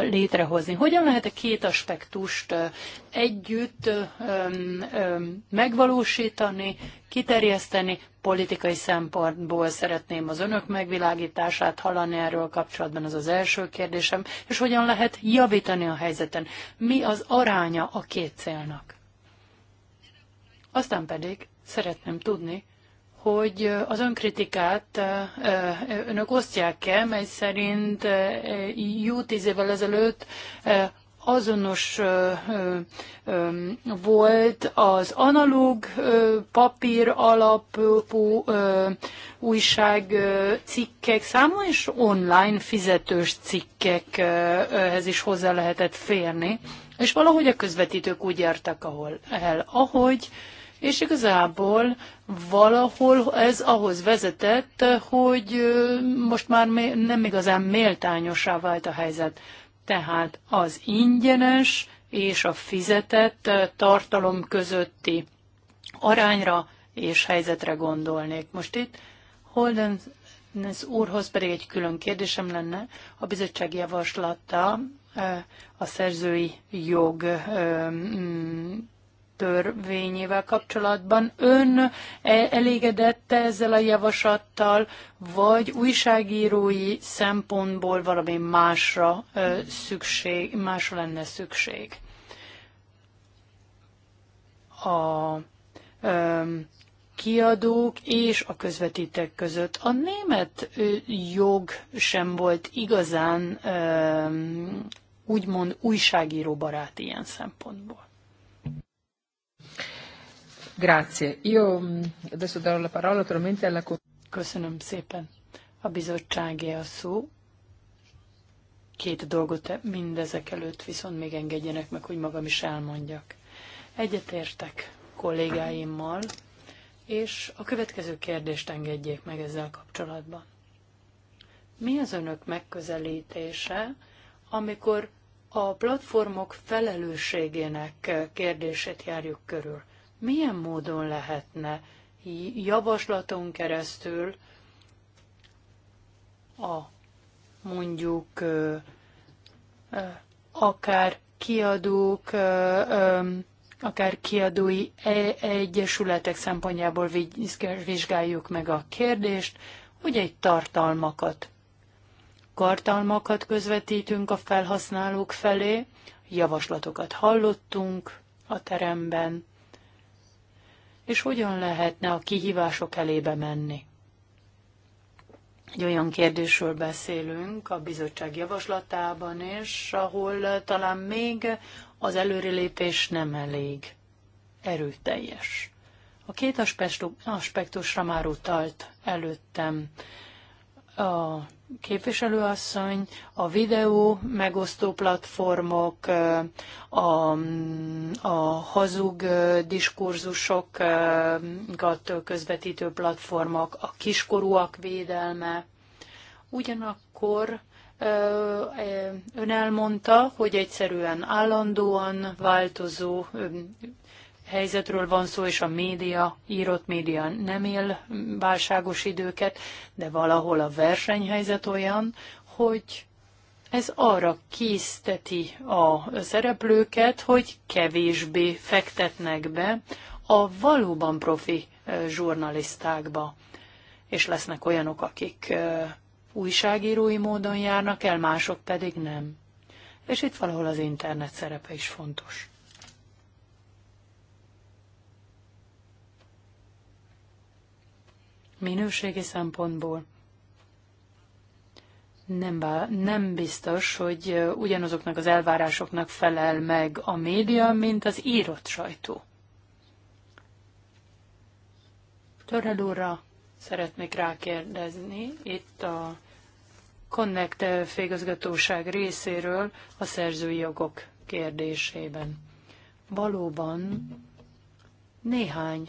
létrehozni. Hogyan lehet a két aspektust együtt megvalósítani, kiterjeszteni. Politikai szempontból szeretném az önök megvilágítását hallani erről kapcsolatban, az az első kérdésem, és hogyan lehet javítani a helyzeten. Mi az aránya a két célnak? Aztán pedig szeretném tudni, hogy az önkritikát önök osztják-e, mely szerint jó tíz évvel ezelőtt azonos volt az analóg papír alapú újságcikkek száma, és online fizetős cikkekhez is hozzá lehetett férni. És valahogy a közvetítők úgy jártak ahol, el, ahogy, és igazából valahol ez ahhoz vezetett, hogy most már nem igazán méltányosá vált a helyzet tehát az ingyenes és a fizetett tartalom közötti arányra és helyzetre gondolnék. Most itt Holden az úrhoz pedig egy külön kérdésem lenne. A bizottság javaslata a szerzői jog törvényével kapcsolatban. Ön e, elégedette ezzel a javaslattal, vagy újságírói szempontból valami másra e, szükség, másra lenne szükség? A e, kiadók és a közvetítek között. A német jog sem volt igazán úgymond újságíró barát ilyen szempontból. Mm, Köszönöm szépen. A bizottságé a szó. Két dolgot mindezek előtt viszont még engedjenek meg, hogy magam is elmondjak. Egyetértek kollégáimmal, és a következő kérdést engedjék meg ezzel kapcsolatban. Mi az önök megközelítése, amikor a platformok felelősségének kérdését járjuk körül? milyen módon lehetne javaslaton keresztül a mondjuk akár kiadók, akár kiadói e, egyesületek szempontjából vizsgáljuk meg a kérdést, hogy egy tartalmakat, tartalmakat közvetítünk a felhasználók felé, javaslatokat hallottunk a teremben, és hogyan lehetne a kihívások elébe menni. Egy olyan kérdésről beszélünk a bizottság javaslatában és ahol talán még az előrelépés nem elég erőteljes. A két aspektusra már utalt előttem a képviselőasszony, a videó megosztó platformok, a, a hazug diskurzusokat közvetítő platformok, a kiskorúak védelme. Ugyanakkor ön elmondta, hogy egyszerűen állandóan változó helyzetről van szó, és a média, írott média nem él válságos időket, de valahol a versenyhelyzet olyan, hogy ez arra készteti a szereplőket, hogy kevésbé fektetnek be a valóban profi zsurnalisztákba. És lesznek olyanok, akik újságírói módon járnak el, mások pedig nem. És itt valahol az internet szerepe is fontos. minőségi szempontból nem, bá, nem biztos, hogy ugyanazoknak az elvárásoknak felel meg a média, mint az írott sajtó. Törrel úrra szeretnék rákérdezni itt a Connect főigazgatóság részéről a szerzői jogok kérdésében. Valóban néhány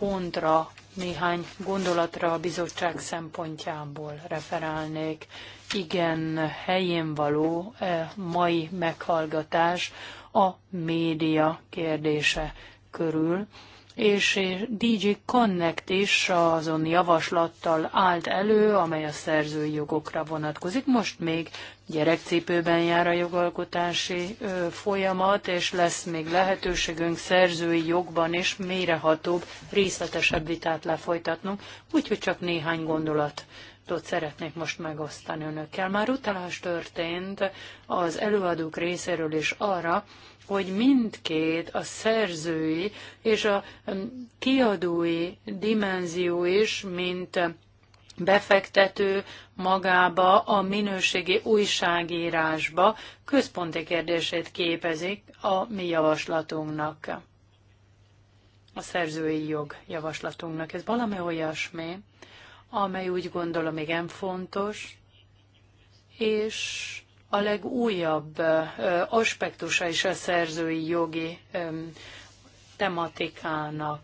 pontra, néhány gondolatra a bizottság szempontjából referálnék. Igen, helyén való eh, mai meghallgatás a média kérdése körül és DJ Connect is azon javaslattal állt elő, amely a szerzői jogokra vonatkozik. Most még gyerekcipőben jár a jogalkotási folyamat, és lesz még lehetőségünk szerzői jogban is mélyrehatóbb, részletesebb vitát lefolytatnunk, úgyhogy csak néhány gondolat mondatot szeretnék most megosztani önökkel. Már utalás történt az előadók részéről is arra, hogy mindkét a szerzői és a kiadói dimenzió is, mint befektető magába a minőségi újságírásba központi kérdését képezik a mi javaslatunknak, a szerzői jog javaslatunknak. Ez valami olyasmi, amely úgy gondolom igen fontos, és a legújabb aspektusa is a szerzői jogi tematikának,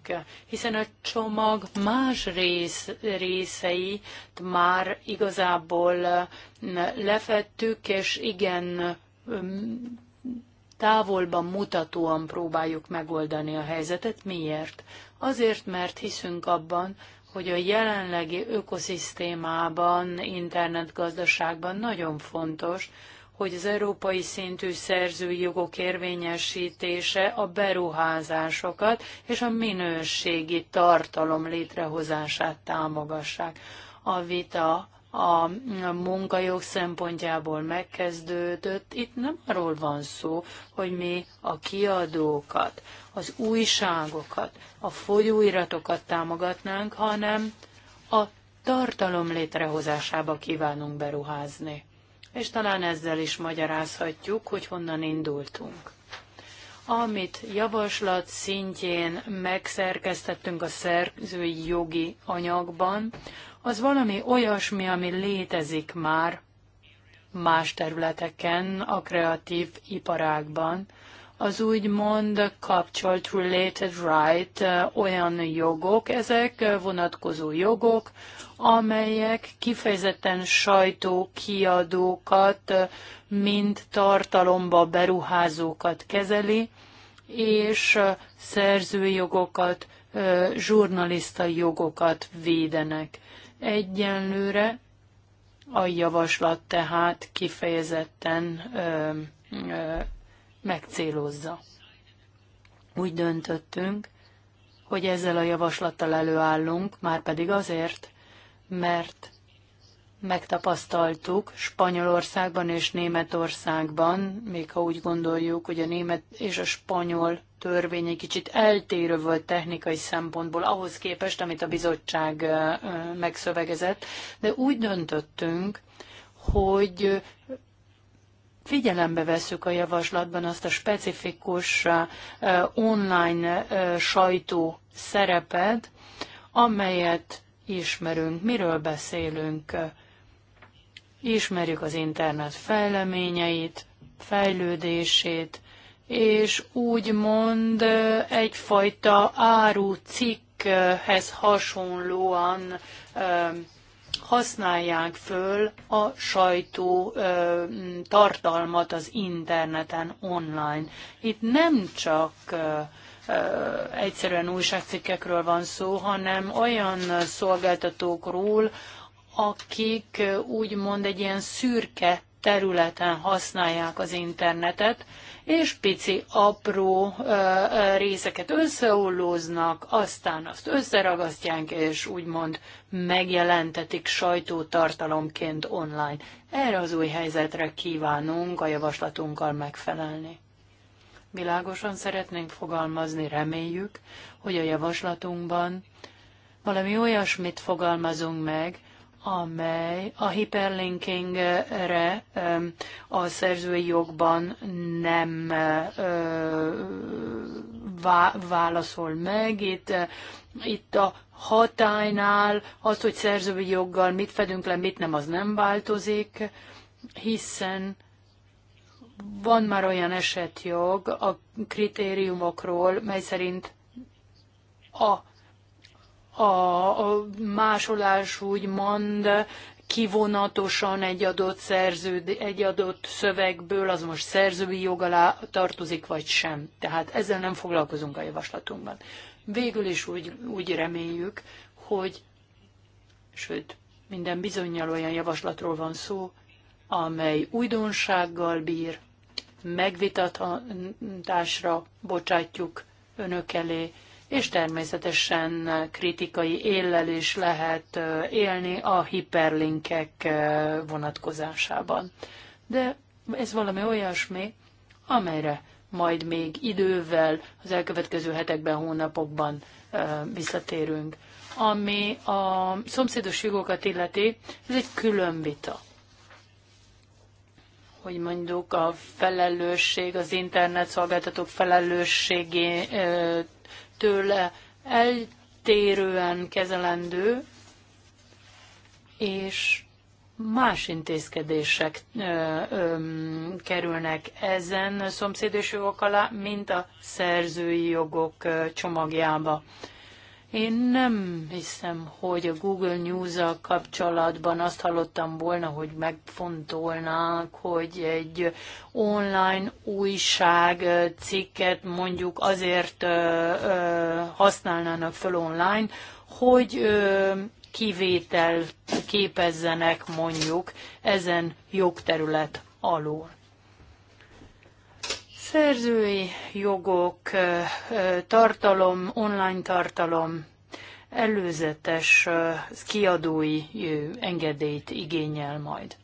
hiszen a csomag más rész, részeit már igazából lefettük, és igen távolban mutatóan próbáljuk megoldani a helyzetet. Miért? Azért, mert hiszünk abban, hogy a jelenlegi ökoszisztémában, internetgazdaságban nagyon fontos, hogy az európai szintű szerzői jogok érvényesítése a beruházásokat és a minőségi tartalom létrehozását támogassák. A vita a munkajog szempontjából megkezdődött. Itt nem arról van szó, hogy mi a kiadókat, az újságokat, a folyóiratokat támogatnánk, hanem a tartalom létrehozásába kívánunk beruházni és talán ezzel is magyarázhatjuk, hogy honnan indultunk. Amit javaslat szintjén megszerkeztettünk a szerzői jogi anyagban, az valami olyasmi, ami létezik már más területeken, a kreatív iparágban, az úgymond kapcsolt related right olyan jogok, ezek vonatkozó jogok, amelyek kifejezetten sajtó kiadókat, mint tartalomba beruházókat kezeli, és szerzőjogokat, zsurnalisztai jogokat védenek. Egyenlőre a javaslat tehát kifejezetten megcélozza. Úgy döntöttünk, hogy ezzel a javaslattal előállunk, már pedig azért, mert megtapasztaltuk Spanyolországban és Németországban, még ha úgy gondoljuk, hogy a német és a spanyol törvény egy kicsit eltérő volt technikai szempontból ahhoz képest, amit a bizottság megszövegezett, de úgy döntöttünk, hogy figyelembe veszük a javaslatban azt a specifikus online sajtó szerepet, amelyet ismerünk, miről beszélünk, ismerjük az internet fejleményeit, fejlődését, és úgymond egyfajta árucikkhez hasonlóan használják föl a sajtó ö, tartalmat az interneten, online. Itt nem csak ö, egyszerűen újságcikkekről van szó, hanem olyan szolgáltatókról, akik úgymond egy ilyen szürke területen használják az internetet, és pici, apró részeket összeollóznak, aztán azt összeragasztják, és úgymond megjelentetik sajtótartalomként online. Erre az új helyzetre kívánunk a javaslatunkkal megfelelni. Világosan szeretnénk fogalmazni, reméljük, hogy a javaslatunkban valami olyasmit fogalmazunk meg, amely a hiperlinkingre a szerzői jogban nem válaszol meg. Itt, itt a hatálynál az, hogy szerzői joggal mit fedünk le, mit nem, az nem változik, hiszen van már olyan esetjog a kritériumokról, mely szerint a a másolás úgy mond kivonatosan egy adott, szerződ, egy adott szövegből, az most szerzői jog alá tartozik, vagy sem. Tehát ezzel nem foglalkozunk a javaslatunkban. Végül is úgy, úgy reméljük, hogy, sőt, minden bizonyal olyan javaslatról van szó, amely újdonsággal bír, megvitatásra bocsátjuk önök elé, és természetesen kritikai éllel is lehet élni a hiperlinkek vonatkozásában. De ez valami olyasmi, amelyre majd még idővel, az elkövetkező hetekben, hónapokban visszatérünk. Ami a szomszédos jogokat illeti, ez egy külön vita hogy mondjuk a felelősség, az internet szolgáltatók felelősségét, tőle eltérően kezelendő, és más intézkedések ö, ö, kerülnek ezen szomszédos jogok alá, mint a szerzői jogok csomagjába. Én nem hiszem, hogy a Google News-al kapcsolatban azt hallottam volna, hogy megfontolnák, hogy egy online újság cikket mondjuk azért használnának fel online, hogy kivétel képezzenek mondjuk ezen jogterület alól. Szerzői jogok, tartalom, online tartalom, előzetes kiadói engedélyt igényel majd.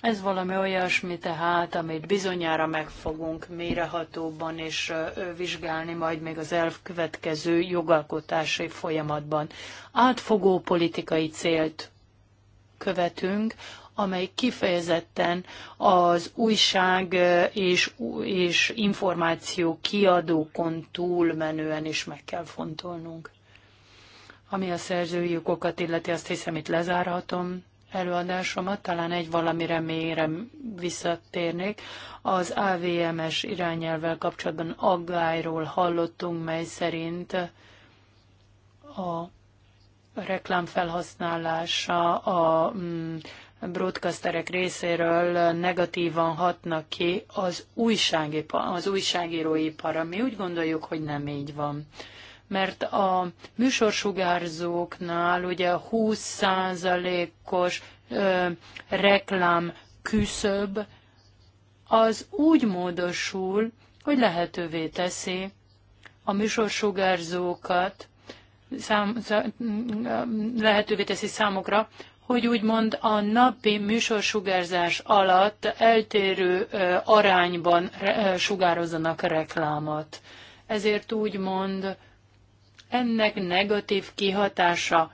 Ez valami olyasmi tehát, amit bizonyára meg fogunk mérehatóban és vizsgálni majd még az elkövetkező jogalkotási folyamatban. Átfogó politikai célt követünk, amely kifejezetten az újság és, és információ kiadókon túlmenően is meg kell fontolnunk. Ami a szerzői jogokat illeti, azt hiszem itt lezárhatom előadásomat, talán egy valamire mélyre visszatérnék. Az AVMS irányelvvel kapcsolatban aggályról hallottunk, mely szerint a reklám felhasználása a mm, broadcasterek részéről negatívan hatnak ki az, újságipa, az újságíróipar, ami úgy gondoljuk, hogy nem így van. Mert a műsorsugárzóknál ugye 20%-os ö, reklám küszöb az úgy módosul, hogy lehetővé teszi a műsorsugárzókat, szám, szám, lehetővé teszi számokra, hogy úgymond a napi műsorsugárzás alatt eltérő arányban sugározzanak reklámot. Ezért úgymond ennek negatív kihatása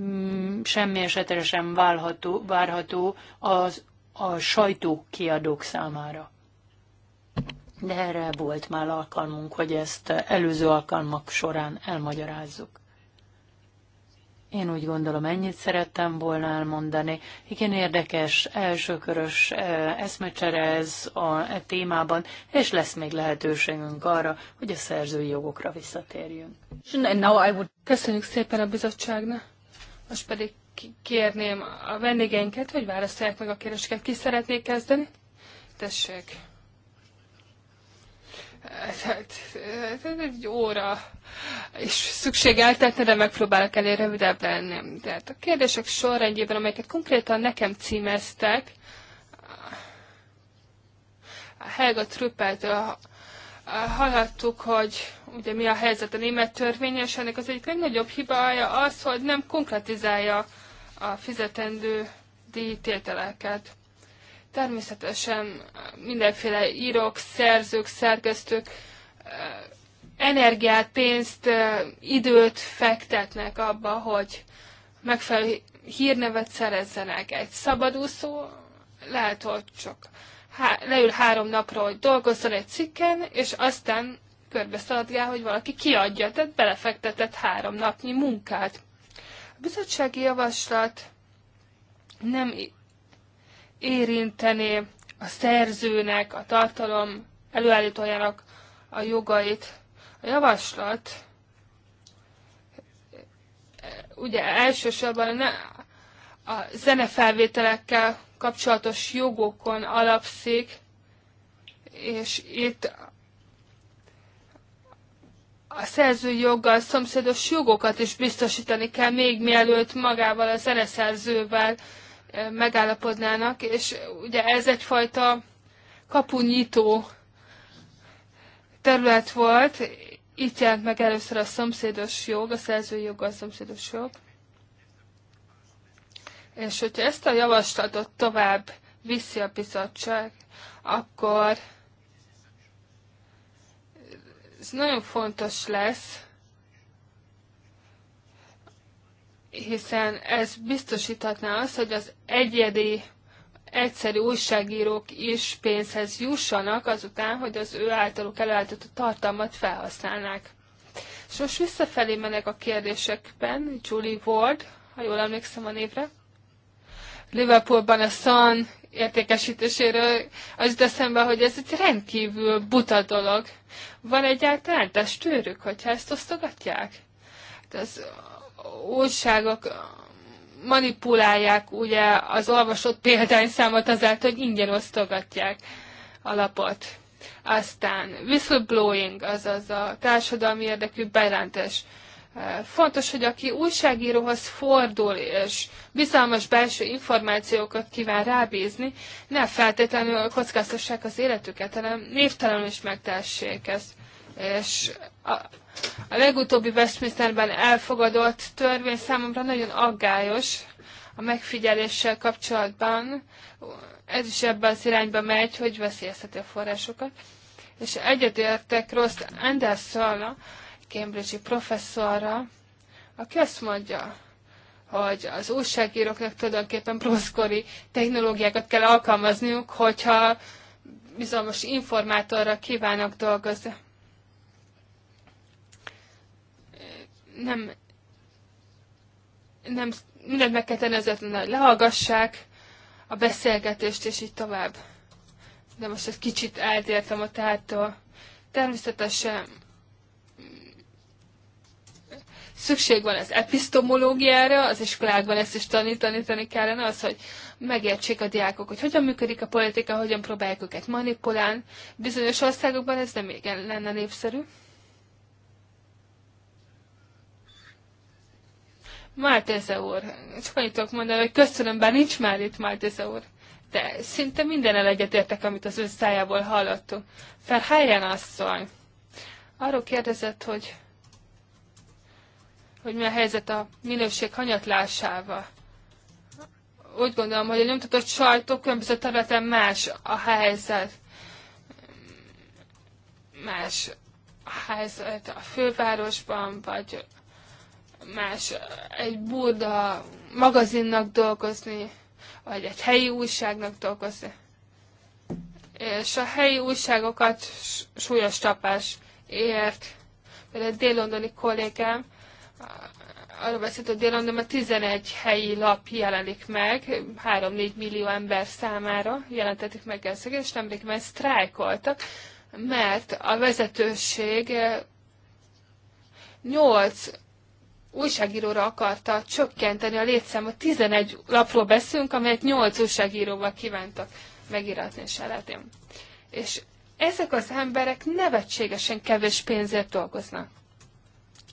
mm, semmi esetre sem válható, várható az, a sajtó kiadók számára. De erre volt már alkalmunk, hogy ezt előző alkalmak során elmagyarázzuk. Én úgy gondolom, ennyit szerettem volna elmondani. Igen érdekes, elsőkörös e, eszmecsere ez a, e témában, és lesz még lehetőségünk arra, hogy a szerzői jogokra visszatérjünk. Köszönjük szépen a bizottságnak. Most pedig kérném a vendégeinket, hogy válaszolják meg a kérdéseket. Ki szeretnék kezdeni? Tessék tehát, tehát egy óra és szükség eltelt, de megpróbálok elé rövidebb lenni. Tehát a kérdések sorrendjében, amelyeket konkrétan nekem címeztek, a Helga Trüppeltől hallhattuk, hogy ugye mi a helyzet a német törvény, és ennek az egyik legnagyobb hibája az, hogy nem konkretizálja a fizetendő díjtételeket. Természetesen mindenféle írok, szerzők, szerkesztők eh, energiát, pénzt, eh, időt fektetnek abba, hogy megfelelő hírnevet szerezzenek. Egy szabadúszó lehet, hogy csak há- leül három napra, hogy dolgozzon egy cikken, és aztán körbe szaladgál, hogy valaki kiadja, tehát belefektetett három napnyi munkát. A bizottsági javaslat nem érinteni a szerzőnek, a tartalom előállítójának a jogait. A javaslat ugye elsősorban ne, a zenefelvételekkel kapcsolatos jogokon alapszik, és itt a szerző joggal szomszédos jogokat is biztosítani kell, még mielőtt magával a zeneszerzővel megállapodnának, és ugye ez egyfajta kapunyító terület volt, itt jelent meg először a szomszédos jog, a szerzői jog, a szomszédos jog. És hogyha ezt a javaslatot tovább viszi a bizottság, akkor ez nagyon fontos lesz, hiszen ez biztosíthatná azt, hogy az egyedi, egyszerű újságírók is pénzhez jussanak azután, hogy az ő általuk előállított tartalmat felhasználnák. És most visszafelé menek a kérdésekben, Julie Ward, ha jól emlékszem a névre. Liverpoolban a Sun értékesítéséről az jut eszembe, hogy ez egy rendkívül buta dolog. Van egyáltalán testőrük, hogyha ezt osztogatják? De hát az újságok manipulálják ugye az olvasott példányszámot azáltal, hogy ingyen osztogatják a lapot. Aztán whistleblowing, azaz a társadalmi érdekű bejelentés. Eh, fontos, hogy aki újságíróhoz fordul és bizalmas belső információkat kíván rábízni, ne feltétlenül kockáztassák az életüket, hanem névtelenül is megtessék ezt. És a, a legutóbbi Westminsterben elfogadott törvény számomra nagyon aggályos a megfigyeléssel kapcsolatban. Ez is ebben az irányba megy, hogy veszélyezteti a forrásokat. És egyetértek Ross Anderson, Cambridge-i professzorra, aki azt mondja, hogy az újságíróknak tulajdonképpen proszkori technológiákat kell alkalmazniuk, hogyha bizalmas informátorra kívánok dolgozni. nem, nem mindent meg kell tenni azért, hogy lehallgassák a beszélgetést, és így tovább. De most ezt kicsit eltértem a tártól. Természetesen szükség van az epistemológiára, az iskolákban ezt is tanítani, tanítani kellene, az, hogy megértsék a diákok, hogy hogyan működik a politika, hogyan próbálják őket manipulálni. Bizonyos országokban ez nem igen lenne népszerű. Máltéze úr, csak annyit tudok mondani, hogy köszönöm, bár nincs már itt Máltéze úr. De szinte minden egyet értek, amit az ő szájából hallottunk. Ferhelyen asszony. Arról kérdezett, hogy, hogy mi a helyzet a minőség hanyatlásával. Úgy gondolom, hogy a nyomtatott sajtó különböző területen más a helyzet. Más a helyzet a fővárosban, vagy más egy burda magazinnak dolgozni, vagy egy helyi újságnak dolgozni. És a helyi újságokat súlyos csapás ért. Például dél-londoni kollégám arról beszélt, hogy Dél-Londonban 11 helyi lap jelenik meg, 3-4 millió ember számára jelentetik meg ezt, és nemrég már sztrájkoltak, mert a vezetőség 8 eh, újságíróra akarta csökkenteni a létszámot. 11 lapról beszélünk, amelyet 8 újságíróval kívántak megiratni és eladni. És ezek az emberek nevetségesen kevés pénzért dolgoznak.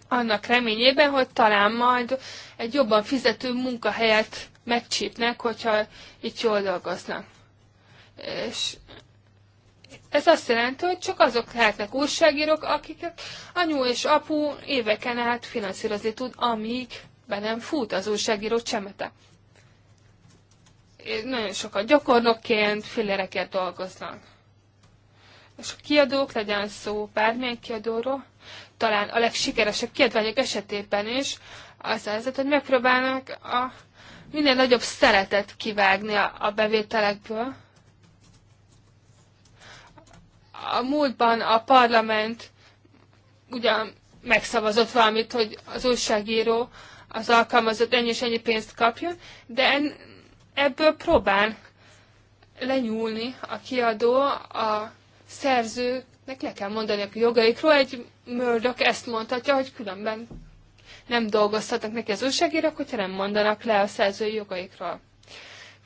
Annak reményében, hogy talán majd egy jobban fizető munkahelyet megcsípnek, hogyha itt jól dolgoznak. És ez azt jelenti, hogy csak azok lehetnek újságírók, akiket anyu és apu éveken át finanszírozni tud, amíg be nem fut az újságíró csemete. Nagyon sokan gyakornokként fillereket dolgoznak. És a kiadók, legyen szó bármilyen kiadóról, talán a legsikeresebb kiadványok esetében is, az helyzet, hogy megpróbálnak a minél nagyobb szeretet kivágni a, a bevételekből, a múltban a parlament ugyan megszavazott valamit, hogy az újságíró az alkalmazott ennyi és ennyi pénzt kapjon, de en, ebből próbál lenyúlni a kiadó, a szerzőnek le kell mondani a jogaikról. Egy mördök ezt mondhatja, hogy különben nem dolgozhatnak neki az újságírók, hogyha nem mondanak le a szerzői jogaikról.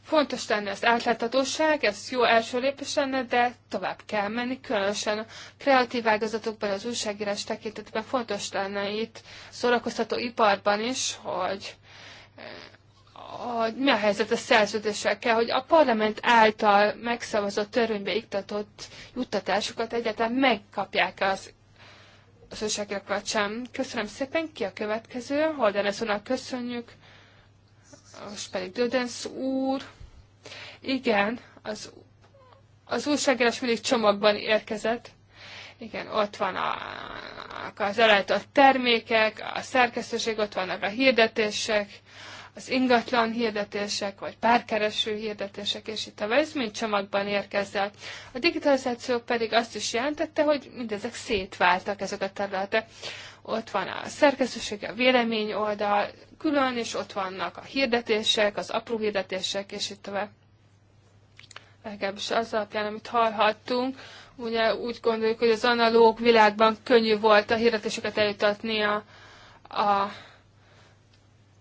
Fontos lenne az átláthatóság, ez jó első lépés lenne, de tovább kell menni, különösen a kreatív ágazatokban, az újságírás tekintetben fontos lenne itt, szórakoztató iparban is, hogy eh, hogy mi a helyzet a szerződésekkel, hogy a parlament által megszavazott törvénybe iktatott juttatásokat egyáltalán megkapják az az újságírók vagy sem. Köszönöm szépen, ki a következő? Holden köszönjük. Most pedig Dödens úr. Igen, az, az újságírás mindig csomagban érkezett. Igen, ott van a, az a termékek, a szerkesztőség, ott vannak a hirdetések, az ingatlan hirdetések, vagy párkereső hirdetések, és itt a ez mind csomagban érkezett. A digitalizáció pedig azt is jelentette, hogy mindezek szétváltak ezek a területek. Ott van a szerkesztőség, a vélemény oldal külön, és ott vannak a hirdetések, az apró hirdetések, és itt tovább legalábbis az alapján, amit hallhattunk, ugye úgy gondoljuk, hogy az analóg világban könnyű volt a hirdetéseket eljutatni a, a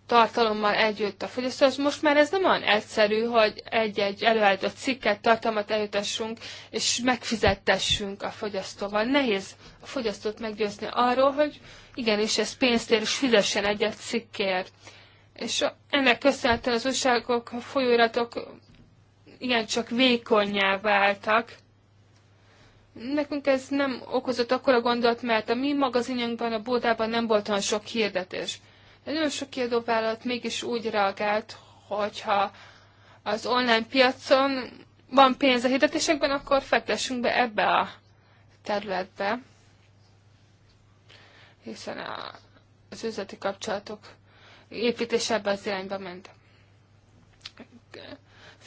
tartalommal együtt a fogyasztóhoz. Most már ez nem olyan egyszerű, hogy egy-egy előállított cikket, tartalmat eljutassunk, és megfizettessünk a fogyasztóval. Nehéz a fogyasztót meggyőzni arról, hogy igenis ez pénzt ér, és fizessen egyet cikkért. És ennek köszönhetően az újságok, folyóiratok csak vékonyá váltak. Nekünk ez nem okozott akkora gondot, mert a mi magazinunkban, a bódában nem volt olyan sok hirdetés. De nagyon sok kiadóvállalat mégis úgy reagált, hogyha az online piacon van pénz a hirdetésekben, akkor fektessünk be ebbe a területbe. Hiszen a, az üzleti kapcsolatok építése ebbe az irányba ment.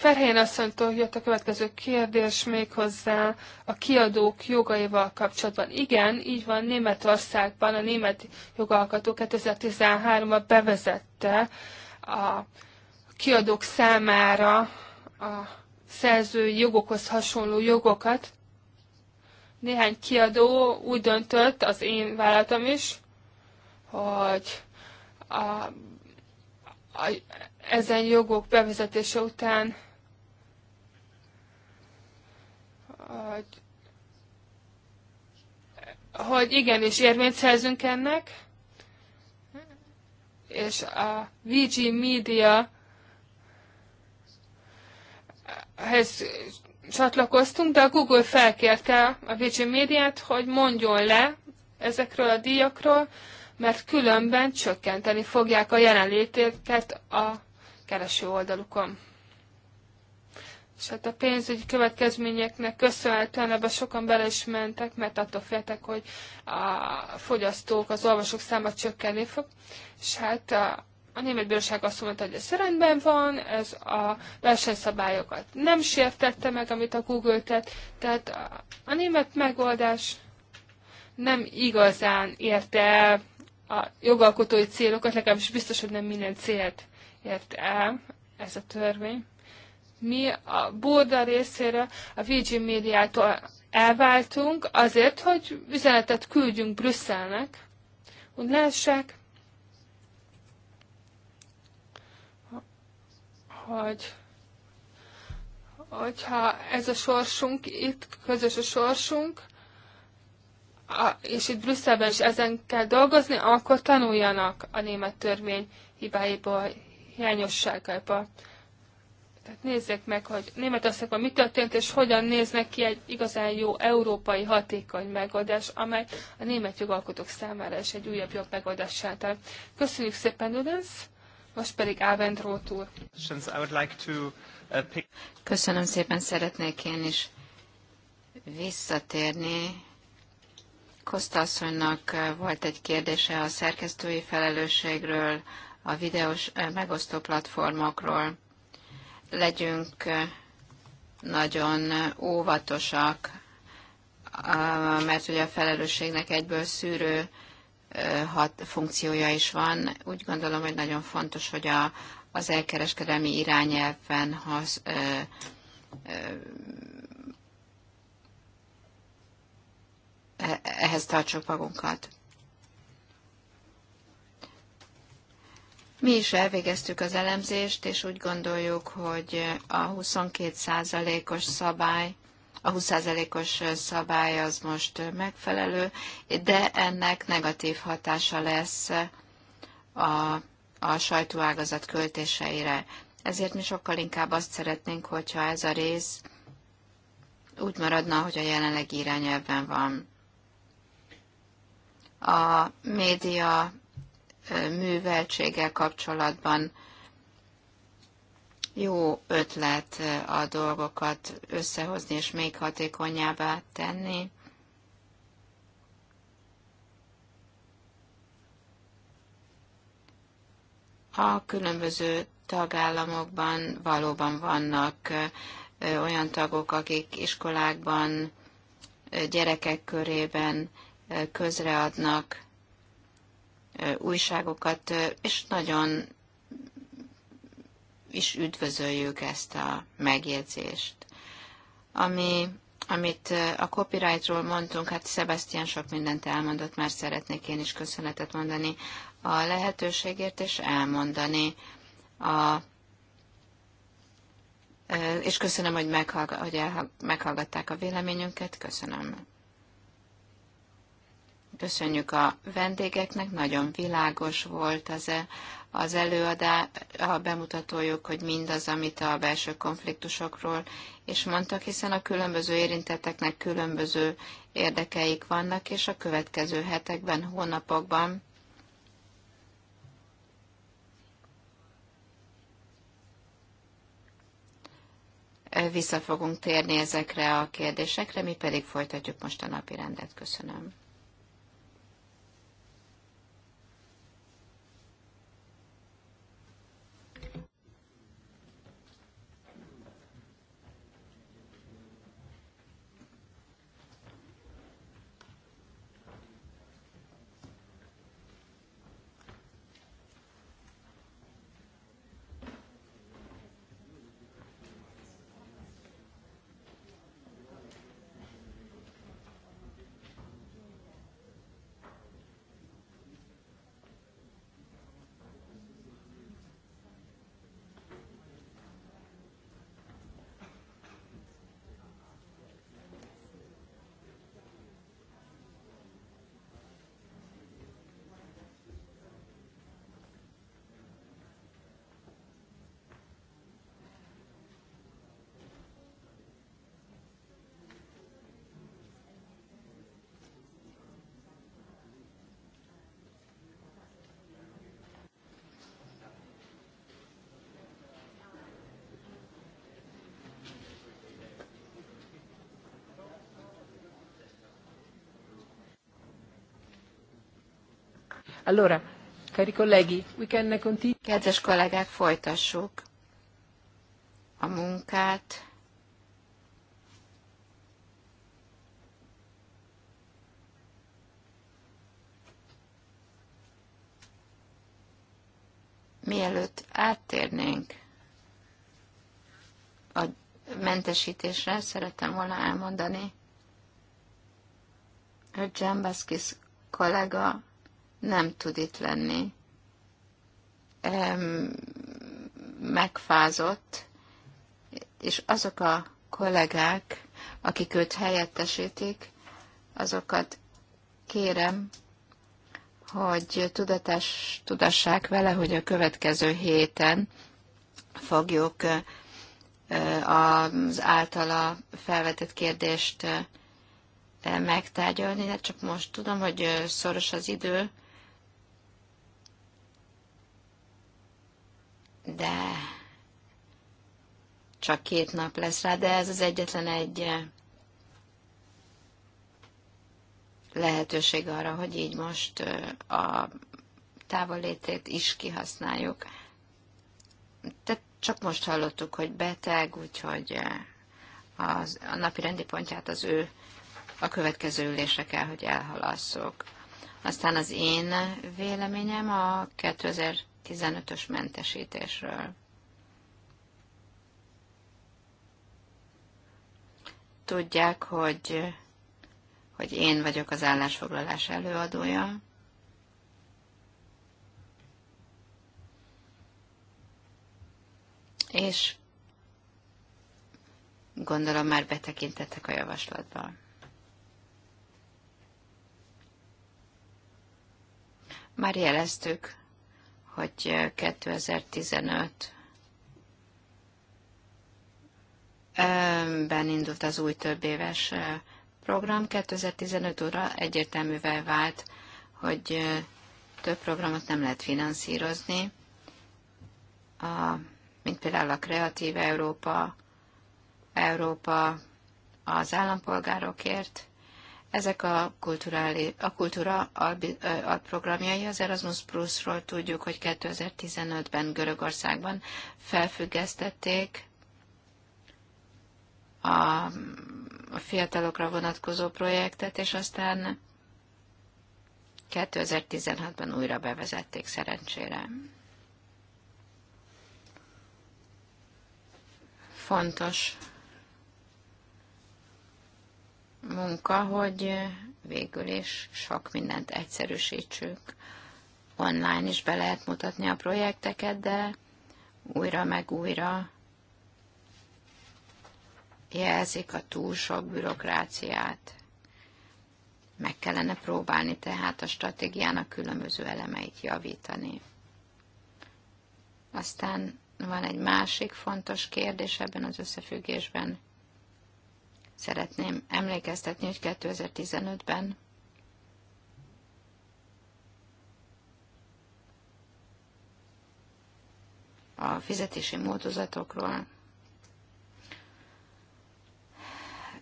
Ferhelyen asszonytól jött a következő kérdés még hozzá a kiadók jogaival kapcsolatban. Igen, így van, Németországban a német jogalkotó 2013-ban bevezette a kiadók számára a szerzői jogokhoz hasonló jogokat. Néhány kiadó úgy döntött, az én vállalatom is, hogy a, a, ezen jogok bevezetése után hogy, hogy igenis érvényt szerzünk ennek, és a VG Media hez csatlakoztunk, de a Google felkérte a VG Médiát, hogy mondjon le ezekről a díjakról, mert különben csökkenteni fogják a jelenlétét a kereső oldalukon és hát a pénzügyi következményeknek köszönhetően ebbe sokan bele is mentek, mert attól féltek, hogy a fogyasztók, az olvasók száma csökkenni fog. És hát a, a német bíróság azt mondta, hogy ez rendben van, ez a versenyszabályokat nem sértette meg, amit a Google tett, tehát a, a német megoldás nem igazán érte el a jogalkotói célokat, legalábbis biztos, hogy nem minden célt ért el ez a törvény mi a Burda részéről a Virgin médiától elváltunk azért, hogy üzenetet küldjünk Brüsszelnek, hogy lássák, hogy hogyha ez a sorsunk, itt közös a sorsunk, és itt Brüsszelben is ezen kell dolgozni, akkor tanuljanak a német törvény hibáiból, hiányosságaiból. Tehát nézzék meg, hogy Németországban mi történt, és hogyan néznek ki egy igazán jó európai hatékony megoldás, amely a német jogalkotók számára is egy újabb jobb megoldássá tart. Köszönjük szépen, Ludens! Most pedig Ávent úr. Köszönöm szépen, szeretnék én is visszatérni. Koszta volt egy kérdése a szerkesztői felelősségről, a videós eh, megosztó platformokról legyünk nagyon óvatosak, mert ugye a felelősségnek egyből szűrő hat funkciója is van. Úgy gondolom, hogy nagyon fontos, hogy a, az elkereskedelmi irányelven hasz, ö, ö, e, ehhez tartsuk magunkat. Mi is elvégeztük az elemzést, és úgy gondoljuk, hogy a 22%-os szabály, a 20%-os szabály az most megfelelő, de ennek negatív hatása lesz a, a sajtóágazat költéseire. Ezért mi sokkal inkább azt szeretnénk, hogyha ez a rész úgy maradna, hogy a jelenlegi irányelven van. A média műveltséggel kapcsolatban jó ötlet a dolgokat összehozni és még hatékonyabbá tenni. A különböző tagállamokban valóban vannak olyan tagok, akik iskolákban, gyerekek körében közreadnak újságokat, és nagyon is üdvözöljük ezt a megjegyzést. Ami, amit a copyrightról mondtunk, hát Sebastian sok mindent elmondott, már szeretnék én is köszönetet mondani a lehetőségért, és elmondani a és köszönöm, hogy, meghallg- hogy meghallgatták a véleményünket. Köszönöm. Köszönjük a vendégeknek, nagyon világos volt az, e- az előadá, a bemutatójuk, hogy mindaz, amit a belső konfliktusokról is mondtak, hiszen a különböző érintetteknek különböző érdekeik vannak, és a következő hetekben, hónapokban e- vissza fogunk térni ezekre a kérdésekre, mi pedig folytatjuk most a napi rendet. Köszönöm. Allora, cari colleghi, we can continue. Kedves kollégák, folytassuk a munkát. Mielőtt áttérnénk a mentesítésre, szerettem volna elmondani, hogy Jambaszkis kollega nem tud itt lenni. Megfázott, és azok a kollégák, akik őt helyettesítik, azokat kérem, hogy tudatás, tudassák vele, hogy a következő héten fogjuk az általa felvetett kérdést megtárgyalni, de hát csak most tudom, hogy szoros az idő, De csak két nap lesz rá, de ez az egyetlen egy eh, lehetőség arra, hogy így most eh, a távolétét is kihasználjuk. Tehát csak most hallottuk, hogy beteg, úgyhogy eh, az, a napi rendi pontját az ő a következő ülésre kell, hogy elhalasszok. Aztán az én véleményem a 2000 15-ös mentesítésről. Tudják, hogy, hogy én vagyok az állásfoglalás előadója. És gondolom már betekintettek a javaslatba. Már jeleztük, hogy 2015 eh, eh, ben indult az új több éves eh, program. 2015 óra egyértelművel vált, hogy több programot nem lehet finanszírozni, a, mint például a Kreatív Európa, Európa az állampolgárokért, ezek a, a kultúra alprogramjai, az Erasmus Plus-ról tudjuk, hogy 2015-ben Görögországban felfüggesztették a fiatalokra vonatkozó projektet, és aztán 2016-ban újra bevezették szerencsére. Fontos munka, hogy végül is sok mindent egyszerűsítsük. Online is be lehet mutatni a projekteket, de újra meg újra jelzik a túl sok bürokráciát. Meg kellene próbálni tehát a stratégiának különböző elemeit javítani. Aztán van egy másik fontos kérdés ebben az összefüggésben, Szeretném emlékeztetni, hogy 2015-ben a fizetési módozatokról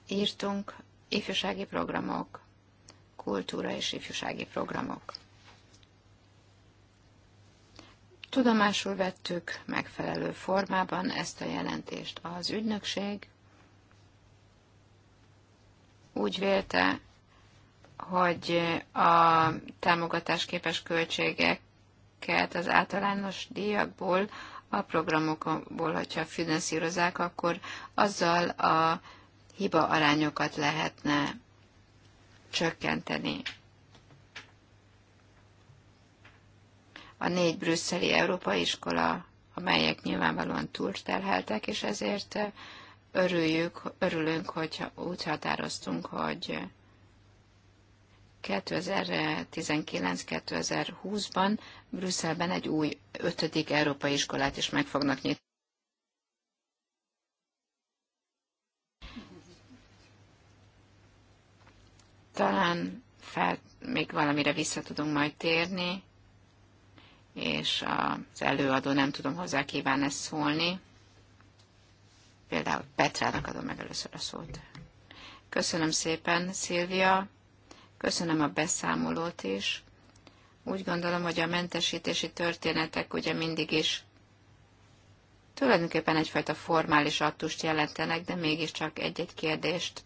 írtunk ifjúsági programok, kultúra és ifjúsági programok. Tudomásul vettük megfelelő formában ezt a jelentést az ügynökség, úgy vélte, hogy a támogatás képes költségeket az általános díjakból, a programokból, hogyha finanszírozák, akkor azzal a hiba arányokat lehetne csökkenteni. A négy brüsszeli európai iskola, amelyek nyilvánvalóan túlterheltek, és ezért örüljük, örülünk, hogy úgy határoztunk, hogy 2019-2020-ban Brüsszelben egy új ötödik európai iskolát is meg fognak nyitni. Talán fel, még valamire vissza tudunk majd térni, és az előadó nem tudom hozzá kíván ezt szólni. Például Petrának adom meg először a szót. Köszönöm szépen, Szilvia. Köszönöm a beszámolót is. Úgy gondolom, hogy a mentesítési történetek ugye mindig is tulajdonképpen egyfajta formális aktust jelentenek, de mégiscsak egy-egy kérdést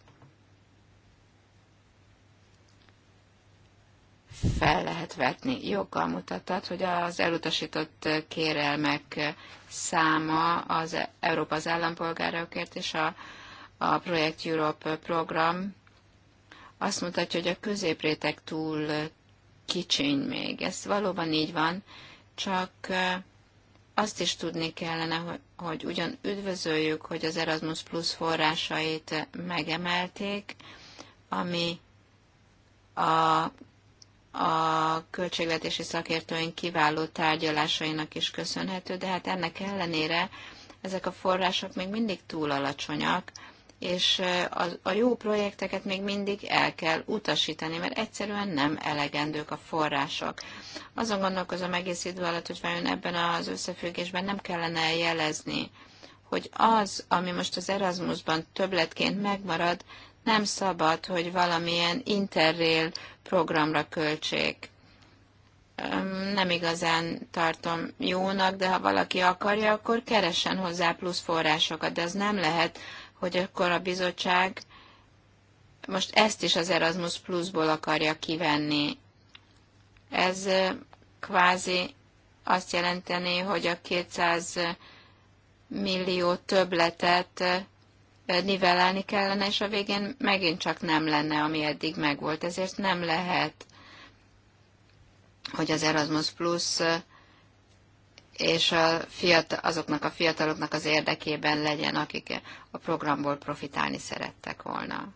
fel lehet vetni. Joggal mutattad, hogy az elutasított kérelmek száma az e- Európa az állampolgárokért és a, a Projekt Europe program azt mutatja, hogy a középrétek túl kicsiny még. Ez valóban így van, csak azt is tudni kellene, hogy ugyan üdvözöljük, hogy az Erasmus Plus forrásait megemelték, ami a a költségvetési szakértőink kiváló tárgyalásainak is köszönhető, de hát ennek ellenére ezek a források még mindig túl alacsonyak, és a, a jó projekteket még mindig el kell utasítani, mert egyszerűen nem elegendők a források. Azon gondolkozom egész idő alatt, hogy vajon ebben az összefüggésben nem kellene jelezni, hogy az, ami most az Erasmusban többletként megmarad, nem szabad, hogy valamilyen interrail programra költsék. Nem igazán tartom jónak, de ha valaki akarja, akkor keressen hozzá plusz forrásokat, de ez nem lehet, hogy akkor a bizottság most ezt is az Erasmus Plusból akarja kivenni. Ez kvázi azt jelenteni, hogy a 200 millió többletet nivellálni kellene, és a végén megint csak nem lenne, ami eddig megvolt. Ezért nem lehet, hogy az Erasmus Plus és a fiatal, azoknak a fiataloknak az érdekében legyen, akik a programból profitálni szerettek volna.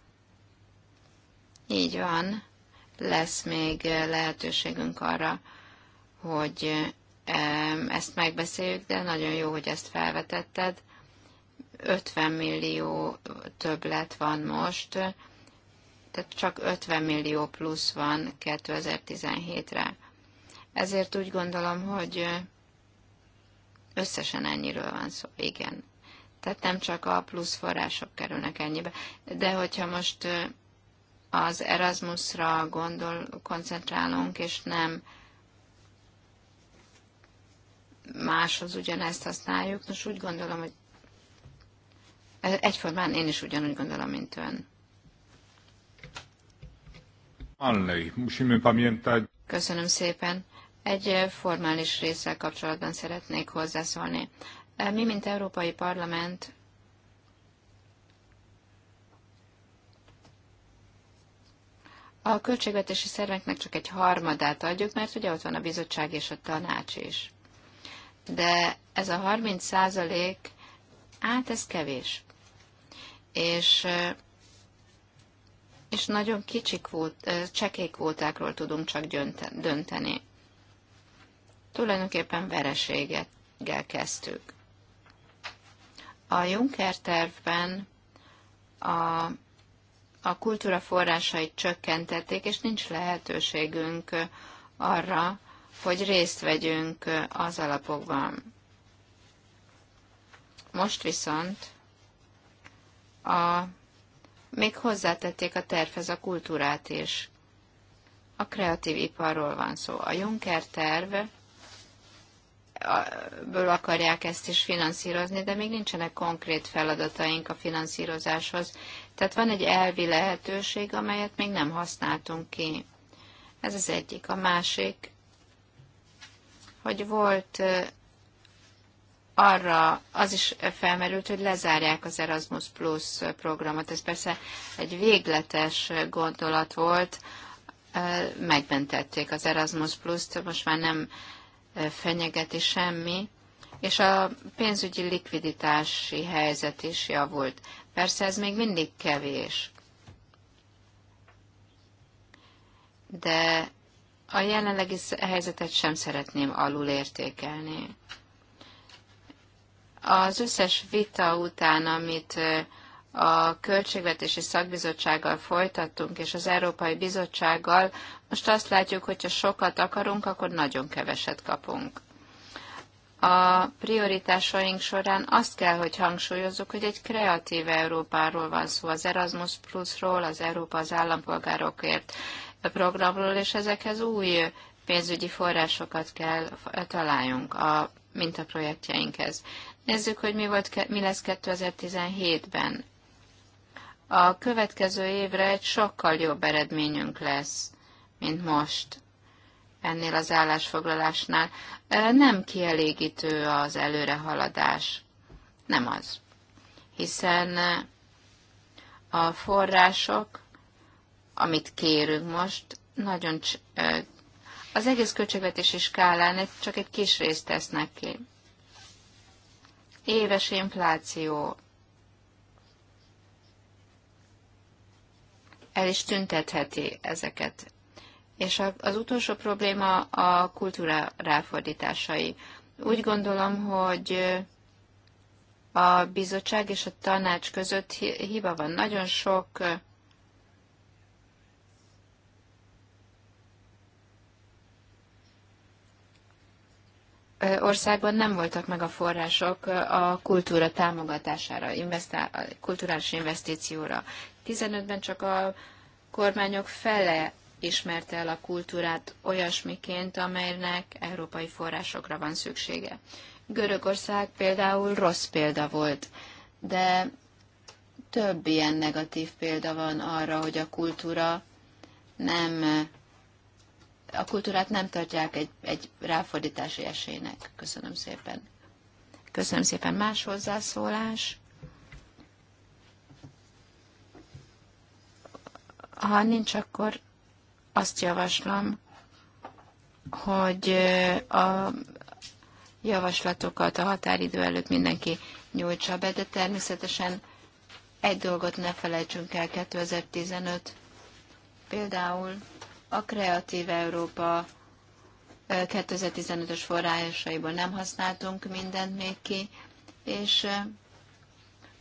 Így van, lesz még lehetőségünk arra, hogy ezt megbeszéljük, de nagyon jó, hogy ezt felvetetted 50 millió többlet van most, tehát csak 50 millió plusz van 2017-re. Ezért úgy gondolom, hogy összesen ennyiről van szó, igen. Tehát nem csak a plusz források kerülnek ennyibe. De hogyha most az Erasmusra gondol, koncentrálunk, és nem máshoz ugyanezt használjuk, most úgy gondolom, hogy Egyformán én is ugyanúgy gondolom, mint ön. Köszönöm szépen. Egy eh, formális részsel kapcsolatban szeretnék hozzászólni. Eh, mi, mint Európai Parlament, a költségvetési szerveknek csak egy harmadát adjuk, mert ugye ott van a bizottság és a tanács is. De ez a 30 százalék, hát ez kevés és, és nagyon kicsik volt, csekély kvótákról tudunk csak dönteni. Tulajdonképpen vereséggel kezdtük. A Juncker tervben a, a kultúra forrásait csökkentették, és nincs lehetőségünk arra, hogy részt vegyünk az alapokban. Most viszont a, még hozzátették a tervhez a kultúrát is. A kreatív iparról van szó. A Juncker terv ből akarják ezt is finanszírozni, de még nincsenek konkrét feladataink a finanszírozáshoz. Tehát van egy elvi lehetőség, amelyet még nem használtunk ki. Ez az egyik. A másik, hogy volt arra az is felmerült, hogy lezárják az Erasmus Plus programot. Ez persze egy végletes gondolat volt, megmentették az Erasmus Plus-t, most már nem fenyegeti semmi, és a pénzügyi likviditási helyzet is javult. Persze ez még mindig kevés, de a jelenlegi helyzetet sem szeretném alulértékelni. Az összes vita után, amit a Költségvetési Szakbizottsággal folytattunk, és az Európai Bizottsággal, most azt látjuk, hogy ha sokat akarunk, akkor nagyon keveset kapunk. A prioritásaink során azt kell, hogy hangsúlyozzuk, hogy egy kreatív Európáról van szó, az Erasmus Plusról, az Európa az állampolgárokért programról, és ezekhez új pénzügyi forrásokat kell találjunk a mintaprojektjeinkhez. Nézzük, hogy mi, volt, mi lesz 2017-ben. A következő évre egy sokkal jobb eredményünk lesz, mint most ennél az állásfoglalásnál. Nem kielégítő az előrehaladás. Nem az. Hiszen a források, amit kérünk most, nagyon az egész költségvetési skálán csak egy kis részt tesznek ki éves infláció el is tüntetheti ezeket. És az utolsó probléma a kultúra ráfordításai. Úgy gondolom, hogy a bizottság és a tanács között hiba van. Nagyon sok országban nem voltak meg a források a kultúra támogatására, investál, a kulturális investícióra. 15-ben csak a kormányok fele ismerte el a kultúrát olyasmiként, amelynek európai forrásokra van szüksége. Görögország például rossz példa volt, de több ilyen negatív példa van arra, hogy a kultúra nem a kultúrát nem tartják egy, egy ráfordítási esélynek. Köszönöm szépen. Köszönöm szépen. Más hozzászólás? Ha nincs, akkor azt javaslom, hogy a javaslatokat a határidő előtt mindenki nyújtsa be, de természetesen egy dolgot ne felejtsünk el 2015. Például a Kreatív Európa 2015-ös forrásaiból nem használtunk mindent még ki, és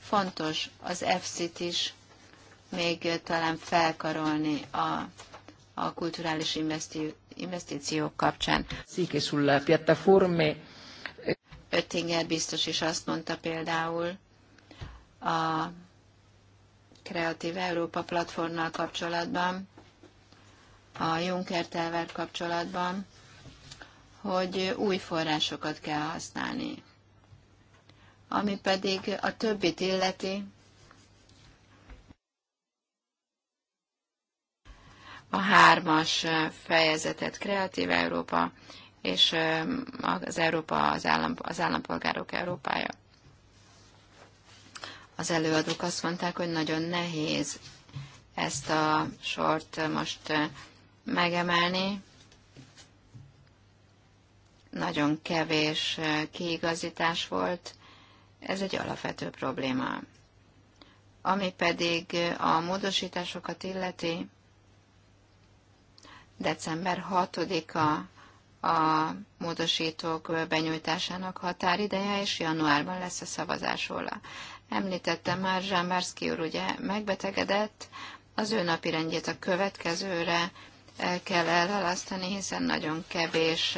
fontos az EFSZ-t is még talán felkarolni a, a kulturális investi, investíciók kapcsán. Szike a piattaforme. Öttinger eh, biztos is azt mondta például a Kreatív Európa platformnal kapcsolatban, a Juncker tervel kapcsolatban, hogy új forrásokat kell használni. Ami pedig a többit illeti, a hármas fejezetet Kreatív Európa és az Európa az, állam, az állampolgárok Európája. Az előadók azt mondták, hogy nagyon nehéz ezt a sort most megemelni. Nagyon kevés eh, kiigazítás volt, ez egy alapvető probléma. Ami pedig eh, a módosításokat illeti, december 6-a a módosítók benyújtásának határideje, és januárban lesz a szavazás róla. Említettem már, Zsámbárszki úr ugye megbetegedett, az ő rendjét a következőre kell elhalasztani, hiszen nagyon kevés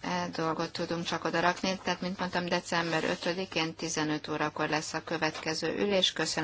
eh, dolgot tudunk csak oda rakni. Tehát, mint mondtam, december 5-én 15 órakor lesz a következő ülés. Köszönöm.